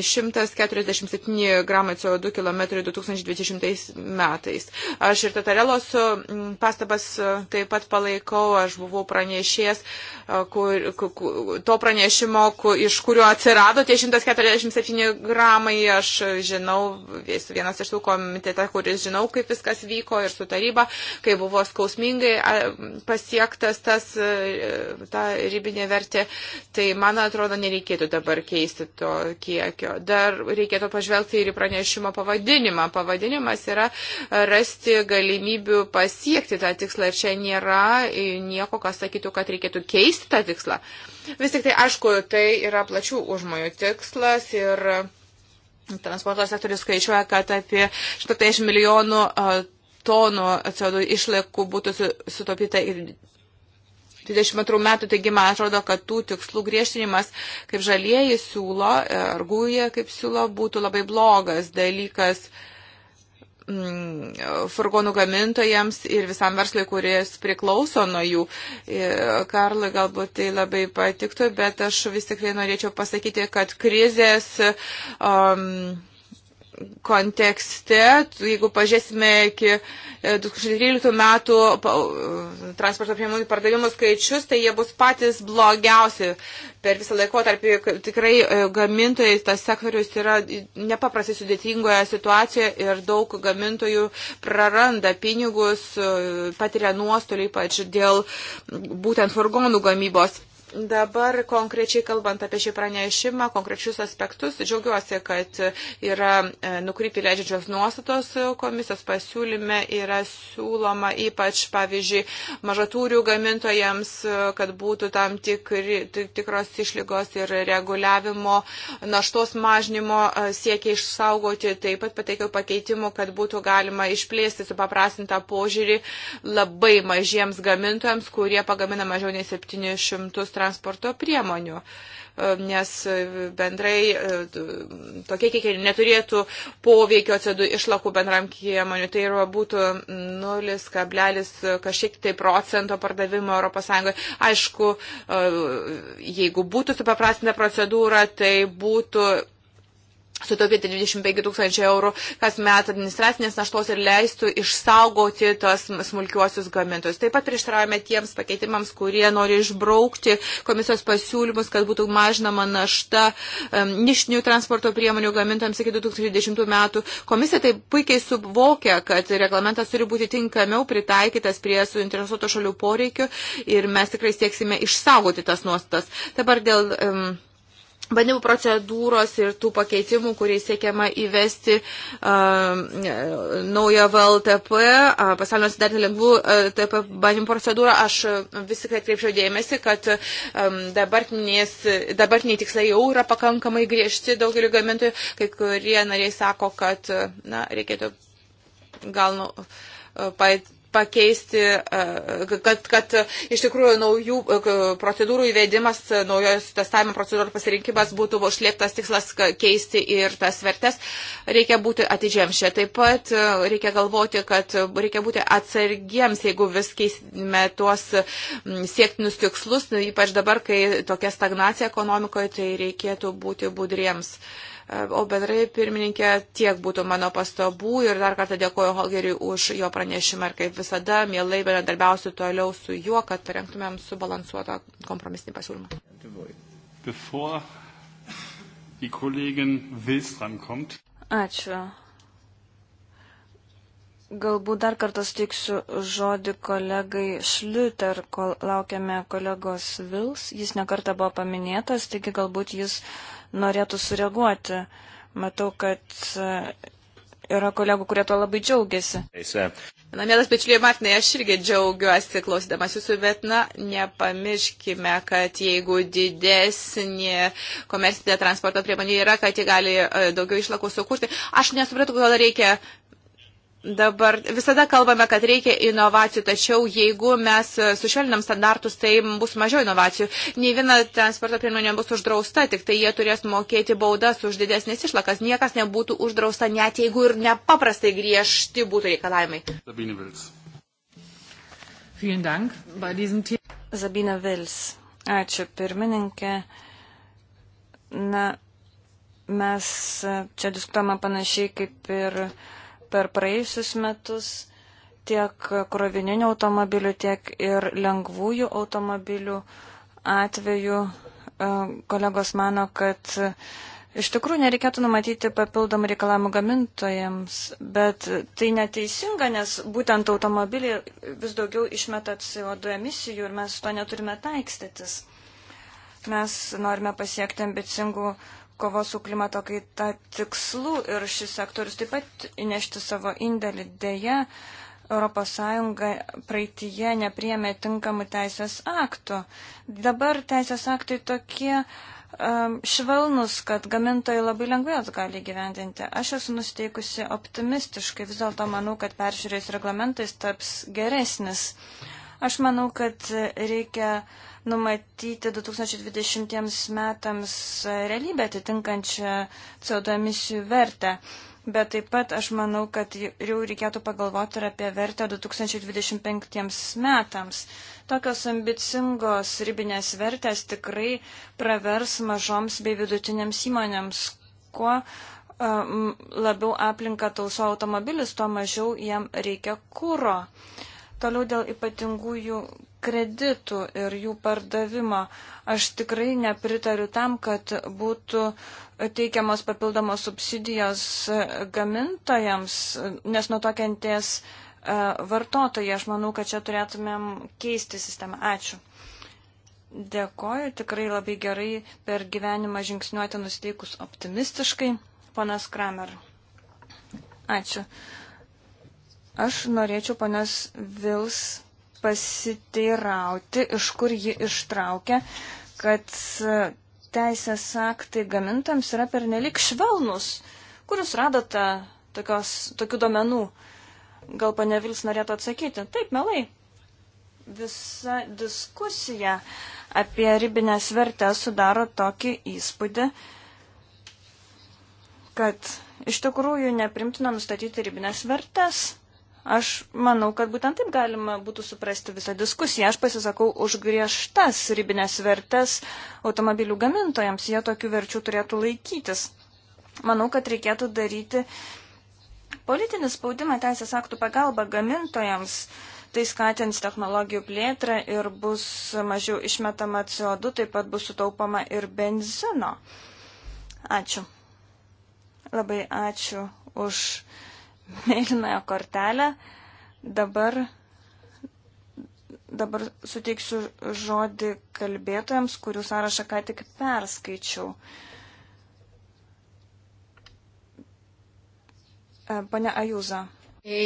147 gramai CO2 km 2020 metais. Aš ir Tatarelos mm, pastabas e, taip pat palaikau, aš buvau pranešėjęs e, kur, kur, to pranešimo, kur, iš kurio atsirado tie 147 gramai. Aš žinau, esu vienas iš tų komitete, kuris žinau, kaip viskas vyko ir su taryba, kai buvo skausmingai pasiektas tas, e, ta ribinė vertė. Tai man atrodo, nereikėtų dabar keisti to, kiek siekio. Dar reikėtų pažvelgti ir į pranešimo pavadinimą. Pavadinimas yra rasti galimybių pasiekti tą tikslą ir čia nėra nieko, kas sakytų, kad reikėtų keisti tą tikslą. Vis tik tai, aišku, tai yra plačių užmojų tikslas ir transporto sektorius skaičiuoja, kad apie 150 milijonų tonų CO2 išlaikų būtų sutaupyta ir 22 metų, taigi man atrodo, kad tų tikslų griežtinimas, kaip žalieji siūlo, e, ar gūja kaip siūlo, būtų labai blogas dalykas mm, furgonų gamintojams ir visam verslui, kuris priklauso nuo jų. E, Karlui galbūt tai labai patiktų, bet aš vis tik tai norėčiau pasakyti, kad krizės um, kontekste, jeigu pažiūrėsime iki 2013 e, metų e, transporto priemonių pardavimų skaičius, tai jie bus patys blogiausi per visą laikotarpį. Tikrai e, gamintojai tas sektorius yra nepaprastai sudėtingoje situacijoje ir daug gamintojų praranda pinigus, patiria nuostolį, ypač dėl būtent furgonų gamybos. Dabar konkrečiai kalbant apie šį pranešimą, konkrečius aspektus, džiaugiuosi, kad yra e, nukrypti leidžiančios nuostatos komisijos pasiūlyme, yra siūloma ypač, pavyzdžiui, mažatūrių gamintojams, e, kad būtų tam tikri, tikros išlygos ir reguliavimo naštos mažnymo e, siekia išsaugoti. Taip pat pateikiau pakeitimų, kad būtų galima išplėsti supaprastintą požiūrį labai mažiems gamintojams, kurie pagamina mažiau nei 700 straipsnių transporto priemonių, nes e, bendrai e, tokie kiekiai neturėtų poveikio CO2 išlakų bendram priemonių. Tai yra būtų 0, kablelis kažkiek tai procento pardavimo ES. Aišku, e, jeigu būtų supaprastinta procedūra, tai būtų sutaupyti 25 tūkstančių eurų kas met administracinės naštos ir leistų išsaugoti tos smulkiuosius gamintojus. Taip pat prieštaravome tiems pakeitimams, kurie nori išbraukti komisijos pasiūlymus, kad būtų mažinama našta um, nišinių transporto priemonių gamintojams iki 2010 metų. Komisija taip puikiai suvokia, kad reglamentas turi būti tinkamiau pritaikytas prie suinteresuoto šalių poreikių ir mes tikrai sieksime išsaugoti tas nuostas. Dabar dėl um, bandymų procedūros ir tų pakeitimų, kuriais siekiama įvesti uh, naują VLTP, uh, pasaulio sudaryti lengvų uh, e, TP bandymų procedūrą, aš uh, vis tik atkreipčiau dėmesį, kad um, dabartiniai tikslai jau yra pakankamai griežti daugeliu gamintojų, kai kurie nariai sako, kad uh, na, reikėtų gal nu, uh, pakeisti, e, kad, kad iš tikrųjų naujų e, procedūrų įvedimas, e, naujos testavimo procedūrų pasirinkimas būtų užlieptas tikslas keisti ir tas vertes. Reikia būti atidžiams čia. Taip pat reikia galvoti, kad reikia būti atsargiems, jeigu vis keisime tuos siektinus tikslus, ypač dabar, kai tokia stagnacija ekonomikoje, tai reikėtų būti budriems. Uh, O bendrai, pirmininkė, tiek būtų mano pastabų ir dar kartą dėkoju Holgeriui už jo pranešimą ir kaip visada, mielai bendradarbiausiu toliau su juo, kad parengtumėm subalansuotą kompromisinį pasiūlymą. Ačiū. Galbūt dar kartą stiksiu žodį kolegai Šliuter, kol laukiame kolegos Vils. Jis nekarta buvo paminėtas, taigi galbūt jis. Uh, norėtų sureaguoti. Matau, kad e, yra kolegų, kurie to labai džiaugiasi. Na, mielas bičiuliai Martinai, aš irgi džiaugiuosi klausydamas jūsų, bet, na, nepamirškime, kad jeigu didesnė komercinė transporto priemonė yra, kad ji gali e, daugiau išlakų sukurti. Aš nesupratau, kodėl reikia Dabar visada kalbame, kad reikia inovacijų, tačiau jeigu mes sušvelninam standartus, tai bus mažiau inovacijų. Nei viena transporto priemonė bus uždrausta, tik tai jie turės mokėti baudas už didesnės išlakas. Niekas nebūtų uždrausta, net jeigu ir nepaprastai griežti būtų reikalavimai. Zabina Vils. Ačiū, pirmininkė. Na, mes e, čia diskutama panašiai kaip ir. Uh, per praėjusius metus tiek krovininių automobilių, tiek ir lengvųjų automobilių atveju e, kolegos mano, kad iš tikrųjų nereikėtų numatyti papildomų reikalavimų gamintojams, bet tai neteisinga, nes būtent automobiliai vis daugiau išmeta CO2 emisijų ir mes su to neturime taikstytis. Mes norime pasiekti ambicingų uh, kovos su klimato kaita tikslų ir šis sektorius taip pat įnešti savo indėlį. Deja, ES praeitie nepriemė tinkamų teisės aktų. Dabar teisės aktai tokie um, švelnus, kad gamintojai labai lengvai jos gali gyvendinti. Aš esu nusteikusi optimistiškai, vis dėlto manau, kad peržiūrėjus reglamentais taps geresnis. Uh, Aš manau, kad reikia numatyti 2020 metams realybę atitinkančią CO2 emisijų vertę. Bet taip pat aš manau, kad jau reikėtų pagalvoti ir apie vertę 2025 metams. Tokios ambicingos ribinės vertės tikrai pravers mažoms bei vidutinėms įmonėms. Kuo um, labiau aplinką tauso automobilis, tuo mažiau jam reikia kūro. Uh, Toliau dėl ypatingųjų kreditų ir jų pardavimo. Aš tikrai nepritariu tam, kad būtų teikiamos papildomos subsidijos gamintojams, nes nuo to kenties e, vartotojai. Aš manau, kad čia turėtumėm keisti sistemą. Ačiū. Dėkoju, tikrai labai gerai per gyvenimą žingsniuoti nusteikus optimistiškai. Panas Kramer. Ačiū. Aš norėčiau ponios Vils pasiteirauti, iš kur ji ištraukia, kad teisės aktai gamintams yra pernelik švelnus. Kur jūs radote tokios, tokių domenų? Gal pane Vils norėtų atsakyti? Taip, melai. Visa diskusija apie ribinės vertės sudaro tokį įspūdį, kad iš tikrųjų neprimtina nustatyti ribinės vertės. Aš manau, kad būtent taip galima būtų suprasti visą diskusiją. Aš pasisakau už griežtas ribinės vertes automobilių gamintojams. Jie tokių verčių turėtų laikytis. Manau, kad reikėtų daryti politinį spaudimą teisės aktų pagalba gamintojams. Tai skatins technologijų plėtrą ir bus mažiau išmetama CO2, taip pat bus sutaupama ir benzino. Ačiū. Labai ačiū už *laughs* mėlynąją kortelę. Dabar, dabar suteiksiu žodį kalbėtojams, kurių sąrašą ką tik perskaičiau. Pane Ajuza. E,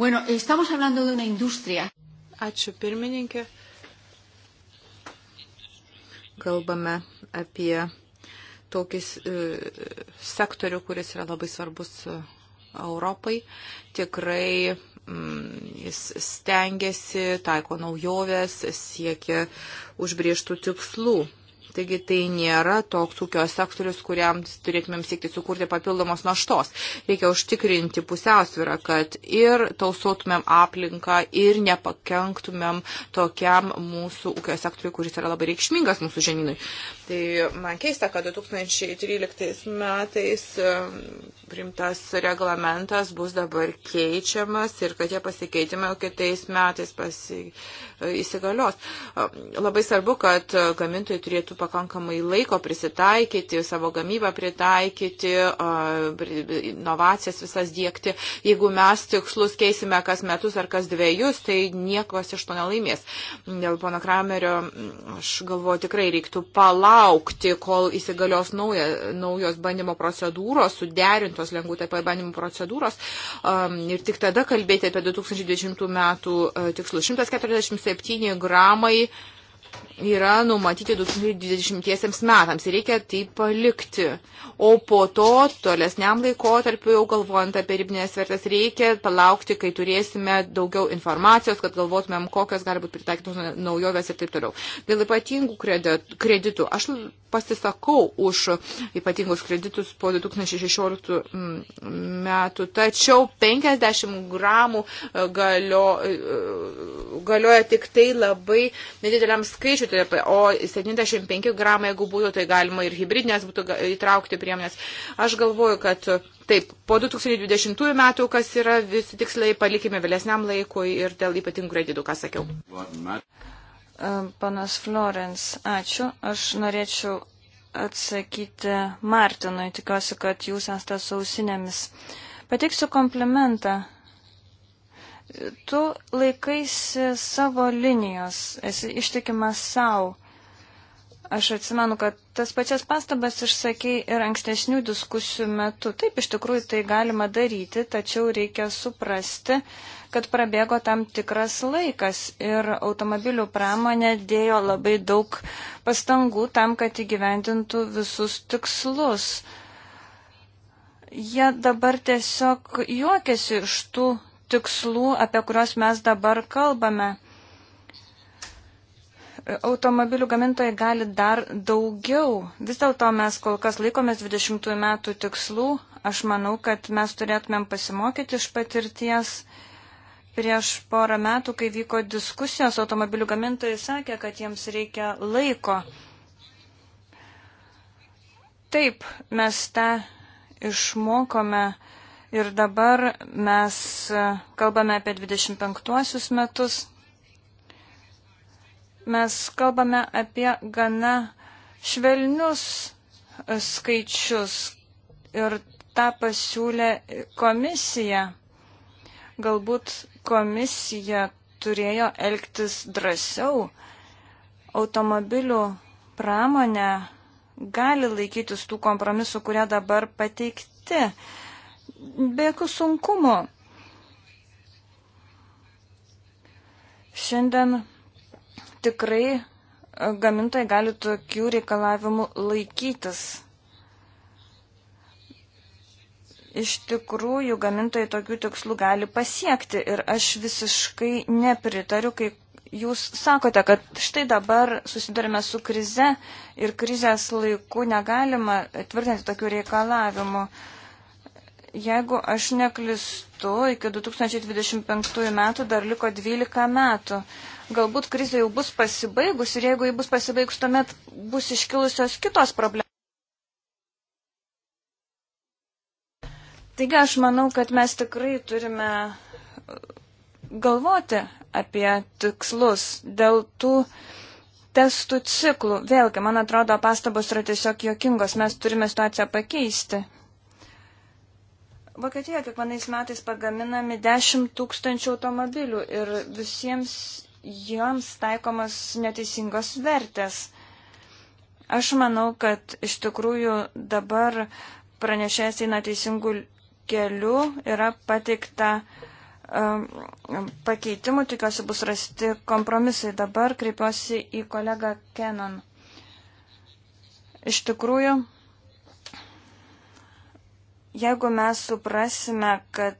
bueno, estamos hablando de una industria. Ačiū pirmininkė. Kalbame apie tokį e, sektorių, kuris yra labai svarbus e, Europai. Tikrai mm, jis stengiasi, taiko naujoves, siekia užbrieštų tikslų. Taigi tai nėra toks ūkio sektorius, kuriam turėtumėm siekti sukurti papildomos naštos. Reikia užtikrinti pusiausvyrą, kad ir tausotumėm aplinką, ir nepakenktumėm tokiam mūsų ūkio sektoriui, kuris yra labai reikšmingas mūsų žemynui. Tai man keista, kad 2013 metais primtas reglamentas bus dabar keičiamas ir kad jie pasikeitimai kitais metais pasi... įsigalios. Labai svarbu, kad gamintojai turėtų pakankamai pakankamai laiko prisitaikyti, savo gamybą pritaikyti, inovacijas visas dėkti. Jeigu mes tikslus keisime kas metus ar kas dviejus, tai niekas iš to nelaimės. Dėl pono Kramerio, mm, aš galvoju, tikrai reiktų palaukti, kol įsigalios nauja, naujos bandymo procedūros, suderintos lengvų taip pat bandymo procedūros ir tik tada kalbėti apie 2020 metų e, tikslus. 147 gramai yra numatyti 2020 metams ir reikia tai palikti. O po to, tolesniam laikotarpiu, jau galvojant apie ribinės vertės, reikia palaukti, kai turėsime daugiau informacijos, kad galvotumėm, kokios gali būti pritaikytos naujovės ir taip toliau. Dėl ypatingų kreditų. Aš pasisakau už ypatingus kreditus po 2016 mm, metų, tačiau 50 gramų e, galio, e, galioja tik tai labai nedideliam skaičiu šitoje, tai o 75 gramai, jeigu būtų, tai galima ir hybridinės būtų įtraukti priemonės. Aš galvoju, kad taip, po 2020 metų, kas yra visi tikslai, palikime vėlesniam laikui ir dėl ypatingų kredidų, ką sakiau. Panas Florence, ačiū. Aš norėčiau atsakyti Martinui. Tikiuosi, kad jūs esate sausinėmis. Pateiksiu komplimentą Tu laikaisi savo linijos, esi ištikimas savo. Aš atsimenu, kad tas pačias pastabas išsakei ir ankstesnių diskusijų metu. Taip, iš tikrųjų tai galima daryti, tačiau reikia suprasti, kad prabėgo tam tikras laikas ir automobilių pramonė dėjo labai daug pastangų tam, kad įgyvendintų visus tikslus. Jie dabar tiesiog juokiasi iš tų tikslų, apie kuriuos mes dabar kalbame. Automobilių gamintojai gali dar daugiau. Vis dėlto mes kol kas laikomės 20 metų tikslų. Aš manau, kad mes turėtumėm pasimokyti iš patirties. Prieš porą metų, kai vyko diskusijos, automobilių gamintojai sakė, kad jiems reikia laiko. Taip, mes tą išmokome Ir dabar mes e, kalbame apie 25 metus. Mes kalbame apie gana švelnius e, skaičius ir tą pasiūlė komisija. Galbūt komisija turėjo elgtis drąsiau. Automobilių pramonė gali laikytis tų kompromisų, kurie dabar pateikti be jokių sunkumų. Šiandien tikrai gamintojai gali tokių reikalavimų laikytis. Iš tikrųjų, gamintojai tokių tikslų gali pasiekti ir aš visiškai nepritariu, kai jūs sakote, kad štai dabar susidurime su krize ir krizės laiku negalima tvirtinti tokių reikalavimų. Uh, Jeigu aš neklistu, iki 2025 metų dar liko 12 metų. Galbūt krizė jau bus pasibaigus ir jeigu ji bus pasibaigus, tuomet bus iškilusios kitos problemos. Taigi aš manau, kad mes tikrai turime uh, galvoti apie tikslus dėl tų testų ciklų. Vėlgi, man atrodo, pastabos yra tiesiog jokingos, mes turime situaciją pakeisti. Vokietijoje kiekvienais metais pagaminami 10 tūkstančių automobilių ir visiems joms taikomas neteisingos vertės. Aš manau, kad iš tikrųjų dabar pranešėjas eina teisingų kelių, yra pateikta um, pakeitimų, tikiuosi bus rasti kompromisai. Dabar kreipiuosi į kolegą Kenon. Iš tikrųjų, Jeigu mes suprasime, kad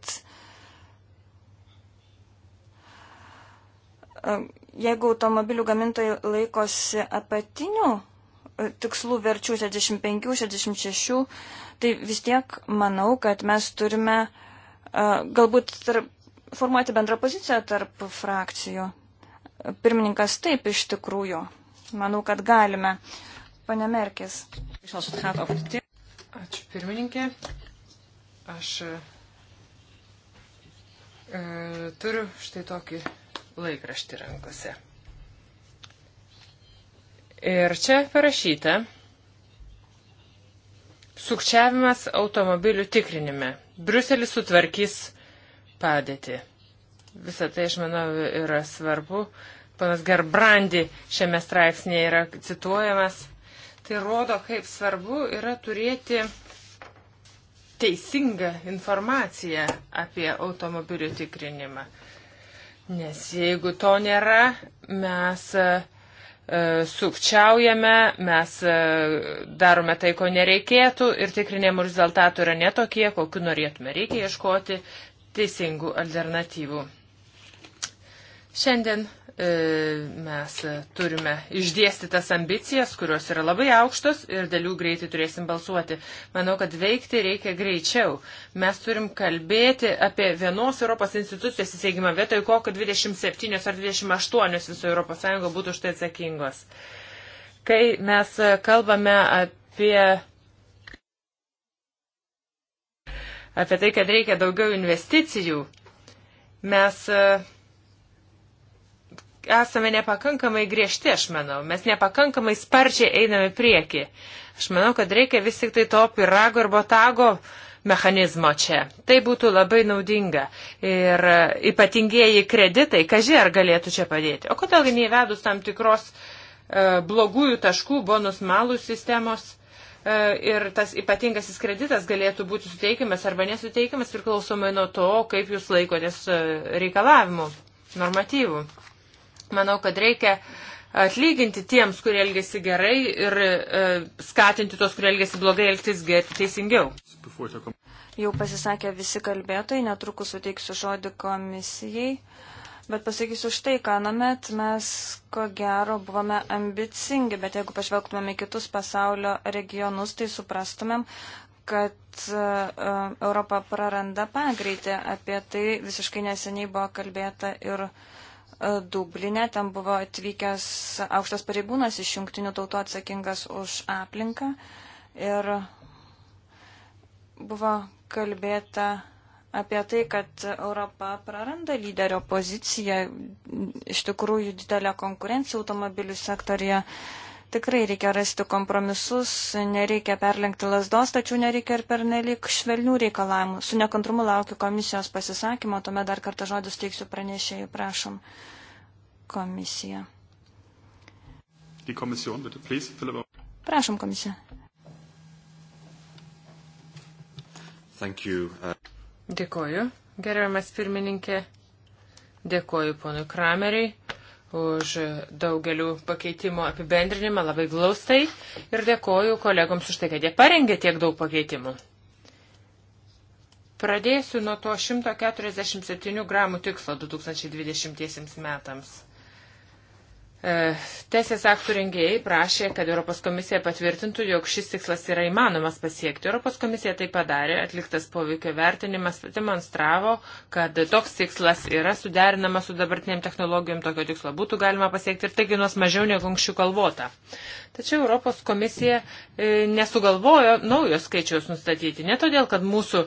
e, jeigu automobilių gamintojai laikosi apatinių e, tikslų verčių 65-66, tai vis tiek manau, kad mes turime e, galbūt tarp, formuoti bendrą poziciją tarp frakcijų. Pirmininkas taip iš tikrųjų. Manau, kad galime. Pane Merkis. Ačiū pirmininkė. Aš e, e, turiu štai tokį laikraštį rankose. Ir čia parašyta, sukčiavimas automobilių tikrinime. Briuselis sutvarkys padėtį. Visą tai, aš manau, yra svarbu. Panas Gerbrandi šiame straipsnėje yra cituojamas. Tai rodo, kaip svarbu yra turėti teisingą informaciją apie automobilių tikrinimą. Nes jeigu to nėra, mes e, sukčiaujame, mes e, darome tai, ko nereikėtų ir tikrinimų rezultatų yra netokie, kokiu norėtume. Reikia ieškoti teisingų alternatyvų. Šiandien E, mes turime išdėsti tas ambicijas, kurios yra labai aukštos ir dėl jų greitai turėsim balsuoti. Manau, kad veikti reikia greičiau. Mes turim kalbėti apie vienos Europos institucijos įsteigimą vietoj ko, kad 27 ar 28 viso Europos Sąjungo būtų už tai atsakingos. Kai mes kalbame apie apie tai, kad reikia daugiau investicijų, mes uh, esame nepakankamai griežti, aš manau. Mes nepakankamai sparčiai einame prieki. Aš manau, kad reikia vis tik tai to pirago ir botago mechanizmo čia. Tai būtų labai naudinga. Ir ypatingieji kreditai, kaži ar galėtų čia padėti. O kodėl neįvedus tam tikros e, blogųjų taškų bonus malų sistemos? E, ir tas ypatingasis kreditas galėtų būti suteikiamas arba nesuteikiamas priklausomai nuo to, kaip jūs laikotės e, reikalavimų, normatyvų. Manau, kad reikia atlyginti tiems, kurie elgesi gerai ir e, skatinti tos, kurie elgesi blogai, elgtis teisingiau. Jau pasisakė visi kalbėtojai, netrukus suteiksiu žodį komisijai, bet pasakysiu štai, ką namet mes ko gero buvome ambicingi, bet jeigu pažvelgtumėm į kitus pasaulio regionus, tai suprastumėm, kad e, e, Europa praranda pagreitį. Apie tai visiškai neseniai buvo kalbėta ir Dublinė, ten buvo atvykęs aukštas pareigūnas iš jungtinių tautų atsakingas už aplinką ir buvo kalbėta apie tai, kad Europa praranda lyderio poziciją, iš tikrųjų didelė konkurencija automobilių sektorija. Uh, Tikrai reikia rasti kompromisus, nereikia perlenkti lasdos, tačiau nereikia ir pernelik švelnių reikalavimų. Su nekantrumu laukiu komisijos pasisakymo, tuomet dar kartą žodis teiksiu pranešėjai, prašom. Komisija. Prašom komisiją. Uh, Dėkoju, gerbiamas pirmininkė. Dėkoju ponui Krameriai už daugelių pakeitimų apibendrinimą labai glaustai ir dėkoju kolegoms už tai, kad jie parengė tiek daug pakeitimų. Pradėsiu nuo to 147 gramų tikslo 2020 metams. E, teisės aktų rengėjai prašė, kad Europos komisija patvirtintų, jog šis tikslas yra įmanomas pasiekti. Europos komisija tai padarė, atliktas poveikio vertinimas demonstravo, kad toks tikslas yra suderinamas su dabartiniam technologijom, tokio tikslo būtų galima pasiekti ir tai kainuos mažiau negu anksčiau kalvota. Tačiau Europos komisija e, nesugalvojo naujo skaičiaus nustatyti, ne todėl, kad mūsų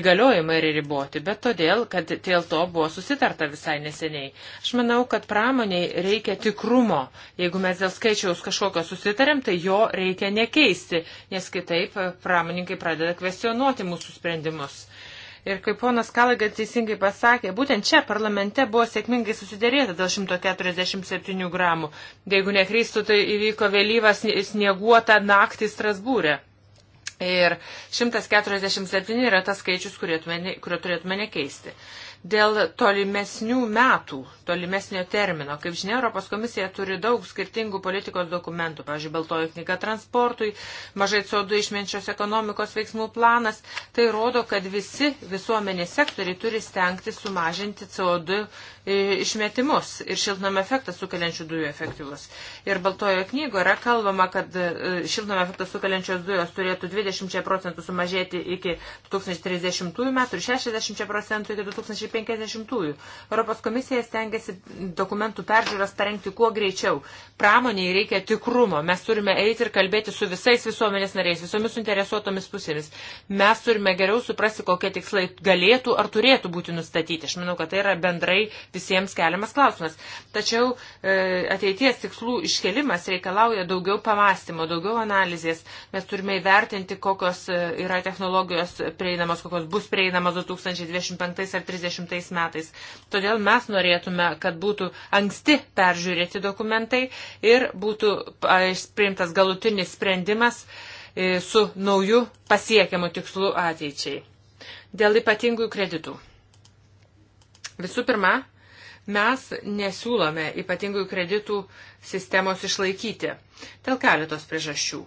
įgaliojimai yra riboti, bet todėl, kad dėl to buvo susitarta visai neseniai. Aš manau, kad pramoniai reikia tikrų tvarumo. Jeigu mes dėl skaičiaus kažkokio susitarėm, tai jo reikia nekeisti, nes kitaip e, pramoninkai pradeda kvestionuoti mūsų sprendimus. Ir kaip ponas Kalagas teisingai pasakė, būtent čia parlamente buvo sėkmingai susidėrėta dėl 147 gramų. Tai jeigu nekrystų, tai įvyko vėlyvas snieguota naktį Strasbūrė. Ir 147 yra tas skaičius, kurio turėtume nekeisti. Ne Dėl tolimesnių metų, tolimesnio termino, kaip žinia, Europos komisija turi daug skirtingų politikos dokumentų, pavyzdžiui, Baltoji knyga transportui, mažai CO2 išmenčios ekonomikos veiksmų planas. Tai rodo, kad visi visuomenės sektoriai turi stengti sumažinti CO2 išmetimus ir šiltnamio efektą sukeliančių dujų efektyvus. Ir Baltojo knygoje yra kalbama, kad e, šiltnamio efektą sukeliančios dujos turėtų 20 procentų sumažėti iki 2030 metų ir 60 procentų iki 2050. -ųjų. Europos komisija stengiasi dokumentų peržiūras parengti kuo greičiau. Pramoniai reikia tikrumo. Mes turime eiti ir kalbėti su visais visuomenės nariais, visomis suinteresuotomis pusėmis. Mes turime geriau suprasti, kokie tikslai galėtų ar turėtų būti nustatyti. Aš manau, kad tai yra bendrai visiems keliamas klausimas. Tačiau e, ateities tikslų iškelimas reikalauja daugiau pamastymo, daugiau analizės. Mes turime įvertinti, kokios e, yra technologijos prieinamos, kokios bus prieinamos 2025 ar 2030 metais. Todėl mes norėtume, kad būtų anksti peržiūrėti dokumentai ir būtų priimtas galutinis sprendimas e, su nauju pasiekiamu tikslu ateičiai. Dėl ypatingų kreditų. Visų pirma, Mes nesiūlome ypatingųjų kreditų sistemos išlaikyti dėl keletos priežasčių.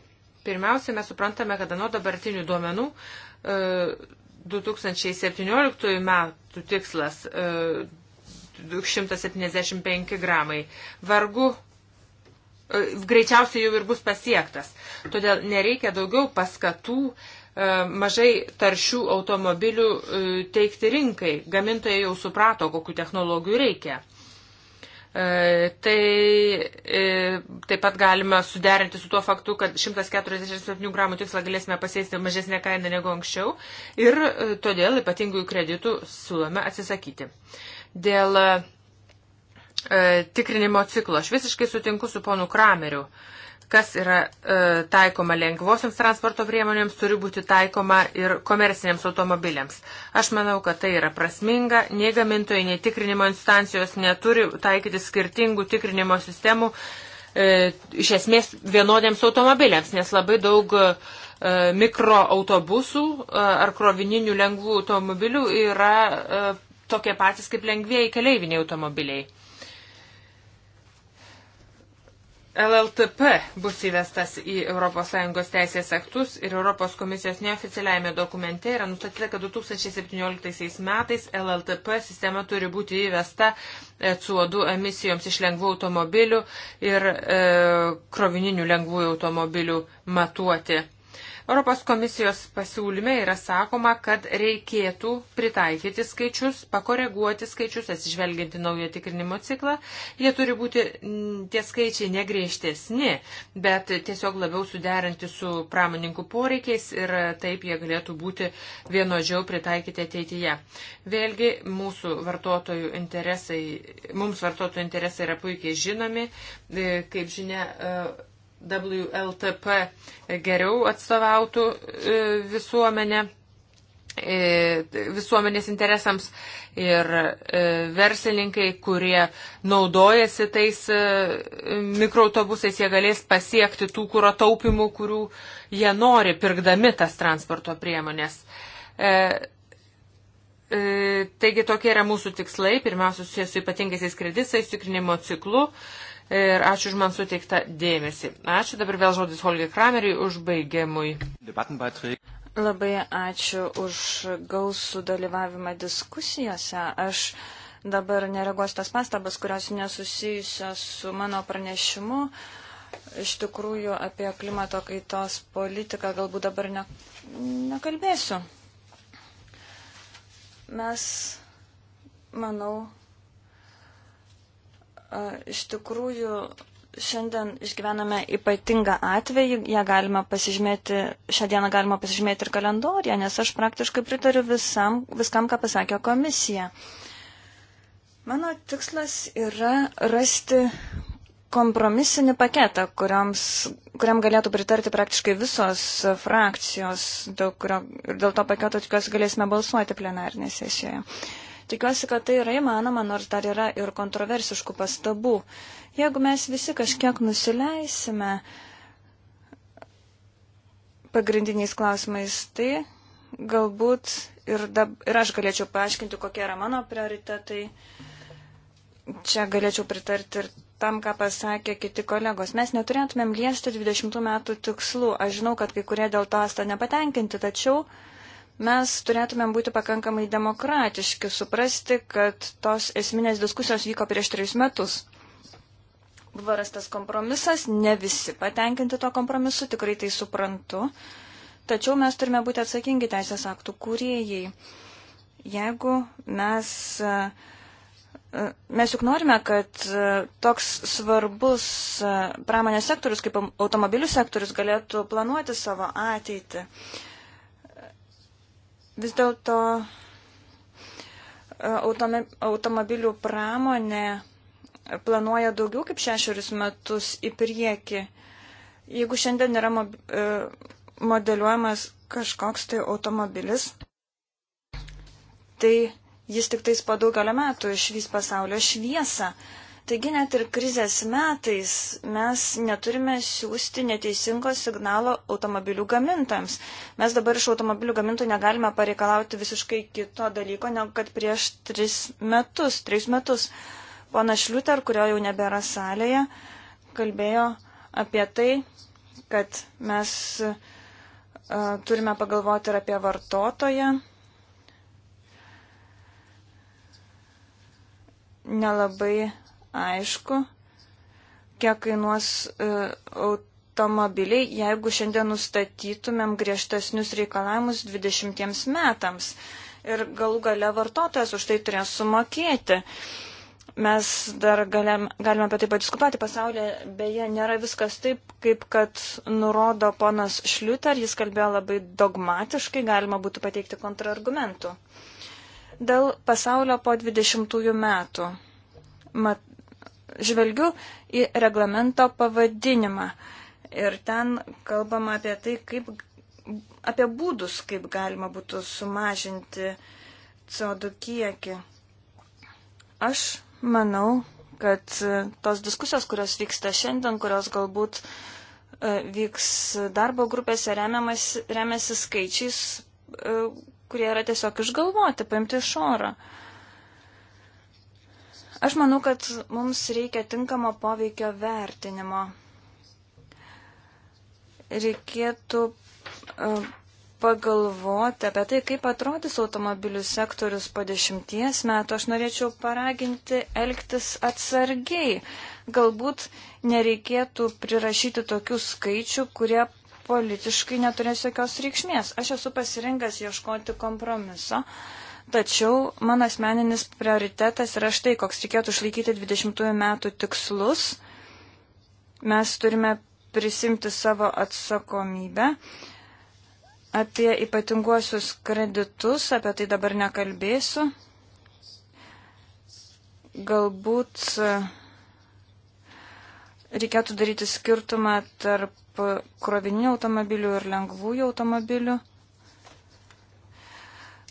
Pirmiausia, mes suprantame, kad nuo dabartinių duomenų 2017 e, metų tikslas 275 e, gramai. Vargu e, greičiausiai jau ir bus pasiektas. Todėl nereikia daugiau paskatų E, mažai taršių automobilių e, teikti rinkai. Gamintojai jau suprato, kokiu technologijų reikia. E, tai taip pat galima suderinti su tuo faktu, kad 147 gramų tikslą galėsime pasėsti mažesnę kainą negu anksčiau ir todėl ypatingųjų kreditų siūlome atsisakyti. Dėl tikrinimo ciklo aš visiškai sutinku su ponu Krameriu. E, kas yra e, taikoma lengvosioms transporto priemonėms, turi būti taikoma ir komerciniams automobiliams. Aš manau, kad tai yra prasminga. Nei gamintojai, nei tikrinimo instancijos neturi taikyti skirtingų tikrinimo sistemų e, iš esmės vienodiems automobiliams, nes labai daug e, mikroautobusų e, ar krovininių lengvų automobilių yra. E, tokie patys kaip lengvieji keleiviniai automobiliai. LLTP bus įvestas į ES teisės aktus ir ES komisijos neoficialiajame dokumente yra nustatyta, kad 2017 metais LLTP sistema turi būti įvesta e, CO2 emisijoms iš lengvų automobilių ir e, krovininių lengvųjų automobilių matuoti. Europos komisijos pasiūlyme yra sakoma, kad reikėtų pritaikyti skaičius, pakoreguoti skaičius, atsižvelginti naują tikrinimo ciklą. Jie turi būti tie skaičiai negriežtesni, bet tiesiog labiau suderinti su pramoninkų poreikiais ir taip jie galėtų būti vienodžiau pritaikyti ateityje. Vėlgi, mūsų vartotojų interesai, mums vartotojų interesai yra puikiai žinomi. E, kaip žinia, e, WLTP geriau atstovautų e, visuomenę e, visuomenės interesams ir e, verslininkai, kurie naudojasi tais mikroautobusais, jie galės pasiekti tų kūro taupimų, kurių jie nori, pirkdami tas transporto priemonės. Taigi tokie yra mūsų tikslai, pirmiausia susijęs su ypatingaisiais kreditais, tikrinimo ciklu. E, ir ačiū už man suteiktą dėmesį. Ačiū dabar vėl žodis Holgi Krameriui užbaigiamui. Labai ačiū už gausų dalyvavimą diskusijose. Aš dabar nereaguosiu tas pastabas, kurios nesusijusios su mano pranešimu. Iš tikrųjų, apie klimato kaitos politiką galbūt dabar ne, nekalbėsiu. Mes, manau, Iš tikrųjų, šiandien išgyvename ypatingą atvejį, ją galima pasižymėti, šią dieną galima pasižymėti ir kalendoriją, nes aš praktiškai pritariu visam, viskam, ką pasakė komisija. Mano tikslas yra rasti kompromisinį paketą, kuriams, kuriam galėtų pritarti praktiškai visos frakcijos, dėl, kurio, ir dėl to paketo tikiuosi galėsime balsuoti plenarnėje sesijoje. Tikiuosi, kad tai yra įmanoma, nors dar yra ir kontroversiškų pastabų. Jeigu mes visi kažkiek nusileisime pagrindiniais klausimais, tai galbūt ir, dab, ir aš galėčiau paaiškinti, kokie yra mano prioritetai. Čia galėčiau pritarti ir tam, ką pasakė kiti kolegos. Mes neturėtumėm liesti 20 metų tikslų. Aš žinau, kad kai kurie dėl to esate nepatenkinti, tačiau uh, mes turėtumėm būti pakankamai demokratiški, suprasti, kad tos esminės diskusijos vyko prieš trejus metus. Buvo rastas kompromisas, ne visi patenkinti to kompromisu, tikrai tai suprantu. Tačiau mes turime būti atsakingi teisės aktų kūrėjai. Jeigu mes. E, e, mes juk norime, kad e, toks svarbus pramonės sektorius kaip automobilių sektorius galėtų planuoti savo ateitį. Uh, Vis dėlto e, automobilių pramonė planuoja daugiau kaip šešerius metus į priekį. Jeigu šiandien yra e, modeliuojamas kažkoks tai automobilis, tai jis tik tais po daugelio metų išvys pasaulio šviesą. Uh, Taigi net ir krizės metais mes neturime siūsti neteisingo signalo automobilių gamintams. Mes dabar iš automobilių gamintų negalime pareikalauti visiškai kito dalyko, negu kad prieš tris metus. Tris metus. Pona Šliuter, kurio jau nebėra salėje, kalbėjo apie tai, kad mes uh, turime pagalvoti ir apie vartotoją, nelabai aišku, kiek kainuos e, automobiliai, jeigu šiandien nustatytumėm griežtesnius reikalavimus 20 metams. Ir galų gale vartotojas už tai turės sumokėti. Mes dar galim, galime apie tai padiskutuoti. Pasaulė beje nėra viskas taip, kaip kad nurodo ponas Šliuter. Jis kalbėjo labai dogmatiškai, galima būtų pateikti kontrargumentų. Dėl pasaulio po 20 metų. Mat, žvelgiu į reglamento pavadinimą. Ir ten kalbama apie tai, kaip, apie būdus, kaip galima būtų sumažinti CO2 kiekį. Aš manau, kad tos diskusijos, kurios vyksta šiandien, kurios galbūt e, vyks darbo grupėse remiamas, remiasi skaičiais, e, kurie yra tiesiog išgalvoti, paimti iš oro. Uh, Aš manau, kad mums reikia tinkamo poveikio vertinimo. Reikėtų e, pagalvoti apie tai, kaip atrodys automobilių sektorius po dešimties metų. Aš norėčiau paraginti elgtis atsargiai. Galbūt nereikėtų prirašyti tokių skaičių, kurie politiškai neturės jokios reikšmės. Aš esu pasirinkęs ieškoti kompromiso. Uh, Tačiau mano asmeninis prioritetas yra štai, koks reikėtų išlaikyti 20 metų tikslus. Mes turime prisimti savo atsakomybę. Apie ypatinguosius kreditus, apie tai dabar nekalbėsiu. Galbūt e, reikėtų daryti skirtumą tarp krovininių automobilių ir lengvųjų automobilių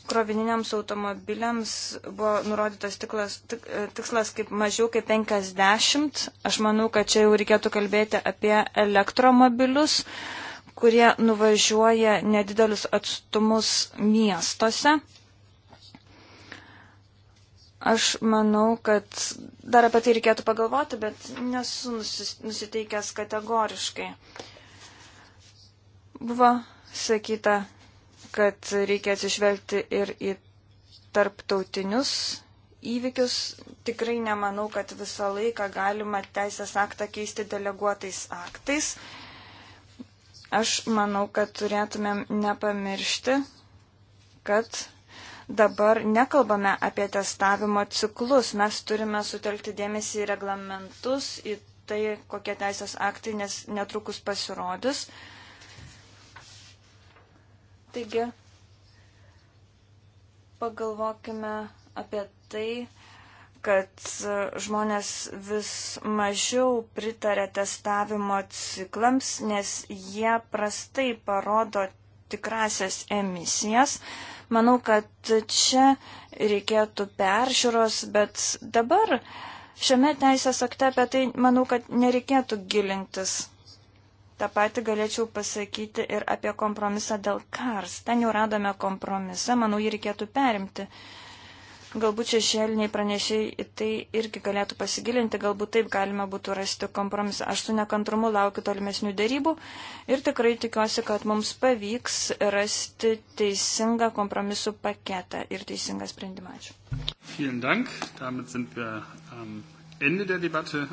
krovininiams automobiliams buvo nurodytas tiklas, tik, e, tikslas kaip mažiau kaip 50. Aš manau, kad čia jau reikėtų kalbėti apie elektromobilius, kurie nuvažiuoja nedidelius atstumus miestuose. Aš manau, kad dar apie tai reikėtų pagalvoti, bet nesu nusiteikęs kategoriškai. Buvo sakyta kad reikia atsižvelgti ir į tarptautinius įvykius. Tikrai nemanau, kad visą laiką galima teisės aktą keisti deleguotais aktais. Aš manau, kad turėtumėm nepamiršti, kad dabar nekalbame apie testavimo ciklus. Mes turime sutelkti dėmesį į reglamentus, į tai, kokie teisės aktai nes netrukus pasirodys. Uh, Taigi, pagalvokime apie tai, kad žmonės vis mažiau pritarė testavimo ciklams, nes jie prastai parodo tikrasias emisijas. Manau, kad čia reikėtų peržiūros, bet dabar šiame teisės akte apie tai, manau, kad nereikėtų gilintis. Ta pati galėčiau pasakyti ir apie kompromisą dėl kars. Ten jau radome kompromisą, manau, jį reikėtų perimti. Galbūt šešėliniai pranešiai į tai irgi galėtų pasigilinti, galbūt taip galima būtų rasti kompromisą. Aš su nekantrumu laukiu tolimesnių dėrybų ir tikrai tikiuosi, kad mums pavyks rasti teisingą kompromisų paketą ir teisingą sprendimą. Ačiū. Vielen Dank. Damit sind wir am Ende der Debatte.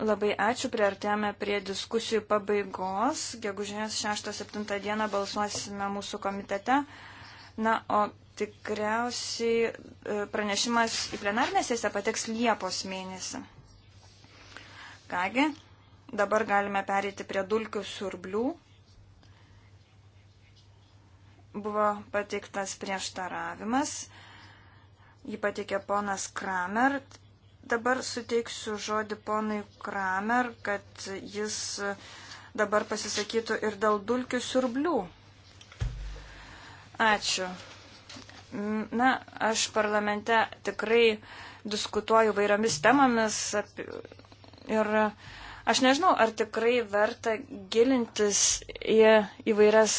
Labai ačiū, priartėme prie diskusijų pabaigos. Gegužės 6-7 dieną balsuosime mūsų komitete. Na, o tikriausiai e, pranešimas į plenarnę sesiją pateks Liepos mėnesį. Kągi, dabar galime pereiti prie dulkių surblių. Buvo pateiktas prieštaravimas. Jį pateikė ponas Kramer, Dabar suteiksiu žodį ponui Kramer, kad jis dabar pasisakytų ir dėl dulkių siurblių. Ačiū. Na, aš parlamente tikrai diskutuoju vairiomis temomis apie, ir aš nežinau, ar tikrai verta gilintis į įvairias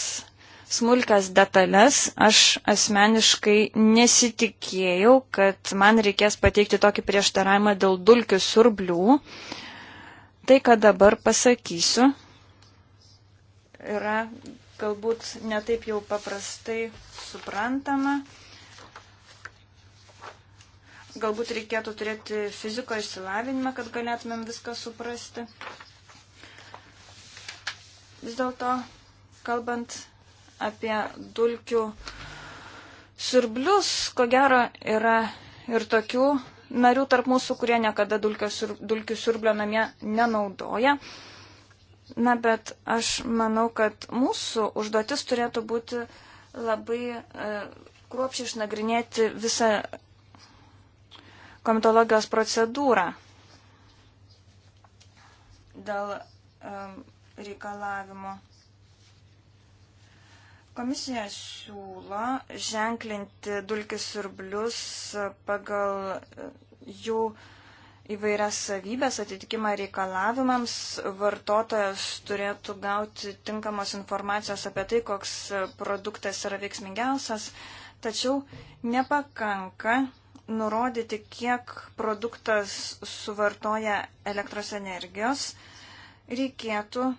smulkes detalės. Aš asmeniškai nesitikėjau, kad man reikės pateikti tokį prieštaravimą dėl dulkių surblių. Tai, ką dabar pasakysiu, yra galbūt netaip jau paprastai suprantama. Galbūt reikėtų turėti fiziko išsilavinimą, kad galėtumėm viską suprasti. Vis dėlto, kalbant apie dulkių siurblius, ko gero yra ir tokių narių tarp mūsų, kurie niekada dulkio, dulkių siurblio namie nenaudoja. Na, bet aš manau, kad mūsų užduotis turėtų būti labai e, kruopšiai išnagrinėti visą komitologijos procedūrą dėl e, reikalavimo. Komisija siūlo ženklinti dulkis ir blius pagal e, jų įvairias savybės atitikimą reikalavimams. Vartotojas turėtų gauti tinkamos informacijos apie tai, koks produktas yra veiksmingiausias, tačiau nepakanka nurodyti, kiek produktas suvartoja elektros energijos. Reikėtų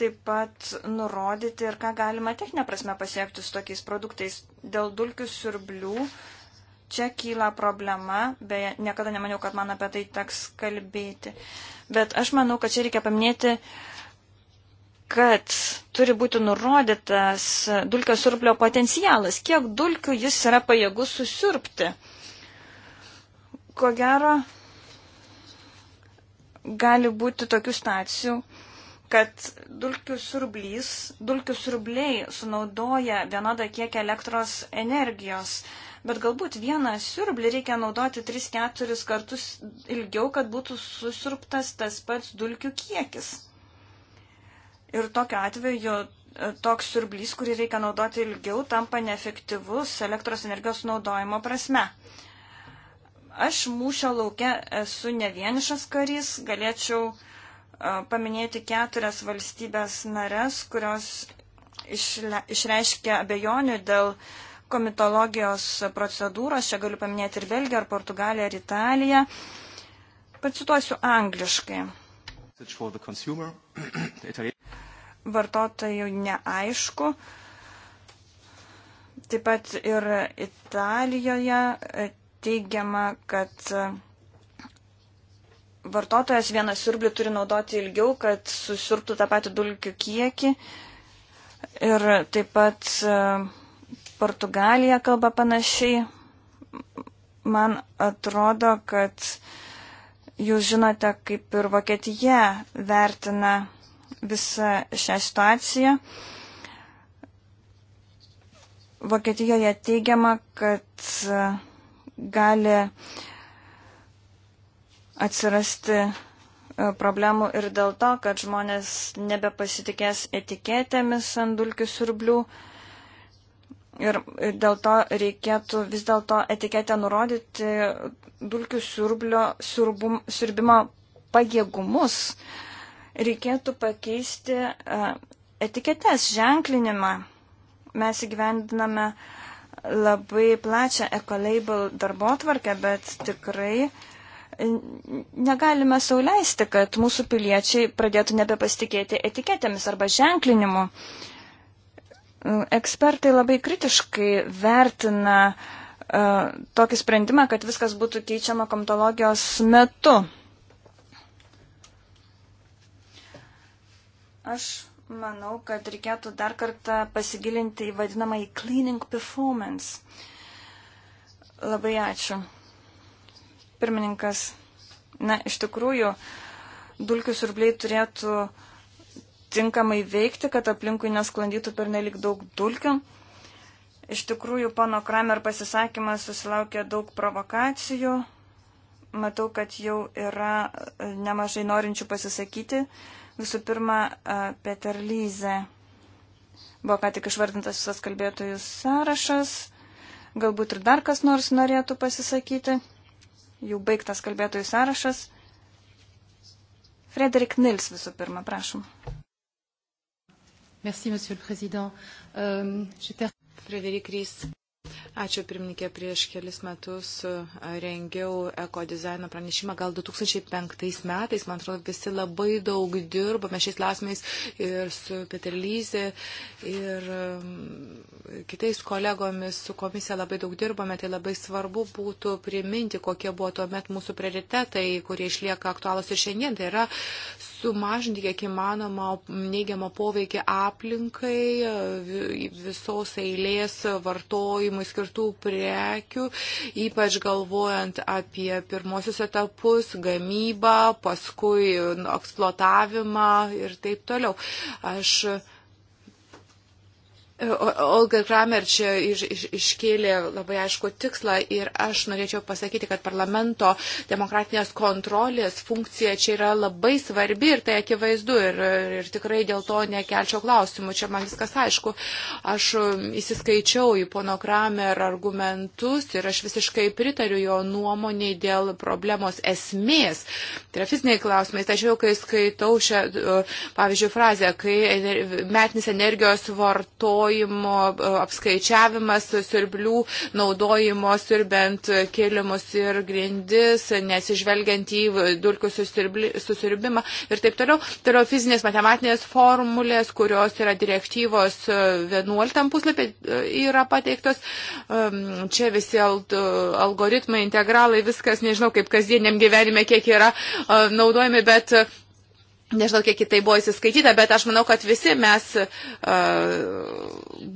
taip pat nurodyti ir ką galima techninė prasme pasiekti su tokiais produktais. Dėl dulkių siurblių čia kyla problema, beje, niekada nemaniau, kad man apie tai teks kalbėti. Bet aš manau, kad čia reikia paminėti, kad turi būti nurodytas dulkio surplio potencialas, kiek dulkių jis yra pajėgus susirpti. Ko gero, gali būti tokių stacijų, kad dulkių surblys, dulkių surbliai sunaudoja vienodą kiekį elektros energijos, bet galbūt vieną siurblį reikia naudoti 3-4 kartus ilgiau, kad būtų susirptas tas pats dulkių kiekis. Ir tokiu atveju e, toks siurblys, kurį reikia naudoti ilgiau, tampa neefektyvus elektros energijos naudojimo prasme aš mūšio laukia esu ne vienišas karys, galėčiau paminėti keturias valstybės nares, kurios išreiškia abejonių dėl komitologijos procedūros. Čia galiu paminėti ir Belgiją, ar Portugaliją, ar Italiją. Pacituosiu angliškai. *clears throat* Vartotojų neaišku. Taip pat ir Italijoje e, teigiama, kad vartotojas vieną siurblį turi naudoti ilgiau, kad susirptų tą patį dulkių kiekį. Ir taip pat e, Portugalija kalba panašiai. Man atrodo, kad jūs žinote, kaip ir Vokietija vertina visą šią situaciją. Vokietijoje teigiama, kad e, gali uh, atsirasti e, problemų ir dėl to, kad žmonės nebepasitikės etiketėmis ant dulkių siurblių. Ir dėl to reikėtų vis dėlto etiketę nurodyti dulkių siurblio, siurbum, siurbimo pajėgumus. Reikėtų pakeisti e, etiketės ženklinimą. Mes įgyvendiname labai plačią ecolabel darbotvarkę, bet tikrai uh, Negalime sauliaisti, kad mūsų piliečiai pradėtų nebepasitikėti etiketėmis arba ženklinimu. Ekspertai labai kritiškai vertina uh, tokį sprendimą, kad viskas būtų keičiama komitologijos metu. Aš manau, kad reikėtų dar kartą pasigilinti į vadinamąjį cleaning performance. Labai ačiū. Pirmininkas, na, iš tikrųjų, dulkių surbliai turėtų tinkamai veikti, kad aplinkui nesklandytų per nelik daug dulkių. Iš tikrųjų, pano Kramer pasisakymas susilaukė daug provokacijų. Matau, kad jau yra e, nemažai norinčių pasisakyti. Visų pirma, e, Peter Lyze. Buvo ką tik išvardintas visas kalbėtojų sąrašas. Galbūt ir dar kas nors norėtų pasisakyti jų baigtas kalbėtojų sąrašas. Frederik Nils visų pirma, prašom. Merci, monsieur le président. Um, Frederik Rys. Ačiū pirmininkė, prieš kelis metus e, rengiau ekodizaino pranešimą, gal 2005 metais, man atrodo, visi labai daug dirbame šiais klausimais ir su Peterlyze ir e, kitais kolegomis su komisija labai daug dirbame, tai labai svarbu būtų priminti, kokie buvo tuomet mūsų prioritetai, kurie išlieka aktualūs ir šiandien. Tai yra sumažinti kiek įmanoma neigiamą poveikį aplinkai visos eilės vartojimui skirtų prekių, ypač galvojant apie pirmosius etapus, gamybą, paskui eksploatavimą ir taip toliau. Aš E, Olga Kramer čia iš, iš, iškėlė labai aišku tikslą ir aš norėčiau pasakyti, kad parlamento demokratinės kontrolės funkcija čia yra labai svarbi ir tai akivaizdu ir, ir tikrai dėl to nekelčiau klausimų. Čia man viskas aišku. Aš įsiskaičiau į pono Kramer argumentus ir aš visiškai pritariu jo nuomoniai dėl problemos esmės. Tai yra fiziniai klausimai. Tačiau, kai skaitau šią, e, pavyzdžiui, frazę, kai metinis energijos vartojimas E, naudojimo apskaičiavimas, sirblių naudojimo sirbent kilimus ir grindis, nesižvelgiant į dulkių susirbimą ir taip toliau. Toliau fizinės matematinės formulės, kurios yra direktyvos 11 e, puslapį e, yra pateiktos. Čia visi algoritmai, integralai, viskas, nežinau, kaip kasdieniam gyvenime, kiek yra naudojami, bet nežinau, kiek tai buvo įsiskaityta, bet aš manau, kad visi mes uh,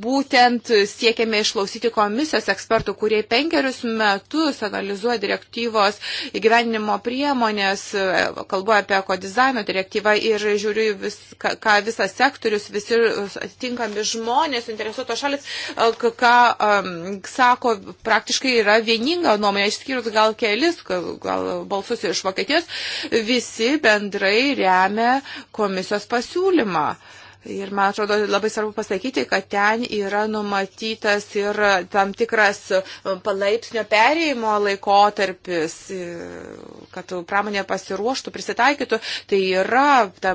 būtent siekiame išklausyti komisijos ekspertų, kurie penkerius metus analizuoja direktyvos įgyvenimo priemonės, e, kalbu apie ekodizaino direktyvą ir žiūriu, vis, ką, ką visas sektorius, visi atitinkami žmonės, interesuotos šalis, e, ką um, sako, praktiškai yra vieninga nuomonė, išskyrus gal kelis, gal balsus iš Vokietijos, visi bendrai remia nagrinėjame komisijos pasiūlymą. Ir man atrodo labai svarbu pasakyti, kad ten yra numatytas ir tam tikras palaipsnio perėjimo laikotarpis, kad pramonė pasiruoštų, prisitaikytų. Tai yra ta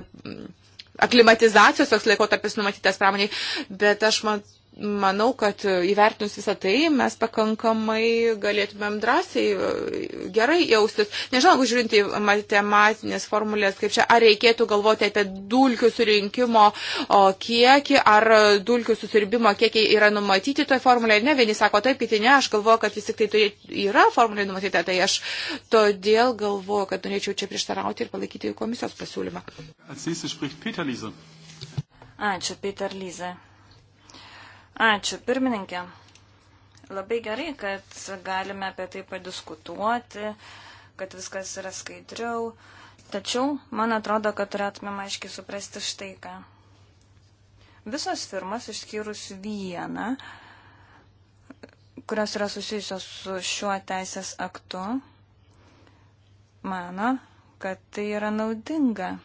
aklimatizacijos toks laikotarpis numatytas pramoniai, bet aš man manau, kad įvertinus visą tai, mes pakankamai galėtumėm drąsiai e, gerai jaustis. Nežinau, jeigu žiūrint į matematinės formulės, kaip čia, ar reikėtų galvoti apie dulkių surinkimo kiekį, ar dulkių susirbimo kiekį yra numatyti toje formulėje. Ne, vieni sako taip, kiti ne, aš galvoju, kad vis tik tai tai yra formulė numatyta, tai aš todėl galvoju, kad norėčiau čia prieštarauti ir palaikyti komisijos pasiūlymą. Ačiū, Peter Lyze. Ačiū, pirmininkė. Labai gerai, kad galime apie tai padiskutuoti, kad viskas yra skaidriau. Tačiau, man atrodo, kad turėtume aiškiai suprasti štai ką. Visos firmas, išskyrus vieną, kurios yra susijusios su šiuo teisės aktu, mano, kad tai yra naudinga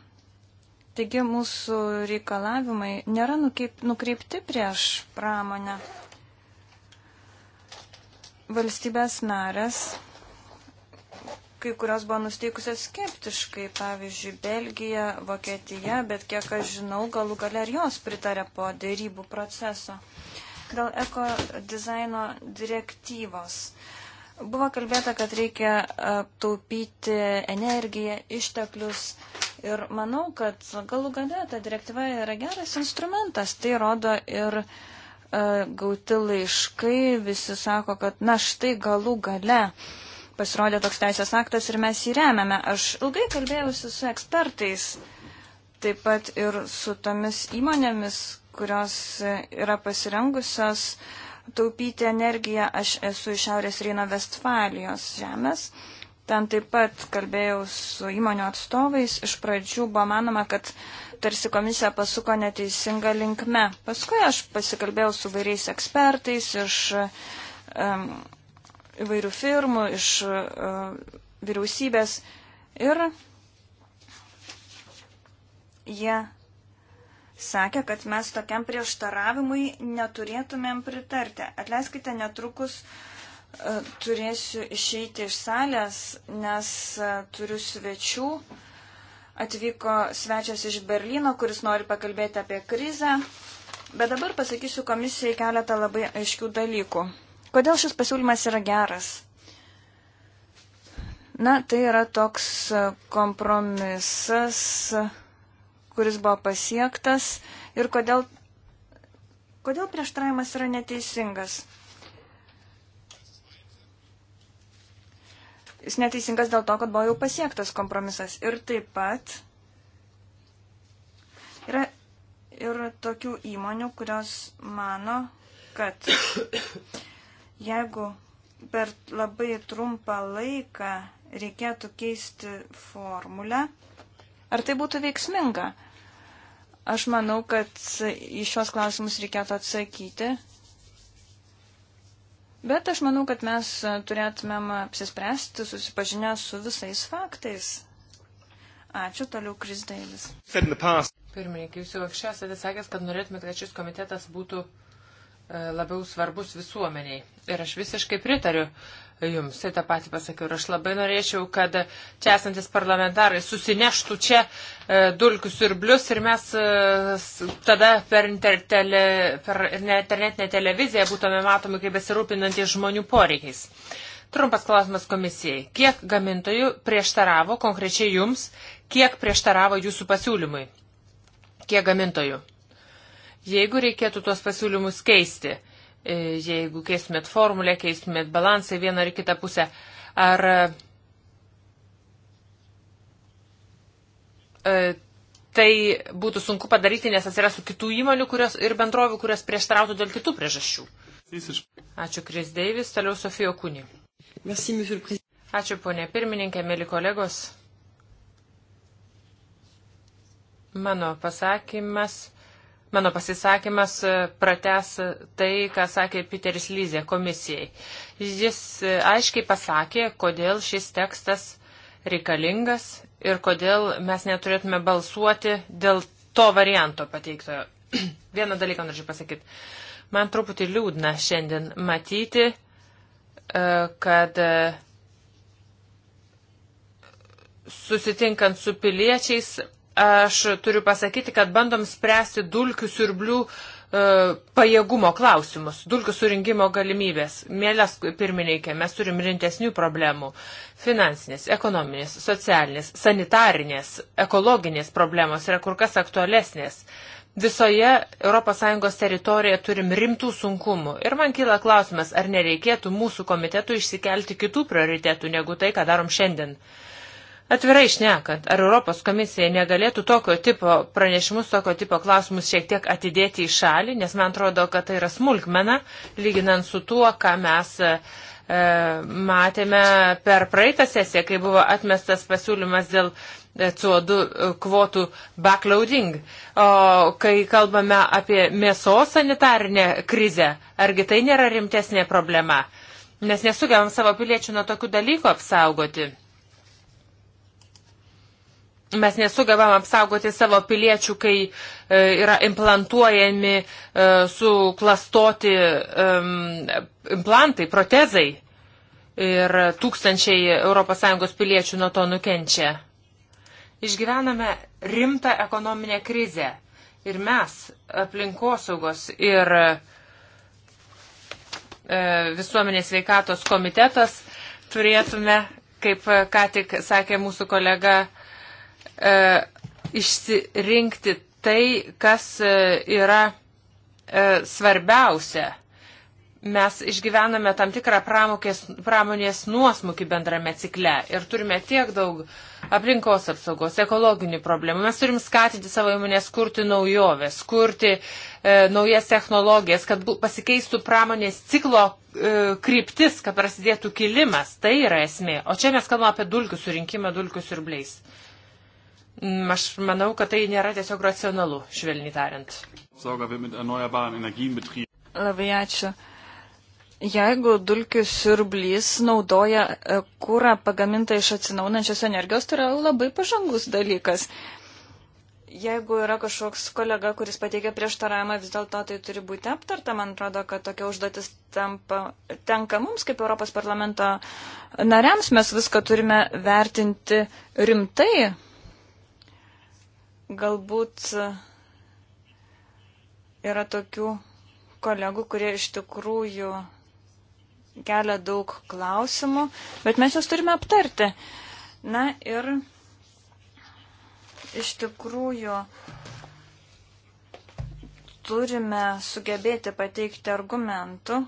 Taigi mūsų reikalavimai nėra nukreipti prieš pramonę. Valstybės narės, kai kurios buvo nusteikusios skeptiškai, pavyzdžiui, Belgija, Vokietija, bet kiek aš žinau, galų gale ir jos pritarė po dėrybų proceso. Dėl eko dizaino direktyvos. Uh, Buvo kalbėta, kad reikia e, taupyti energiją, išteklius ir manau, kad galų gale ta direktyva yra geras instrumentas. Tai rodo ir e, gauti laiškai, visi sako, kad na štai galų gale pasirodė toks teisės aktas ir mes jį remiame. Aš ilgai kalbėjausi su ekspertais, taip pat ir su tomis įmonėmis, kurios yra pasirengusios uh, taupyti energiją. Aš esu iš Šiaurės Ryno Vestfalijos žemės. Ten taip pat kalbėjau su įmonių atstovais. Iš pradžių buvo manoma, kad tarsi komisija pasuko neteisinga linkme. Paskui aš pasikalbėjau su vairiais ekspertais iš um, įvairių firmų, iš uh, vyriausybės ir jie sakė, kad mes tokiam prieštaravimui neturėtumėm pritarti. Atleiskite, netrukus e, turėsiu išeiti iš salės, nes e, turiu svečių. Atvyko svečias iš Berlyno, kuris nori pakalbėti apie krizę. Bet dabar pasakysiu komisijai keletą labai aiškių dalykų. Kodėl šis pasiūlymas yra geras? Na, tai yra toks e, kompromisas kuris buvo pasiektas ir kodėl, kodėl prieštravimas yra neteisingas. Jis neteisingas dėl to, kad buvo jau pasiektas kompromisas. Ir taip pat yra ir tokių įmonių, kurios mano, kad jeigu per labai trumpą laiką reikėtų keisti formulę, ar tai būtų veiksminga? Aš manau, kad į šios klausimus reikėtų atsakyti. Bet aš manau, kad mes turėtumėm apsispręsti susipažinę su visais faktais. Ačiū toliau, Kris Dailis. Pirmininkai, jūs jau anksčiau esate sakęs, kad norėtume, kad šis komitetas būtų e, labiau svarbus visuomeniai. Ir aš visiškai pritariu jums. Tai tą patį pasakiau. Ir aš labai norėčiau, kad čia esantis parlamentarai susineštų čia e, dulkius ir blius ir mes e, tada per, inter, tele, per internetinę televiziją būtume matomi kaip besirūpinantys žmonių poreikiais. Trumpas klausimas komisijai. Kiek gamintojų prieštaravo konkrečiai jums, kiek prieštaravo jūsų pasiūlymui? Kiek gamintojų? Jeigu reikėtų tuos pasiūlymus keisti, E, jeigu keistumėt formulę, keistumėt balansą į vieną ar kitą pusę. Ar e, tai būtų sunku padaryti, nes atsirastų kitų įmonių kurios, ir bendrovių, kurios prieštarautų dėl kitų priežasčių. Ačiū, Kris Deivis, toliau Sofijo Kūnį. Ačiū, ponė pirmininkė, mėly kolegos. Mano pasakymas Mano pasisakymas e, prates tai, ką sakė Piteris Lyzė komisijai. Jis e, aiškiai pasakė, kodėl šis tekstas reikalingas ir kodėl mes neturėtume balsuoti dėl to varianto pateiktojo. *clears throat* Vieną dalyką noriu pasakyti. Man truputį liūdna šiandien matyti, e, kad susitinkant su piliečiais Aš turiu pasakyti, kad bandom spręsti dulkių siurblių e, pajėgumo klausimus, dulkių surinkimo galimybės. Mėlės pirmininkė, mes turim rimtesnių problemų - finansinės, ekonominės, socialinės, sanitarinės, ekologinės problemos yra kur kas aktualesnės. Visoje ES teritorijoje turim rimtų sunkumų ir man kyla klausimas, ar nereikėtų mūsų komitetų išsikelti kitų prioritetų negu tai, ką darom šiandien. Atvirai išnekant, ar Europos komisija negalėtų tokio tipo pranešimus, tokio tipo klausimus šiek tiek atidėti į šalį, nes man atrodo, kad tai yra smulkmena, lyginant su tuo, ką mes e, matėme per praeitą sesiją, kai buvo atmestas pasiūlymas dėl e, CO2 e, kvotų backloading. O kai kalbame apie mėsos sanitarinę krizę, argi tai nėra rimtesnė problema? Nes nesugebam savo piliečių nuo tokių dalykų apsaugoti mes nesugebam apsaugoti savo piliečių, kai e, yra implantuojami e, suklastoti e, implantai, protezai. Ir tūkstančiai ES piliečių nuo to nukenčia. Išgyvename rimtą ekonominę krizę. Ir mes, aplinkosaugos ir e, visuomenės veikatos komitetas, turėtume, kaip ką tik sakė mūsų kolega, e, išsirinkti tai, kas e, yra e, svarbiausia. Mes išgyvename tam tikrą pramokės, pramonės nuosmukį bendrame cikle ir turime tiek daug aplinkos apsaugos, ekologinių problemų. Mes turim skatinti savo įmonės kurti naujoves, kurti e, naujas technologijas, kad bu, pasikeistų pramonės ciklo e, kryptis, kad prasidėtų kilimas, tai yra esmė. O čia mes kalbame apie dulkių surinkimą, dulkių siurbliais. Mm, aš manau, kad tai nėra tiesiog racionalu, švelniai tariant. Labai ačiū. Jeigu dulkių siurblys naudoja e, kūrą pagamintą iš atsinaunančios energijos, tai yra labai pažangus dalykas. Jeigu yra kažkoks kolega, kuris pateikia prieštaravimą, vis dėlto tai turi būti aptarta. Man atrodo, kad tokia užduotis tampa, tenka mums kaip Europos parlamento nariams. Mes viską turime vertinti rimtai Galbūt e, yra tokių kolegų, kurie iš tikrųjų kelia daug klausimų, bet mes juos turime aptarti. Na ir iš tikrųjų turime sugebėti pateikti argumentų,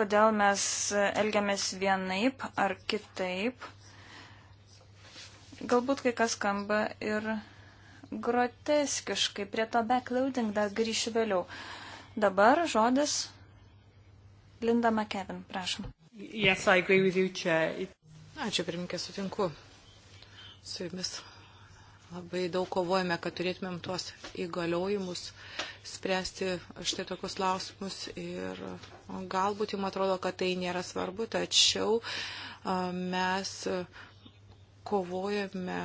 kodėl mes elgiamės vienaip ar kitaip. Galbūt kai kas skamba ir groteskiškai, prie to backloading dar grįšiu vėliau. Dabar žodis Linda McKevin, prašom. Yes, I agree with you, Chair. It... Ačiū, pirmininkė, sutinku su jumis. Labai daug kovojame, kad turėtumėm tuos įgaliojimus spręsti štai tokius klausimus ir galbūt jums atrodo, kad tai nėra svarbu, tačiau mes kovojame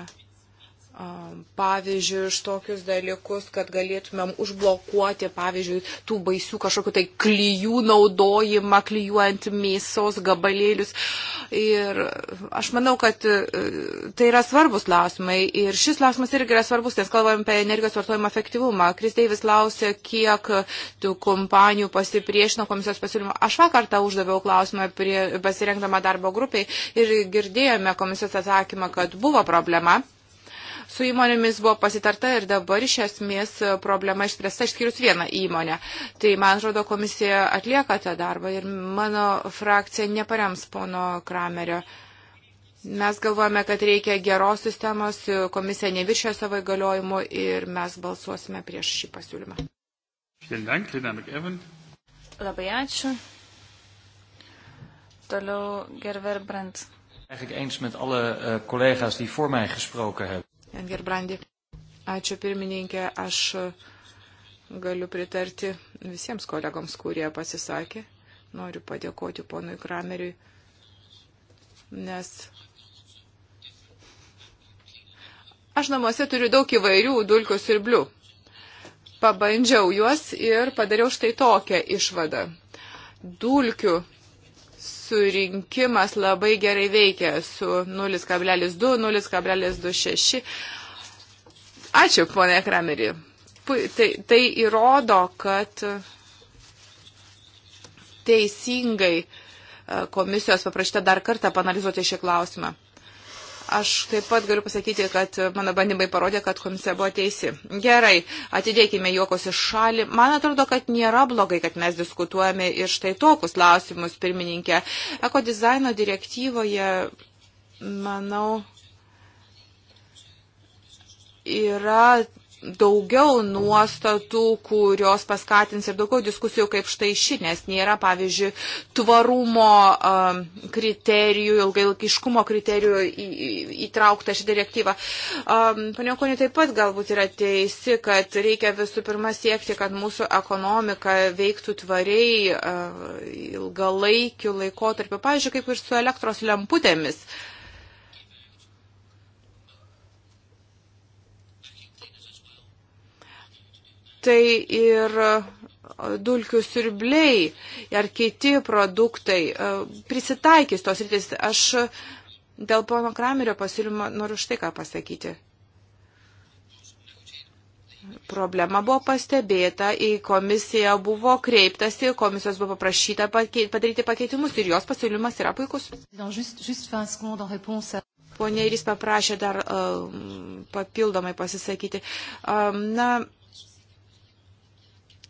Um, pavyzdžiui, iš tokius dalykus, kad galėtumėm užblokuoti, pavyzdžiui, tų baisių kažkokiu tai klyjų naudojimą, klyjuojant mėsos gabalėlius. Ir aš manau, kad uh, tai yra svarbus klausimai. Ir šis klausimas irgi yra svarbus, nes kalbam apie energijos vartojimo efektyvumą. Kristeivis klausė, kiek tų kompanijų pasipriešino komisijos pasiūlymą. Aš vakar tą uždaviau klausimą prie, pasirengdama darbo grupiai ir girdėjome komisijos atsakymą, kad buvo problema su įmonėmis buvo pasitarta ir dabar iš esmės problema išspręsta išskyrus vieną įmonę. Tai man atrodo, komisija atlieka tą darbą ir mano frakcija neparems pono Kramerio. Mes galvojame, kad reikia geros sistemos, komisija neviršė savo įgaliojimų ir mes balsuosime prieš šį pasiūlymą. Labai ačiū. Toliau Gerwer Brandt. Eigenlijk eens met alle uh, collega's die voor mij gesproken hebben. Engerbrandi. Ačiū pirmininkė, aš galiu pritarti visiems kolegoms, kurie pasisakė. Noriu padėkoti ponui Krameriui, nes aš namuose turiu daug įvairių dulkių sirblių. Pabandžiau juos ir padariau štai tokią išvadą. Dulkių surinkimas labai gerai veikia su 0,2, 0,26. Ačiū, ponė Kramerį. Tai, tai įrodo, kad teisingai e, komisijos paprašyta dar kartą panalizuoti šį klausimą. Aš taip pat galiu pasakyti, kad mano bandymai parodė, kad komisija buvo teisi. Gerai, atidėkime juokos iš šalį. Man atrodo, kad nėra blogai, kad mes diskutuojame ir štai tokius klausimus, pirmininkė. Eko dizaino direktyvoje, manau, yra daugiau nuostatų, kurios paskatins ir daugiau diskusijų kaip štai ši, nes nėra, pavyzdžiui, tvarumo um, kriterijų, ilgailakiškumo kriterijų į, į, įtraukta ši direktyva. Um, Paniokonė taip pat galbūt yra teisi, kad reikia visų pirma siekti, kad mūsų ekonomika veiktų tvariai uh, ilgalaikiu laikotarpiu, pavyzdžiui, kaip ir su elektros lemputėmis. Uh, tai ir e, dulkių siurbliai ar kiti produktai e, prisitaikys tos rytis. Aš dėl pono Kramerio pasiūlymo noriu štai ką pasakyti. Problema buvo pastebėta, į komisiją buvo kreiptasi, komisijos buvo paprašyta padaryti pakeitimus ir jos pasiūlymas yra puikus. Pone Iris paprašė dar uh, papildomai pasisakyti. Um, na,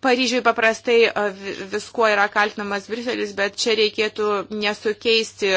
Paryžiui paprastai viskuo yra kaltinamas Briselis, bet čia reikėtų nesukeisti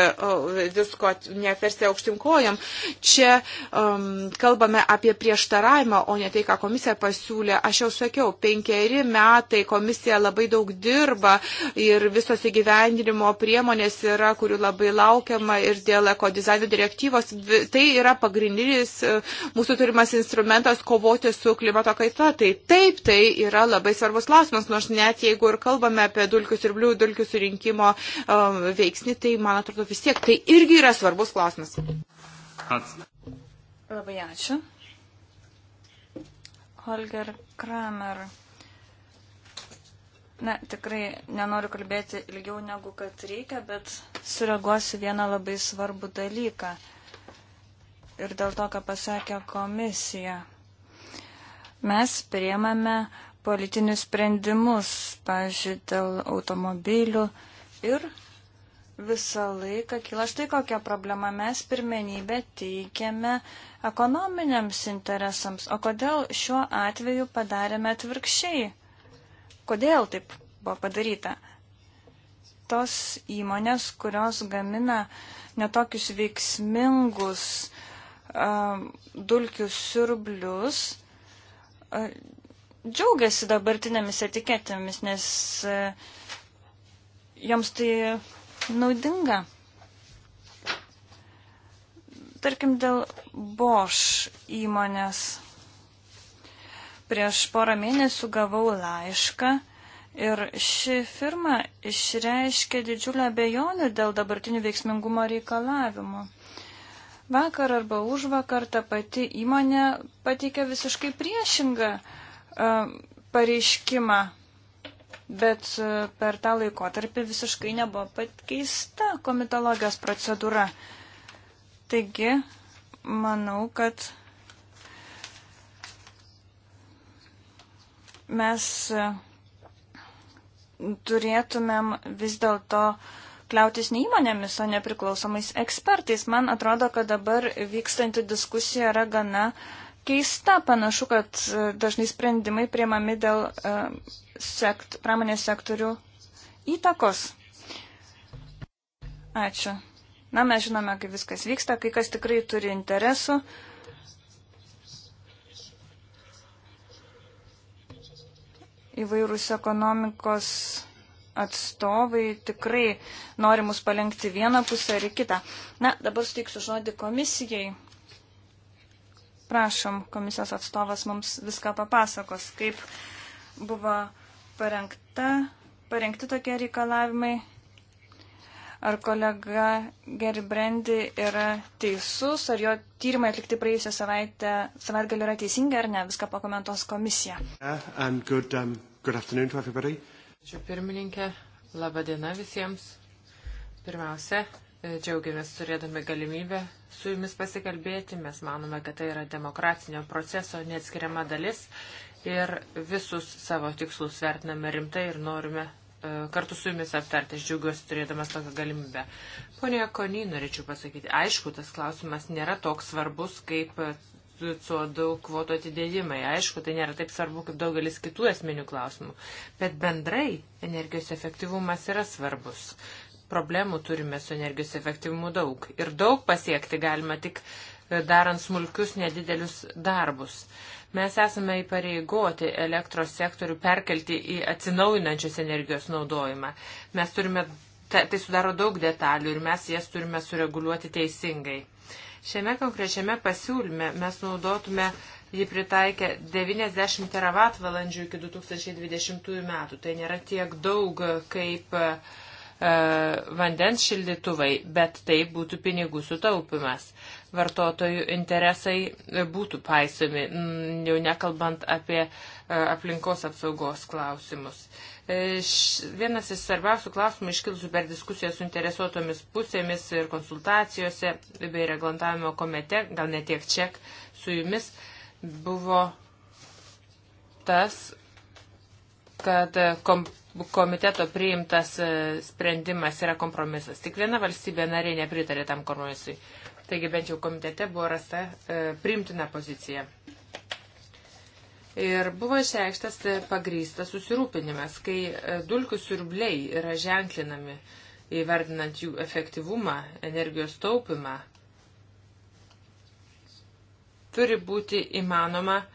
visko, neversti aukštinkojam. Čia um, kalbame apie prieštaravimą, o ne tai, ką komisija pasiūlė. Aš jau sakiau, penkeri metai komisija labai daug dirba ir visos įgyvendinimo priemonės yra, kurių labai laukiama ir dėl ekodizaino direktyvos. Tai yra pagrindinis e, mūsų turimas instrumentas kovoti su klimato kaita. Tai taip, tai yra labai svarbus klausimas klausimas, nors net jeigu ir kalbame apie dulkių siurblių, dulkių surinkimo um, veiksnį, tai man atrodo vis tiek tai irgi yra svarbus klausimas. Ačiū. Labai ačiū. Holger Kramer. Na, tikrai nenoriu kalbėti ilgiau negu kad reikia, bet sureaguosiu vieną labai svarbų dalyką. Ir dėl to, ką pasakė komisija. Mes priemame politinius sprendimus, pavyzdžiui, dėl automobilių. Ir visą laiką kyla štai kokia problema. Mes pirmenybę teikiame ekonominiams interesams. O kodėl šiuo atveju padarėme atvirkščiai? Kodėl taip buvo padaryta? Tos įmonės, kurios gamina netokius veiksmingus uh, dulkių siurblius, uh, džiaugiasi dabartinėmis etiketėmis, nes e, joms tai naudinga. Tarkim, dėl Bosch įmonės. Prieš porą mėnesių gavau laišką ir ši firma išreiškė didžiulę bejonę dėl dabartinių veiksmingumo reikalavimų. Vakar arba už vakar ta pati įmonė pateikė visiškai priešingą uh, E, pareiškimą, bet e, per tą laikotarpį visiškai nebuvo pakeista komitologijos procedūra. Taigi, manau, kad mes e, turėtumėm vis dėlto kliautis ne įmonėmis, o nepriklausomais ekspertais. Man atrodo, kad dabar vykstanti diskusija yra gana uh, keista, panašu, kad e, dažnai sprendimai priemami dėl e, sekt, pramonės sektorių įtakos. Ačiū. Na, mes žinome, kaip viskas vyksta, kai kas tikrai turi interesų. Įvairūs ekonomikos atstovai tikrai nori mus palengti vieną pusę ar į kitą. Na, dabar suteiksiu žodį komisijai, Prašom, komisijos atstovas mums viską papasakos, kaip buvo parengta, parengti tokie reikalavimai. Ar kolega Gerbrendi yra teisus, ar jo tyrimai atlikti praėjusią savaitę, savaitgalį yra teisingi ar ne, viską pakomentos komisija. Good, um, good Ačiū pirmininkė, laba diena visiems. Pirmiausia, E, džiaugiamės turėdami galimybę su jumis pasikalbėti. Mes manome, kad tai yra demokratinio proceso neatskiriama dalis ir visus savo tikslus vertiname rimtai ir norime e, kartu su jumis aptarti. Aš džiaugiuosi turėdamas tokią galimybę. Pone Kony, norėčiau pasakyti, aišku, tas klausimas nėra toks svarbus kaip CO2 kvoto atidėjimai. Aišku, tai nėra taip svarbu kaip daugelis kitų esminių klausimų, bet bendrai energijos efektyvumas yra svarbus. Uh, problemų turime su energijos efektyvumu daug. Ir daug pasiekti galima tik e, darant smulkius nedidelius darbus. Mes esame įpareigoti elektros sektorių perkelti į atsinaujinančios energijos naudojimą. Mes turime, tai sudaro daug detalių ir mes jas turime sureguliuoti teisingai. Šiame konkrečiame pasiūlyme mes naudotume jį pritaikę 90 teravatvalandžių iki 2020 metų. Tai nėra tiek daug, kaip uh, E, vandens šildytuvai, bet tai būtų pinigų sutaupimas. Vartotojų interesai būtų paisomi, mm, jau nekalbant apie e, aplinkos apsaugos klausimus. E, vienas iš svarbiausių klausimų iškilusių per diskusiją su interesuotomis pusėmis ir konsultacijose bei reglamentavimo komite, gal netiek čia su jumis, buvo tas, kad komp komiteto priimtas e, sprendimas yra kompromisas. Tik viena valstybė narė nepritarė tam kompromisui. Taigi bent jau komitete buvo rasta e, priimtina pozicija. Ir buvo išreikštas e, pagrystas susirūpinimas, kai e, dulkių siurbliai yra ženklinami įvardinant jų efektyvumą, energijos taupimą. Turi būti įmanoma e,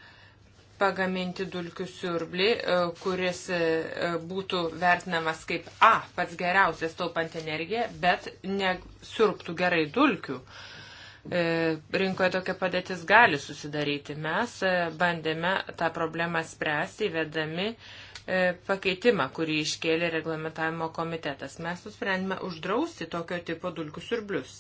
pagaminti dulkių siurblį, e, kuris e, būtų vertinamas kaip A, pats geriausias taupant energiją, bet nesurptų gerai dulkių. E, rinkoje tokia padėtis gali susidaryti. Mes bandėme tą problemą spręsti, įvedami pakeitimą, kurį iškėlė reglamentavimo komitetas. Mes nusprendėme uždrausti tokio tipo dulkių siurblius.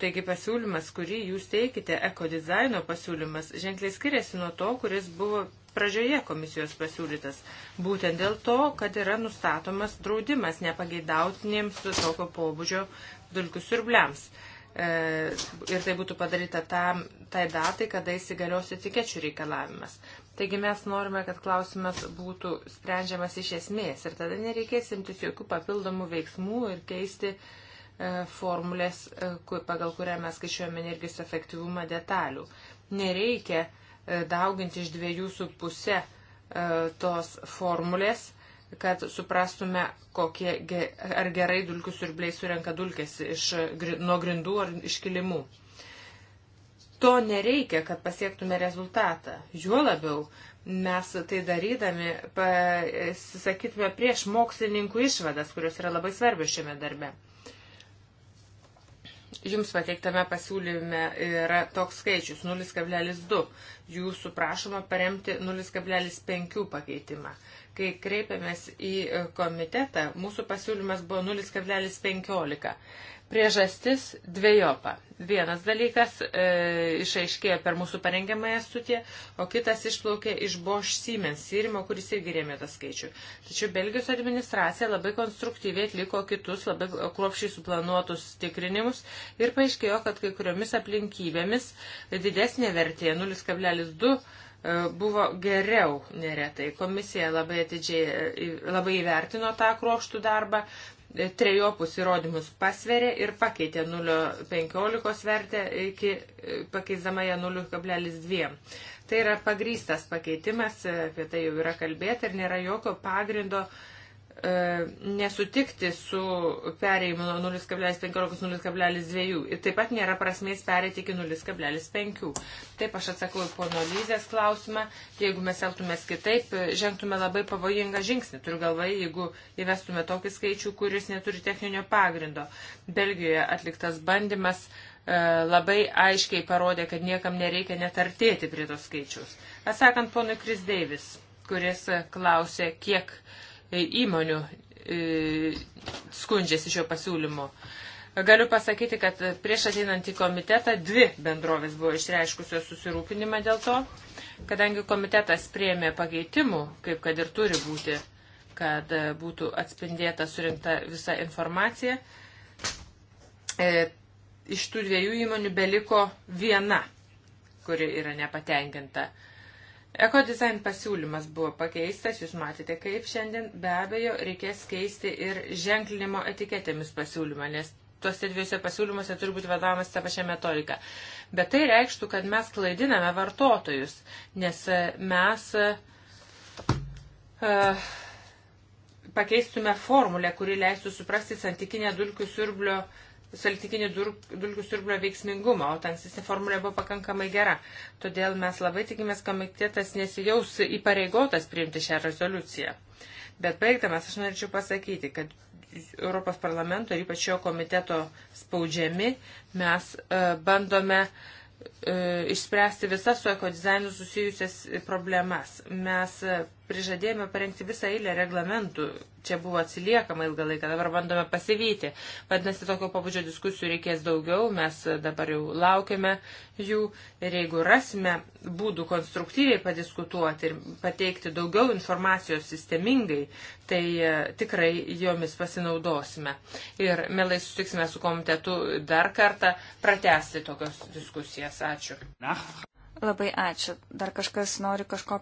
Taigi pasiūlymas, kurį jūs teikite, ekodizaino pasiūlymas, ženkliai skiriasi nuo to, kuris buvo pradžioje komisijos pasiūlytas. Būtent dėl to, kad yra nustatomas draudimas nepageidautinėms tokio pobūdžio dulkių siurbliams. E, ir tai būtų padaryta tam, tai datai, kada įsigalios etikečių reikalavimas. Taigi mes norime, kad klausimas būtų sprendžiamas iš esmės ir tada nereikės imtis jokių papildomų veiksmų ir keisti uh, E, formulės, e, pagal kurią mes skaičiuojame energijos efektyvumą detalių. Nereikia e, dauginti iš dviejų su pusė tos formulės, kad suprastume, kokie, ar gerai dulkių siurbliai surenka dulkės iš, nuo grindų ar iškilimų. To nereikia, kad pasiektume rezultatą. Juo labiau mes tai darydami pasisakytume prieš mokslininkų išvadas, kurios yra labai svarbios šiame darbe. Jums pateiktame pasiūlyme yra toks skaičius 0,2. Jūsų prašoma paremti 0,5 pakeitimą. Kai kreipėmės į komitetą, mūsų pasiūlymas buvo 0,15. Priežastis dviejopa. Vienas dalykas e, išaiškėjo per mūsų parengiamąją studiją, o kitas išplaukė iš Bosch Siemens sirimo, kuris irgi rėmė tą skaičių. Tačiau Belgijos administracija labai konstruktyviai atliko kitus labai kruopšiai suplanuotus tikrinimus ir paaiškėjo, kad kai kuriomis aplinkybėmis didesnė vertė 0,2 e, buvo geriau neretai. Komisija labai atidžiai, e, labai įvertino tą kruopštų darbą trejopus įrodymus pasverė ir pakeitė 0,15 vertę iki pakeisdama ją 0,2. Tai yra pagrystas pakeitimas, apie tai jau yra kalbėta ir nėra jokio pagrindo uh, E, nesutikti su pereimu nuo 0,15-0,2 ir taip pat nėra prasmės pereiti iki 0,5. Taip aš atsakau į pono Lyzės klausimą, jeigu mes elgtumės kitaip, žengtume labai pavojingą žingsnį, turiu galvai, jeigu įvestume tokį skaičių, kuris neturi techninio pagrindo. Belgijoje atliktas bandymas e, labai aiškiai parodė, kad niekam nereikia netartėti prie tos skaičius. Atsakant ponui Kris Deivis, kuris klausė, kiek uh, E, įmonių e, skundžiasi šio pasiūlymo. Galiu pasakyti, kad prieš ateinant į komitetą dvi bendrovės buvo išreiškusios susirūpinimą dėl to, kadangi komitetas priemė pakeitimų, kaip kad ir turi būti, kad būtų atspindėta surinkta visa informacija. E, iš tų dviejų įmonių beliko viena, kuri yra nepatenkinta. Ekodizain pasiūlymas buvo pakeistas, jūs matėte kaip šiandien, be abejo, reikės keisti ir ženklinimo etiketėmis pasiūlymą, nes tuose dviejose pasiūlymuose turi būti vadovamas tą pačią metodiką. Bet tai reikštų, kad mes klaidiname vartotojus, nes e, mes uh, pakeistume formulę, kuri leistų suprasti santykinę dulkių siurblio uh, saltikinį dulkių siurblio veiksmingumą, o ten sistema formulė buvo pakankamai gera. Todėl mes labai tikimės, komitetas nesijaus įpareigotas priimti šią rezoliuciją. Bet baigdamas aš norėčiau pasakyti, kad Europos parlamento ir ypač šio komiteto spaudžiami mes e, bandome e, išspręsti visas su ekodizainu susijusias problemas. Mes e, prižadėjome parengti visą eilę reglamentų. Čia buvo atsiliekama ilgą laiką, dabar bandome pasivyti. Vadinasi, tokio pabudžio diskusijų reikės daugiau, mes dabar jau laukiame jų ir jeigu rasime būdų konstruktyviai padiskutuoti ir pateikti daugiau informacijos sistemingai, tai e, tikrai jomis pasinaudosime. Ir mielai susitiksime su komitetu dar kartą pratesti tokios diskusijas. Ačiū. Labai ačiū. Dar kažkas nori kažko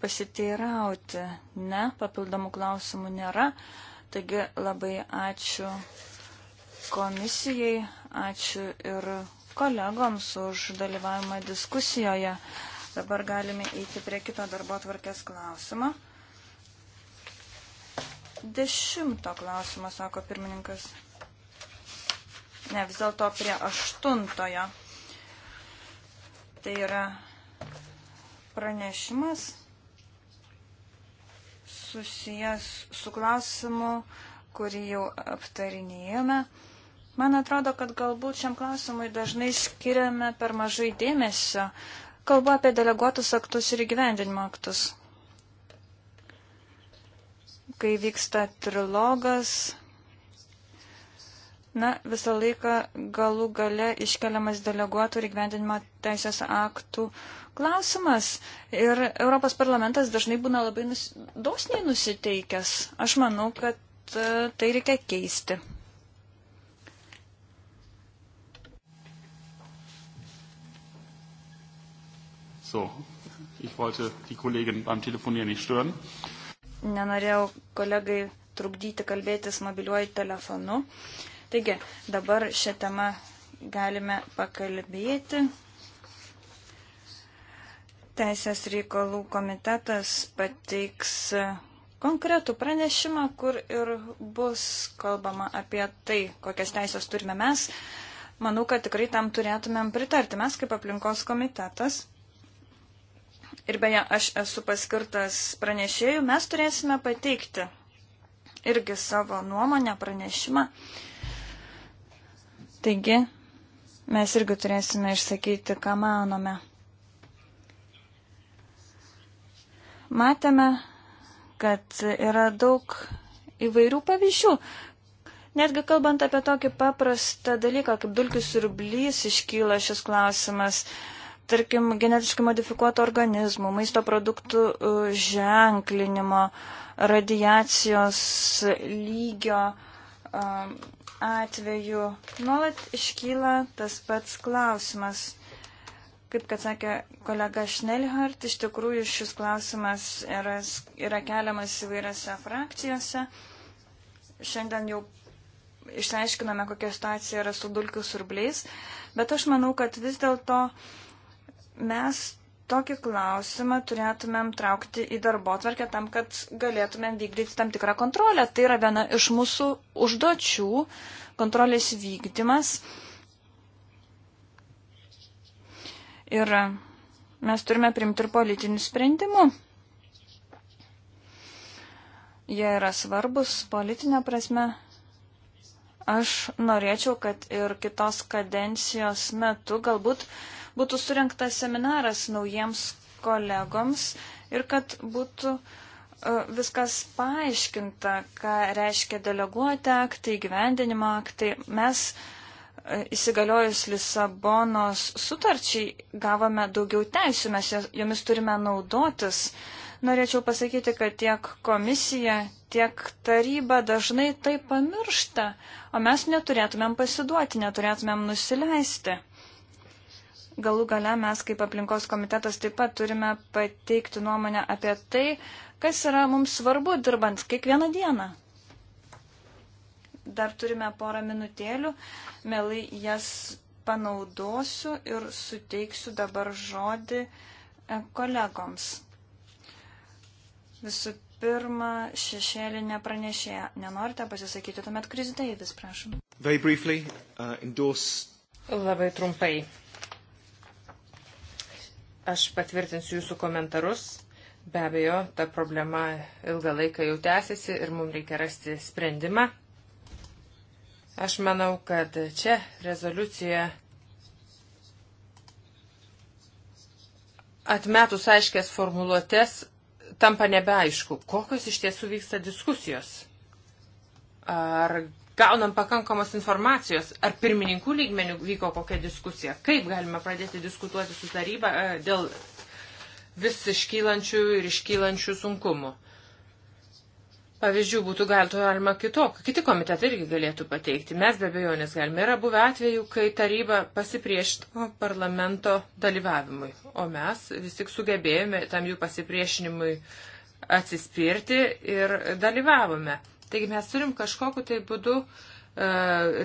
pasiteirauti. Ne, papildomų klausimų nėra. Taigi labai ačiū komisijai, ačiū ir kolegoms už dalyvavimą diskusijoje. Dabar galime eiti prie kito darbo tvarkės klausimo. Dešimto klausimo, sako pirmininkas. Ne, vis dėlto prie aštuntojo. Tai yra pranešimas susijęs su klausimu, kurį jau aptarinėjome. Man atrodo, kad galbūt šiam klausimui dažnai skiriame per mažai dėmesio. Kalbu apie deleguotus aktus ir įgyvendinimo aktus. Kai vyksta trilogas, na, visą laiką galų gale iškeliamas deleguotų ir įgyvendinimo teisės aktų uh, klausimas ir Europos parlamentas dažnai būna labai nus, dosniai nusiteikęs. Aš manau, kad e, tai reikia keisti. So, ich wollte die Kollegin beim Telefonieren nicht stören. Nenorėjau kolegai trukdyti kalbėtis mobiliuoju telefonu. Taigi, dabar šią temą galime pakalbėti. Teisės reikalų komitetas pateiks konkretų pranešimą, kur ir bus kalbama apie tai, kokias teisės turime mes. Manau, kad tikrai tam turėtumėm pritarti mes kaip aplinkos komitetas. Ir beje, aš esu paskirtas pranešėjų, mes turėsime pateikti irgi savo nuomonę pranešimą. Taigi, mes irgi turėsime išsakyti, ką manome. matėme, kad yra daug įvairių pavyzdžių. Netgi kalbant apie tokį paprastą dalyką, kaip dulkių siurblys iškyla šis klausimas, tarkim, genetiškai modifikuoto organizmų, maisto produktų e, ženklinimo, radiacijos lygio e, atveju nuolat iškyla tas pats klausimas. Kaip kad sakė kolega Šnelhart, iš tikrųjų šis klausimas yra, yra keliamas įvairiose frakcijose. Šiandien jau išsiaiškiname, kokia situacija yra su dulkių surbliais, bet aš manau, kad vis dėlto mes tokį klausimą turėtumėm traukti į darbo tvarkę tam, kad galėtumėm vykdyti tam tikrą kontrolę. Tai yra viena iš mūsų užduočių, kontrolės vykdymas. Uh, Ir mes turime primti ir politinių sprendimų. Jie yra svarbus politinė prasme. Aš norėčiau, kad ir kitos kadencijos metu galbūt būtų surinktas seminaras naujiems kolegoms ir kad būtų e, viskas paaiškinta, ką reiškia deleguoti aktai, gyvendinimo aktai. Mes uh, įsigaliojus Lisabonos sutarčiai gavome daugiau teisų, mes jomis turime naudotis. Norėčiau pasakyti, kad tiek komisija, tiek taryba dažnai tai pamiršta, o mes neturėtumėm pasiduoti, neturėtumėm nusileisti. Galų gale mes kaip aplinkos komitetas taip pat turime pateikti nuomonę apie tai, kas yra mums svarbu dirbant kiekvieną dieną dar turime porą minutėlių, melai jas panaudosiu ir suteiksiu dabar žodį e, kolegoms. Visų pirma, šešėlinė pranešėja. Nenorite pasisakyti, tuomet Kris Deivis, prašom. Briefly, uh, endorse... Labai trumpai. Aš patvirtinsiu jūsų komentarus. Be abejo, ta problema ilgą laiką jau tęsiasi ir mums reikia rasti sprendimą. Aš manau, kad čia rezoliucija atmetus aiškės formuluotės tampa nebeaišku, kokios iš tiesų vyksta diskusijos. Ar gaunam pakankamos informacijos, ar pirmininkų lygmenių vyko kokia diskusija, kaip galima pradėti diskutuoti su taryba e, dėl vis iškylančių ir iškylančių sunkumų. Pavyzdžių būtų galima kitokių. Kiti komitetai irgi galėtų pateikti. Mes be abejonės galime. Yra buvę atvejų, kai taryba pasipriešino parlamento dalyvavimui, o mes vis tik sugebėjome tam jų pasipriešinimui atsispirti ir dalyvavome. Taigi mes turim kažkokiu tai būdu uh,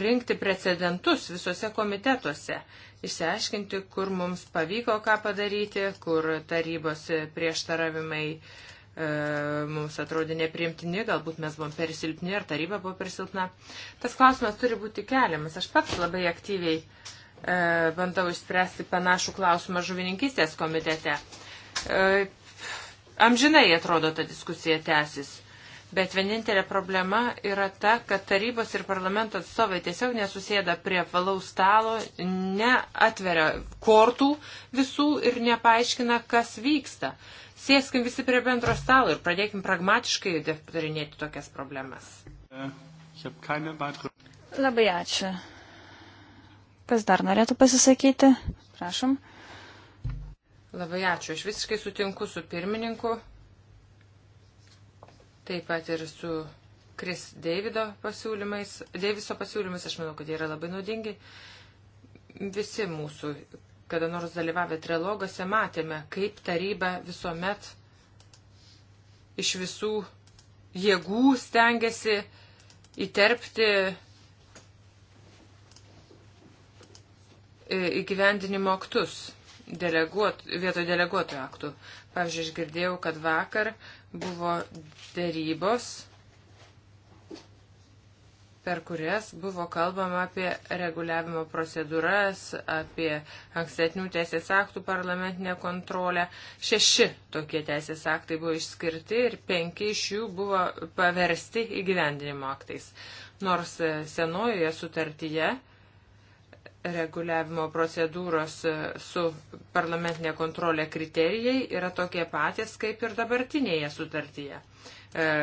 rinkti precedentus visose komitetuose, išsiaiškinti, kur mums pavyko ką padaryti, kur tarybos prieštaravimai uh, E, mums atrodė nepriimtini, galbūt mes buvom persilpni ar taryba buvo persilpna. Tas klausimas turi būti keliamas. Aš pats labai aktyviai e, bandau išspręsti panašų klausimą žuvininkystės komitete. E, amžinai atrodo ta diskusija tęsis. Bet vienintelė problema yra ta, kad tarybos ir parlamento atstovai tiesiog nesusėda prie valaus stalo, neatveria kortų visų ir nepaaiškina, kas vyksta. Sėskim visi prie bendro stalo ir pradėkim pragmatiškai aptarinėti tokias problemas. Labai ačiū. Kas dar norėtų pasisakyti? Prašom. Labai ačiū. Aš visiškai sutinku su pirmininku, taip pat ir su Kris Davido pasiūlymais. Daviso pasiūlymais, aš manau, kad jie yra labai naudingi. Visi mūsų kada nors dalyvavę trilogose, matėme, kaip taryba visuomet iš visų jėgų stengiasi įterpti e, įgyvendinimo aktus deleguot, vietoj deleguotų aktų. Pavyzdžiui, aš girdėjau, kad vakar buvo dėrybos per kurias buvo kalbama apie reguliavimo procedūras, apie ankstesnių teisės aktų parlamentinę kontrolę. Šeši tokie teisės aktai buvo išskirti ir penki iš jų buvo paversti įgyvendinimo aktais. Nors senojoje sutartyje reguliavimo procedūros su parlamentinė kontrolė kriterijai yra tokie patys kaip ir dabartinėje sutartyje e,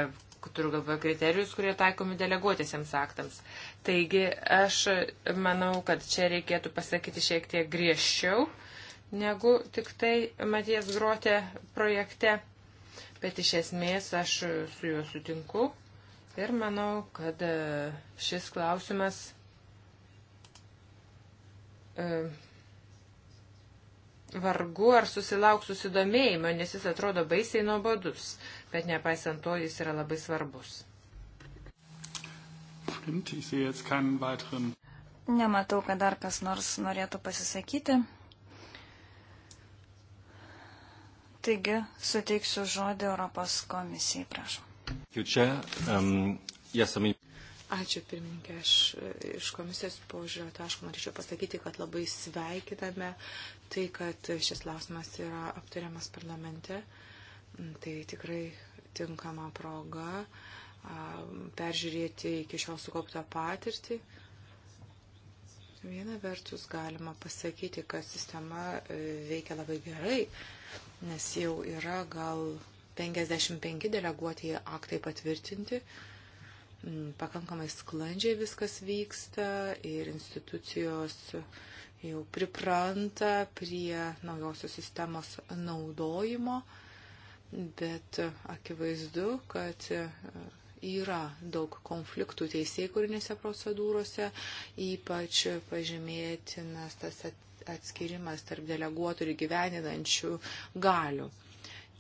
turiu galvoje kriterijus, kurie taikomi deleguotėsiams aktams. Taigi aš manau, kad čia reikėtų pasakyti šiek tiek griežčiau negu tik tai Matijas Grotė projekte, bet iš esmės aš su juo sutinku ir manau, kad e, šis klausimas e, vargu ar susilauks susidomėjimo, nes jis atrodo baisiai nuobodus, bet nepaisant to jis yra labai svarbus. Nematau, kad dar kas nors norėtų pasisakyti. Taigi, suteiksiu žodį Europos komisijai, prašom. Čia, um, yes, I mean... Ačiū pirmininkė, aš e, iš komisijos požiūrio taško norėčiau pasakyti, kad labai sveikiname tai, kad šis klausimas yra aptariamas parlamente. Mm, tai tikrai tinkama proga peržiūrėti iki šiol sukauptą patirtį. Viena vertus galima pasakyti, kad sistema e, veikia labai gerai, nes jau yra gal 55 deleguotieji aktai patvirtinti. Mm, pakankamai sklandžiai viskas vyksta ir institucijos jau pripranta prie naujosios sistemos naudojimo, bet akivaizdu, kad e, yra daug konfliktų teisėkūrinėse procedūrose, ypač pažymėtinas tas atskirimas tarp deleguotų ir gyveninančių galių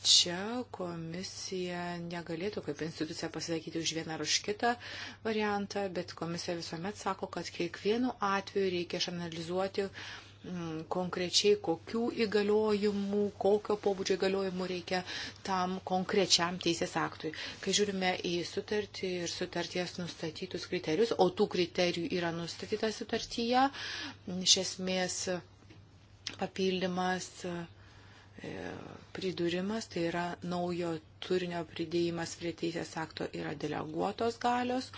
čia komisija negalėtų kaip institucija pasakyti už vieną ar už kitą variantą, bet komisija visuomet sako, kad kiekvienu atveju reikia išanalizuoti mm, konkrečiai kokių įgaliojimų, kokio pobūdžio įgaliojimų reikia tam konkrečiam teisės aktui. Kai žiūrime į sutartį ir sutarties nustatytus kriterijus, o tų kriterijų yra nustatyta sutartyje, iš esmės papildymas E, pridūrimas, tai yra naujo turinio pridėjimas prie teisės akto yra deleguotos galios,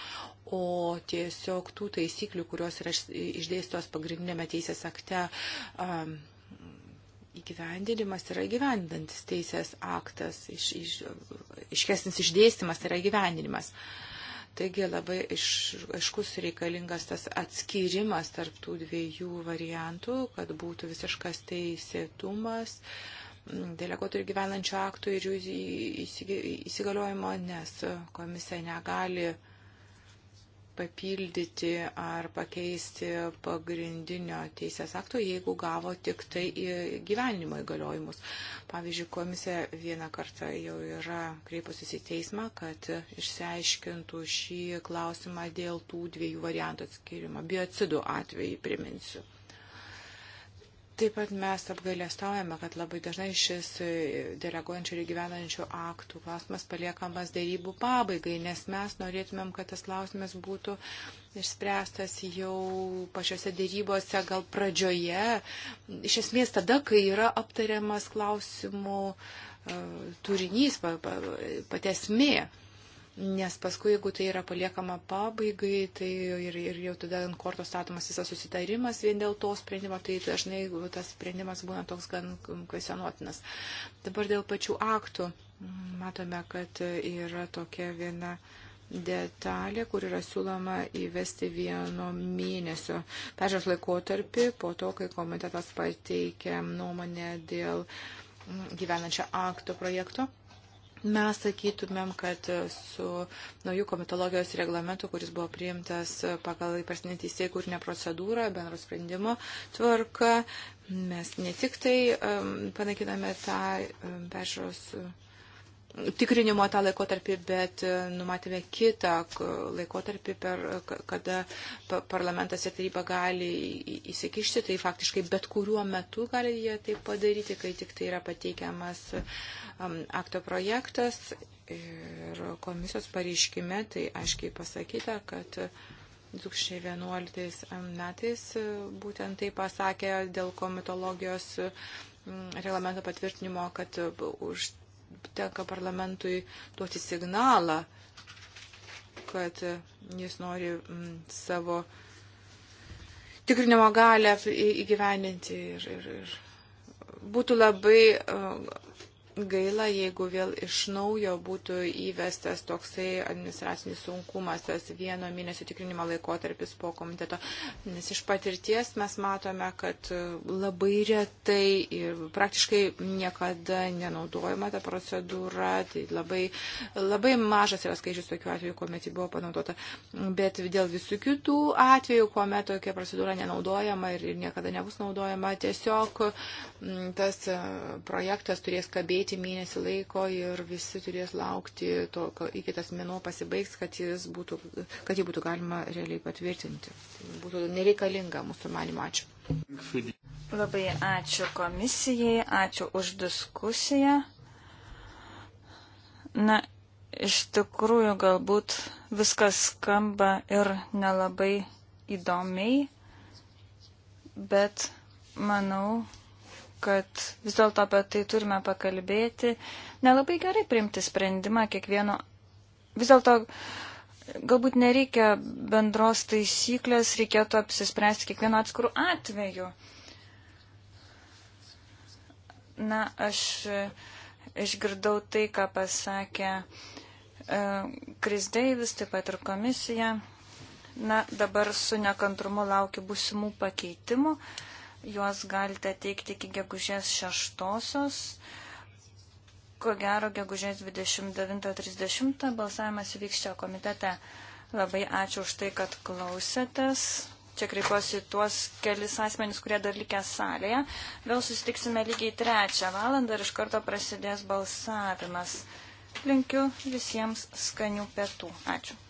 o tiesiog tų taisyklių, kurios yra išdėstos pagrindinėme teisės akte, um, įgyvendinimas yra gyvendantis teisės aktas, iš, iš, iškesnis išdėstymas yra gyvendinimas. Taigi labai iš, aiškus reikalingas tas atskirimas tarp tų dviejų variantų, kad būtų visiškas teisėtumas. Uh, deleguotų ir gyvenančių aktų ir jų įsigaliojimo, nes komisija negali papildyti ar pakeisti pagrindinio teisės akto, jeigu gavo tik tai gyvenimo įgaliojimus. Pavyzdžiui, komisija vieną kartą jau yra kreipusis į teismą, kad išsiaiškintų šį klausimą dėl tų dviejų variantų atskirimo. Biocidų atvejį priminsiu. Taip pat mes apgailėstaujame, kad labai dažnai šis e, deleguojančių ir gyvenančių aktų klausimas paliekamas dėrybų pabaigai, nes mes norėtumėm, kad tas klausimas būtų išspręstas jau pačiose dėrybose, gal pradžioje, iš esmės tada, kai yra aptariamas klausimų e, turinys, pati esmė nes paskui, jeigu tai yra paliekama pabaigai, tai ir, ir jau tada ant kortos statomas visas susitarimas vien dėl to sprendimo, tai dažnai tas sprendimas būna toks gan kvesionuotinas. Dabar dėl pačių aktų matome, kad yra tokia viena detalė, kur yra siūloma įvesti vieno mėnesio peržiūros laikotarpį po to, kai komitetas pateikė nuomonę dėl gyvenančio akto projekto. Mes sakytumėm, kad su naujų komitologijos reglamentu, kuris buvo priimtas pagal įprastinį teisėjų kūrinę procedūrą, bendro sprendimo tvarka, mes ne tik tai um, panaikiname tą um, peržiūros. Um, tikrinimo tą laikotarpį, bet e, numatėme kitą laikotarpį, per, kada parlamentas ir taryba gali įsikišti, tai faktiškai bet kuriuo metu gali jie tai padaryti, kai tik tai yra pateikiamas akto projektas ir komisijos pareiškime, tai aiškiai pasakyta, kad 2011 metais e, būtent tai pasakė dėl komitologijos reglamento patvirtinimo, kad e, už tenka parlamentui duoti signalą, kad jis nori mm, savo tikrinimo galę įgyveninti ir, ir, ir būtų labai e, gaila, jeigu vėl iš naujo būtų įvestas toksai administracinis sunkumas, tas vieno mėnesio tikrinimo laikotarpis po komiteto. Nes iš patirties mes matome, kad labai retai ir praktiškai niekada nenaudojama ta procedūra, tai labai, labai mažas yra skaičius tokių atvejų, kuomet ji buvo panaudota. Bet dėl visų kitų atvejų, kuomet tokia procedūra nenaudojama ir, ir niekada nebus naudojama, tiesiog mm, tas projektas turės kabėti praeitį mėnesį laiko ir visi turės laukti to, iki tas mėnuo pasibaigs, kad, būtų, kad jį būtų galima realiai patvirtinti. Tai būtų nereikalinga mūsų manimo. Ačiū. Labai ačiū komisijai, ačiū už diskusiją. Na, iš tikrųjų galbūt viskas skamba ir nelabai įdomiai, bet manau, kad vis dėlto apie tai turime pakalbėti. Nelabai gerai priimti sprendimą kiekvieno. Vis dėlto galbūt nereikia bendros taisyklės, reikėtų apsispręsti kiekvieno atskirų atveju. Na, aš išgirdau tai, ką pasakė Kris e, Deivis, taip pat ir komisija. Na, dabar su nekantrumu laukiu būsimų pakeitimų. Uh, Juos galite teikti iki gegužės šeštosios. Ko gero, gegužės 29.30 balsavimas vyks čia komitete. Labai ačiū už tai, kad klausėtės. Čia kreipiuosi tuos kelis asmenys, kurie dar likę salėje. Vėl susitiksime lygiai trečią valandą ir iš karto prasidės balsavimas. Linkiu visiems skanių pietų. Ačiū.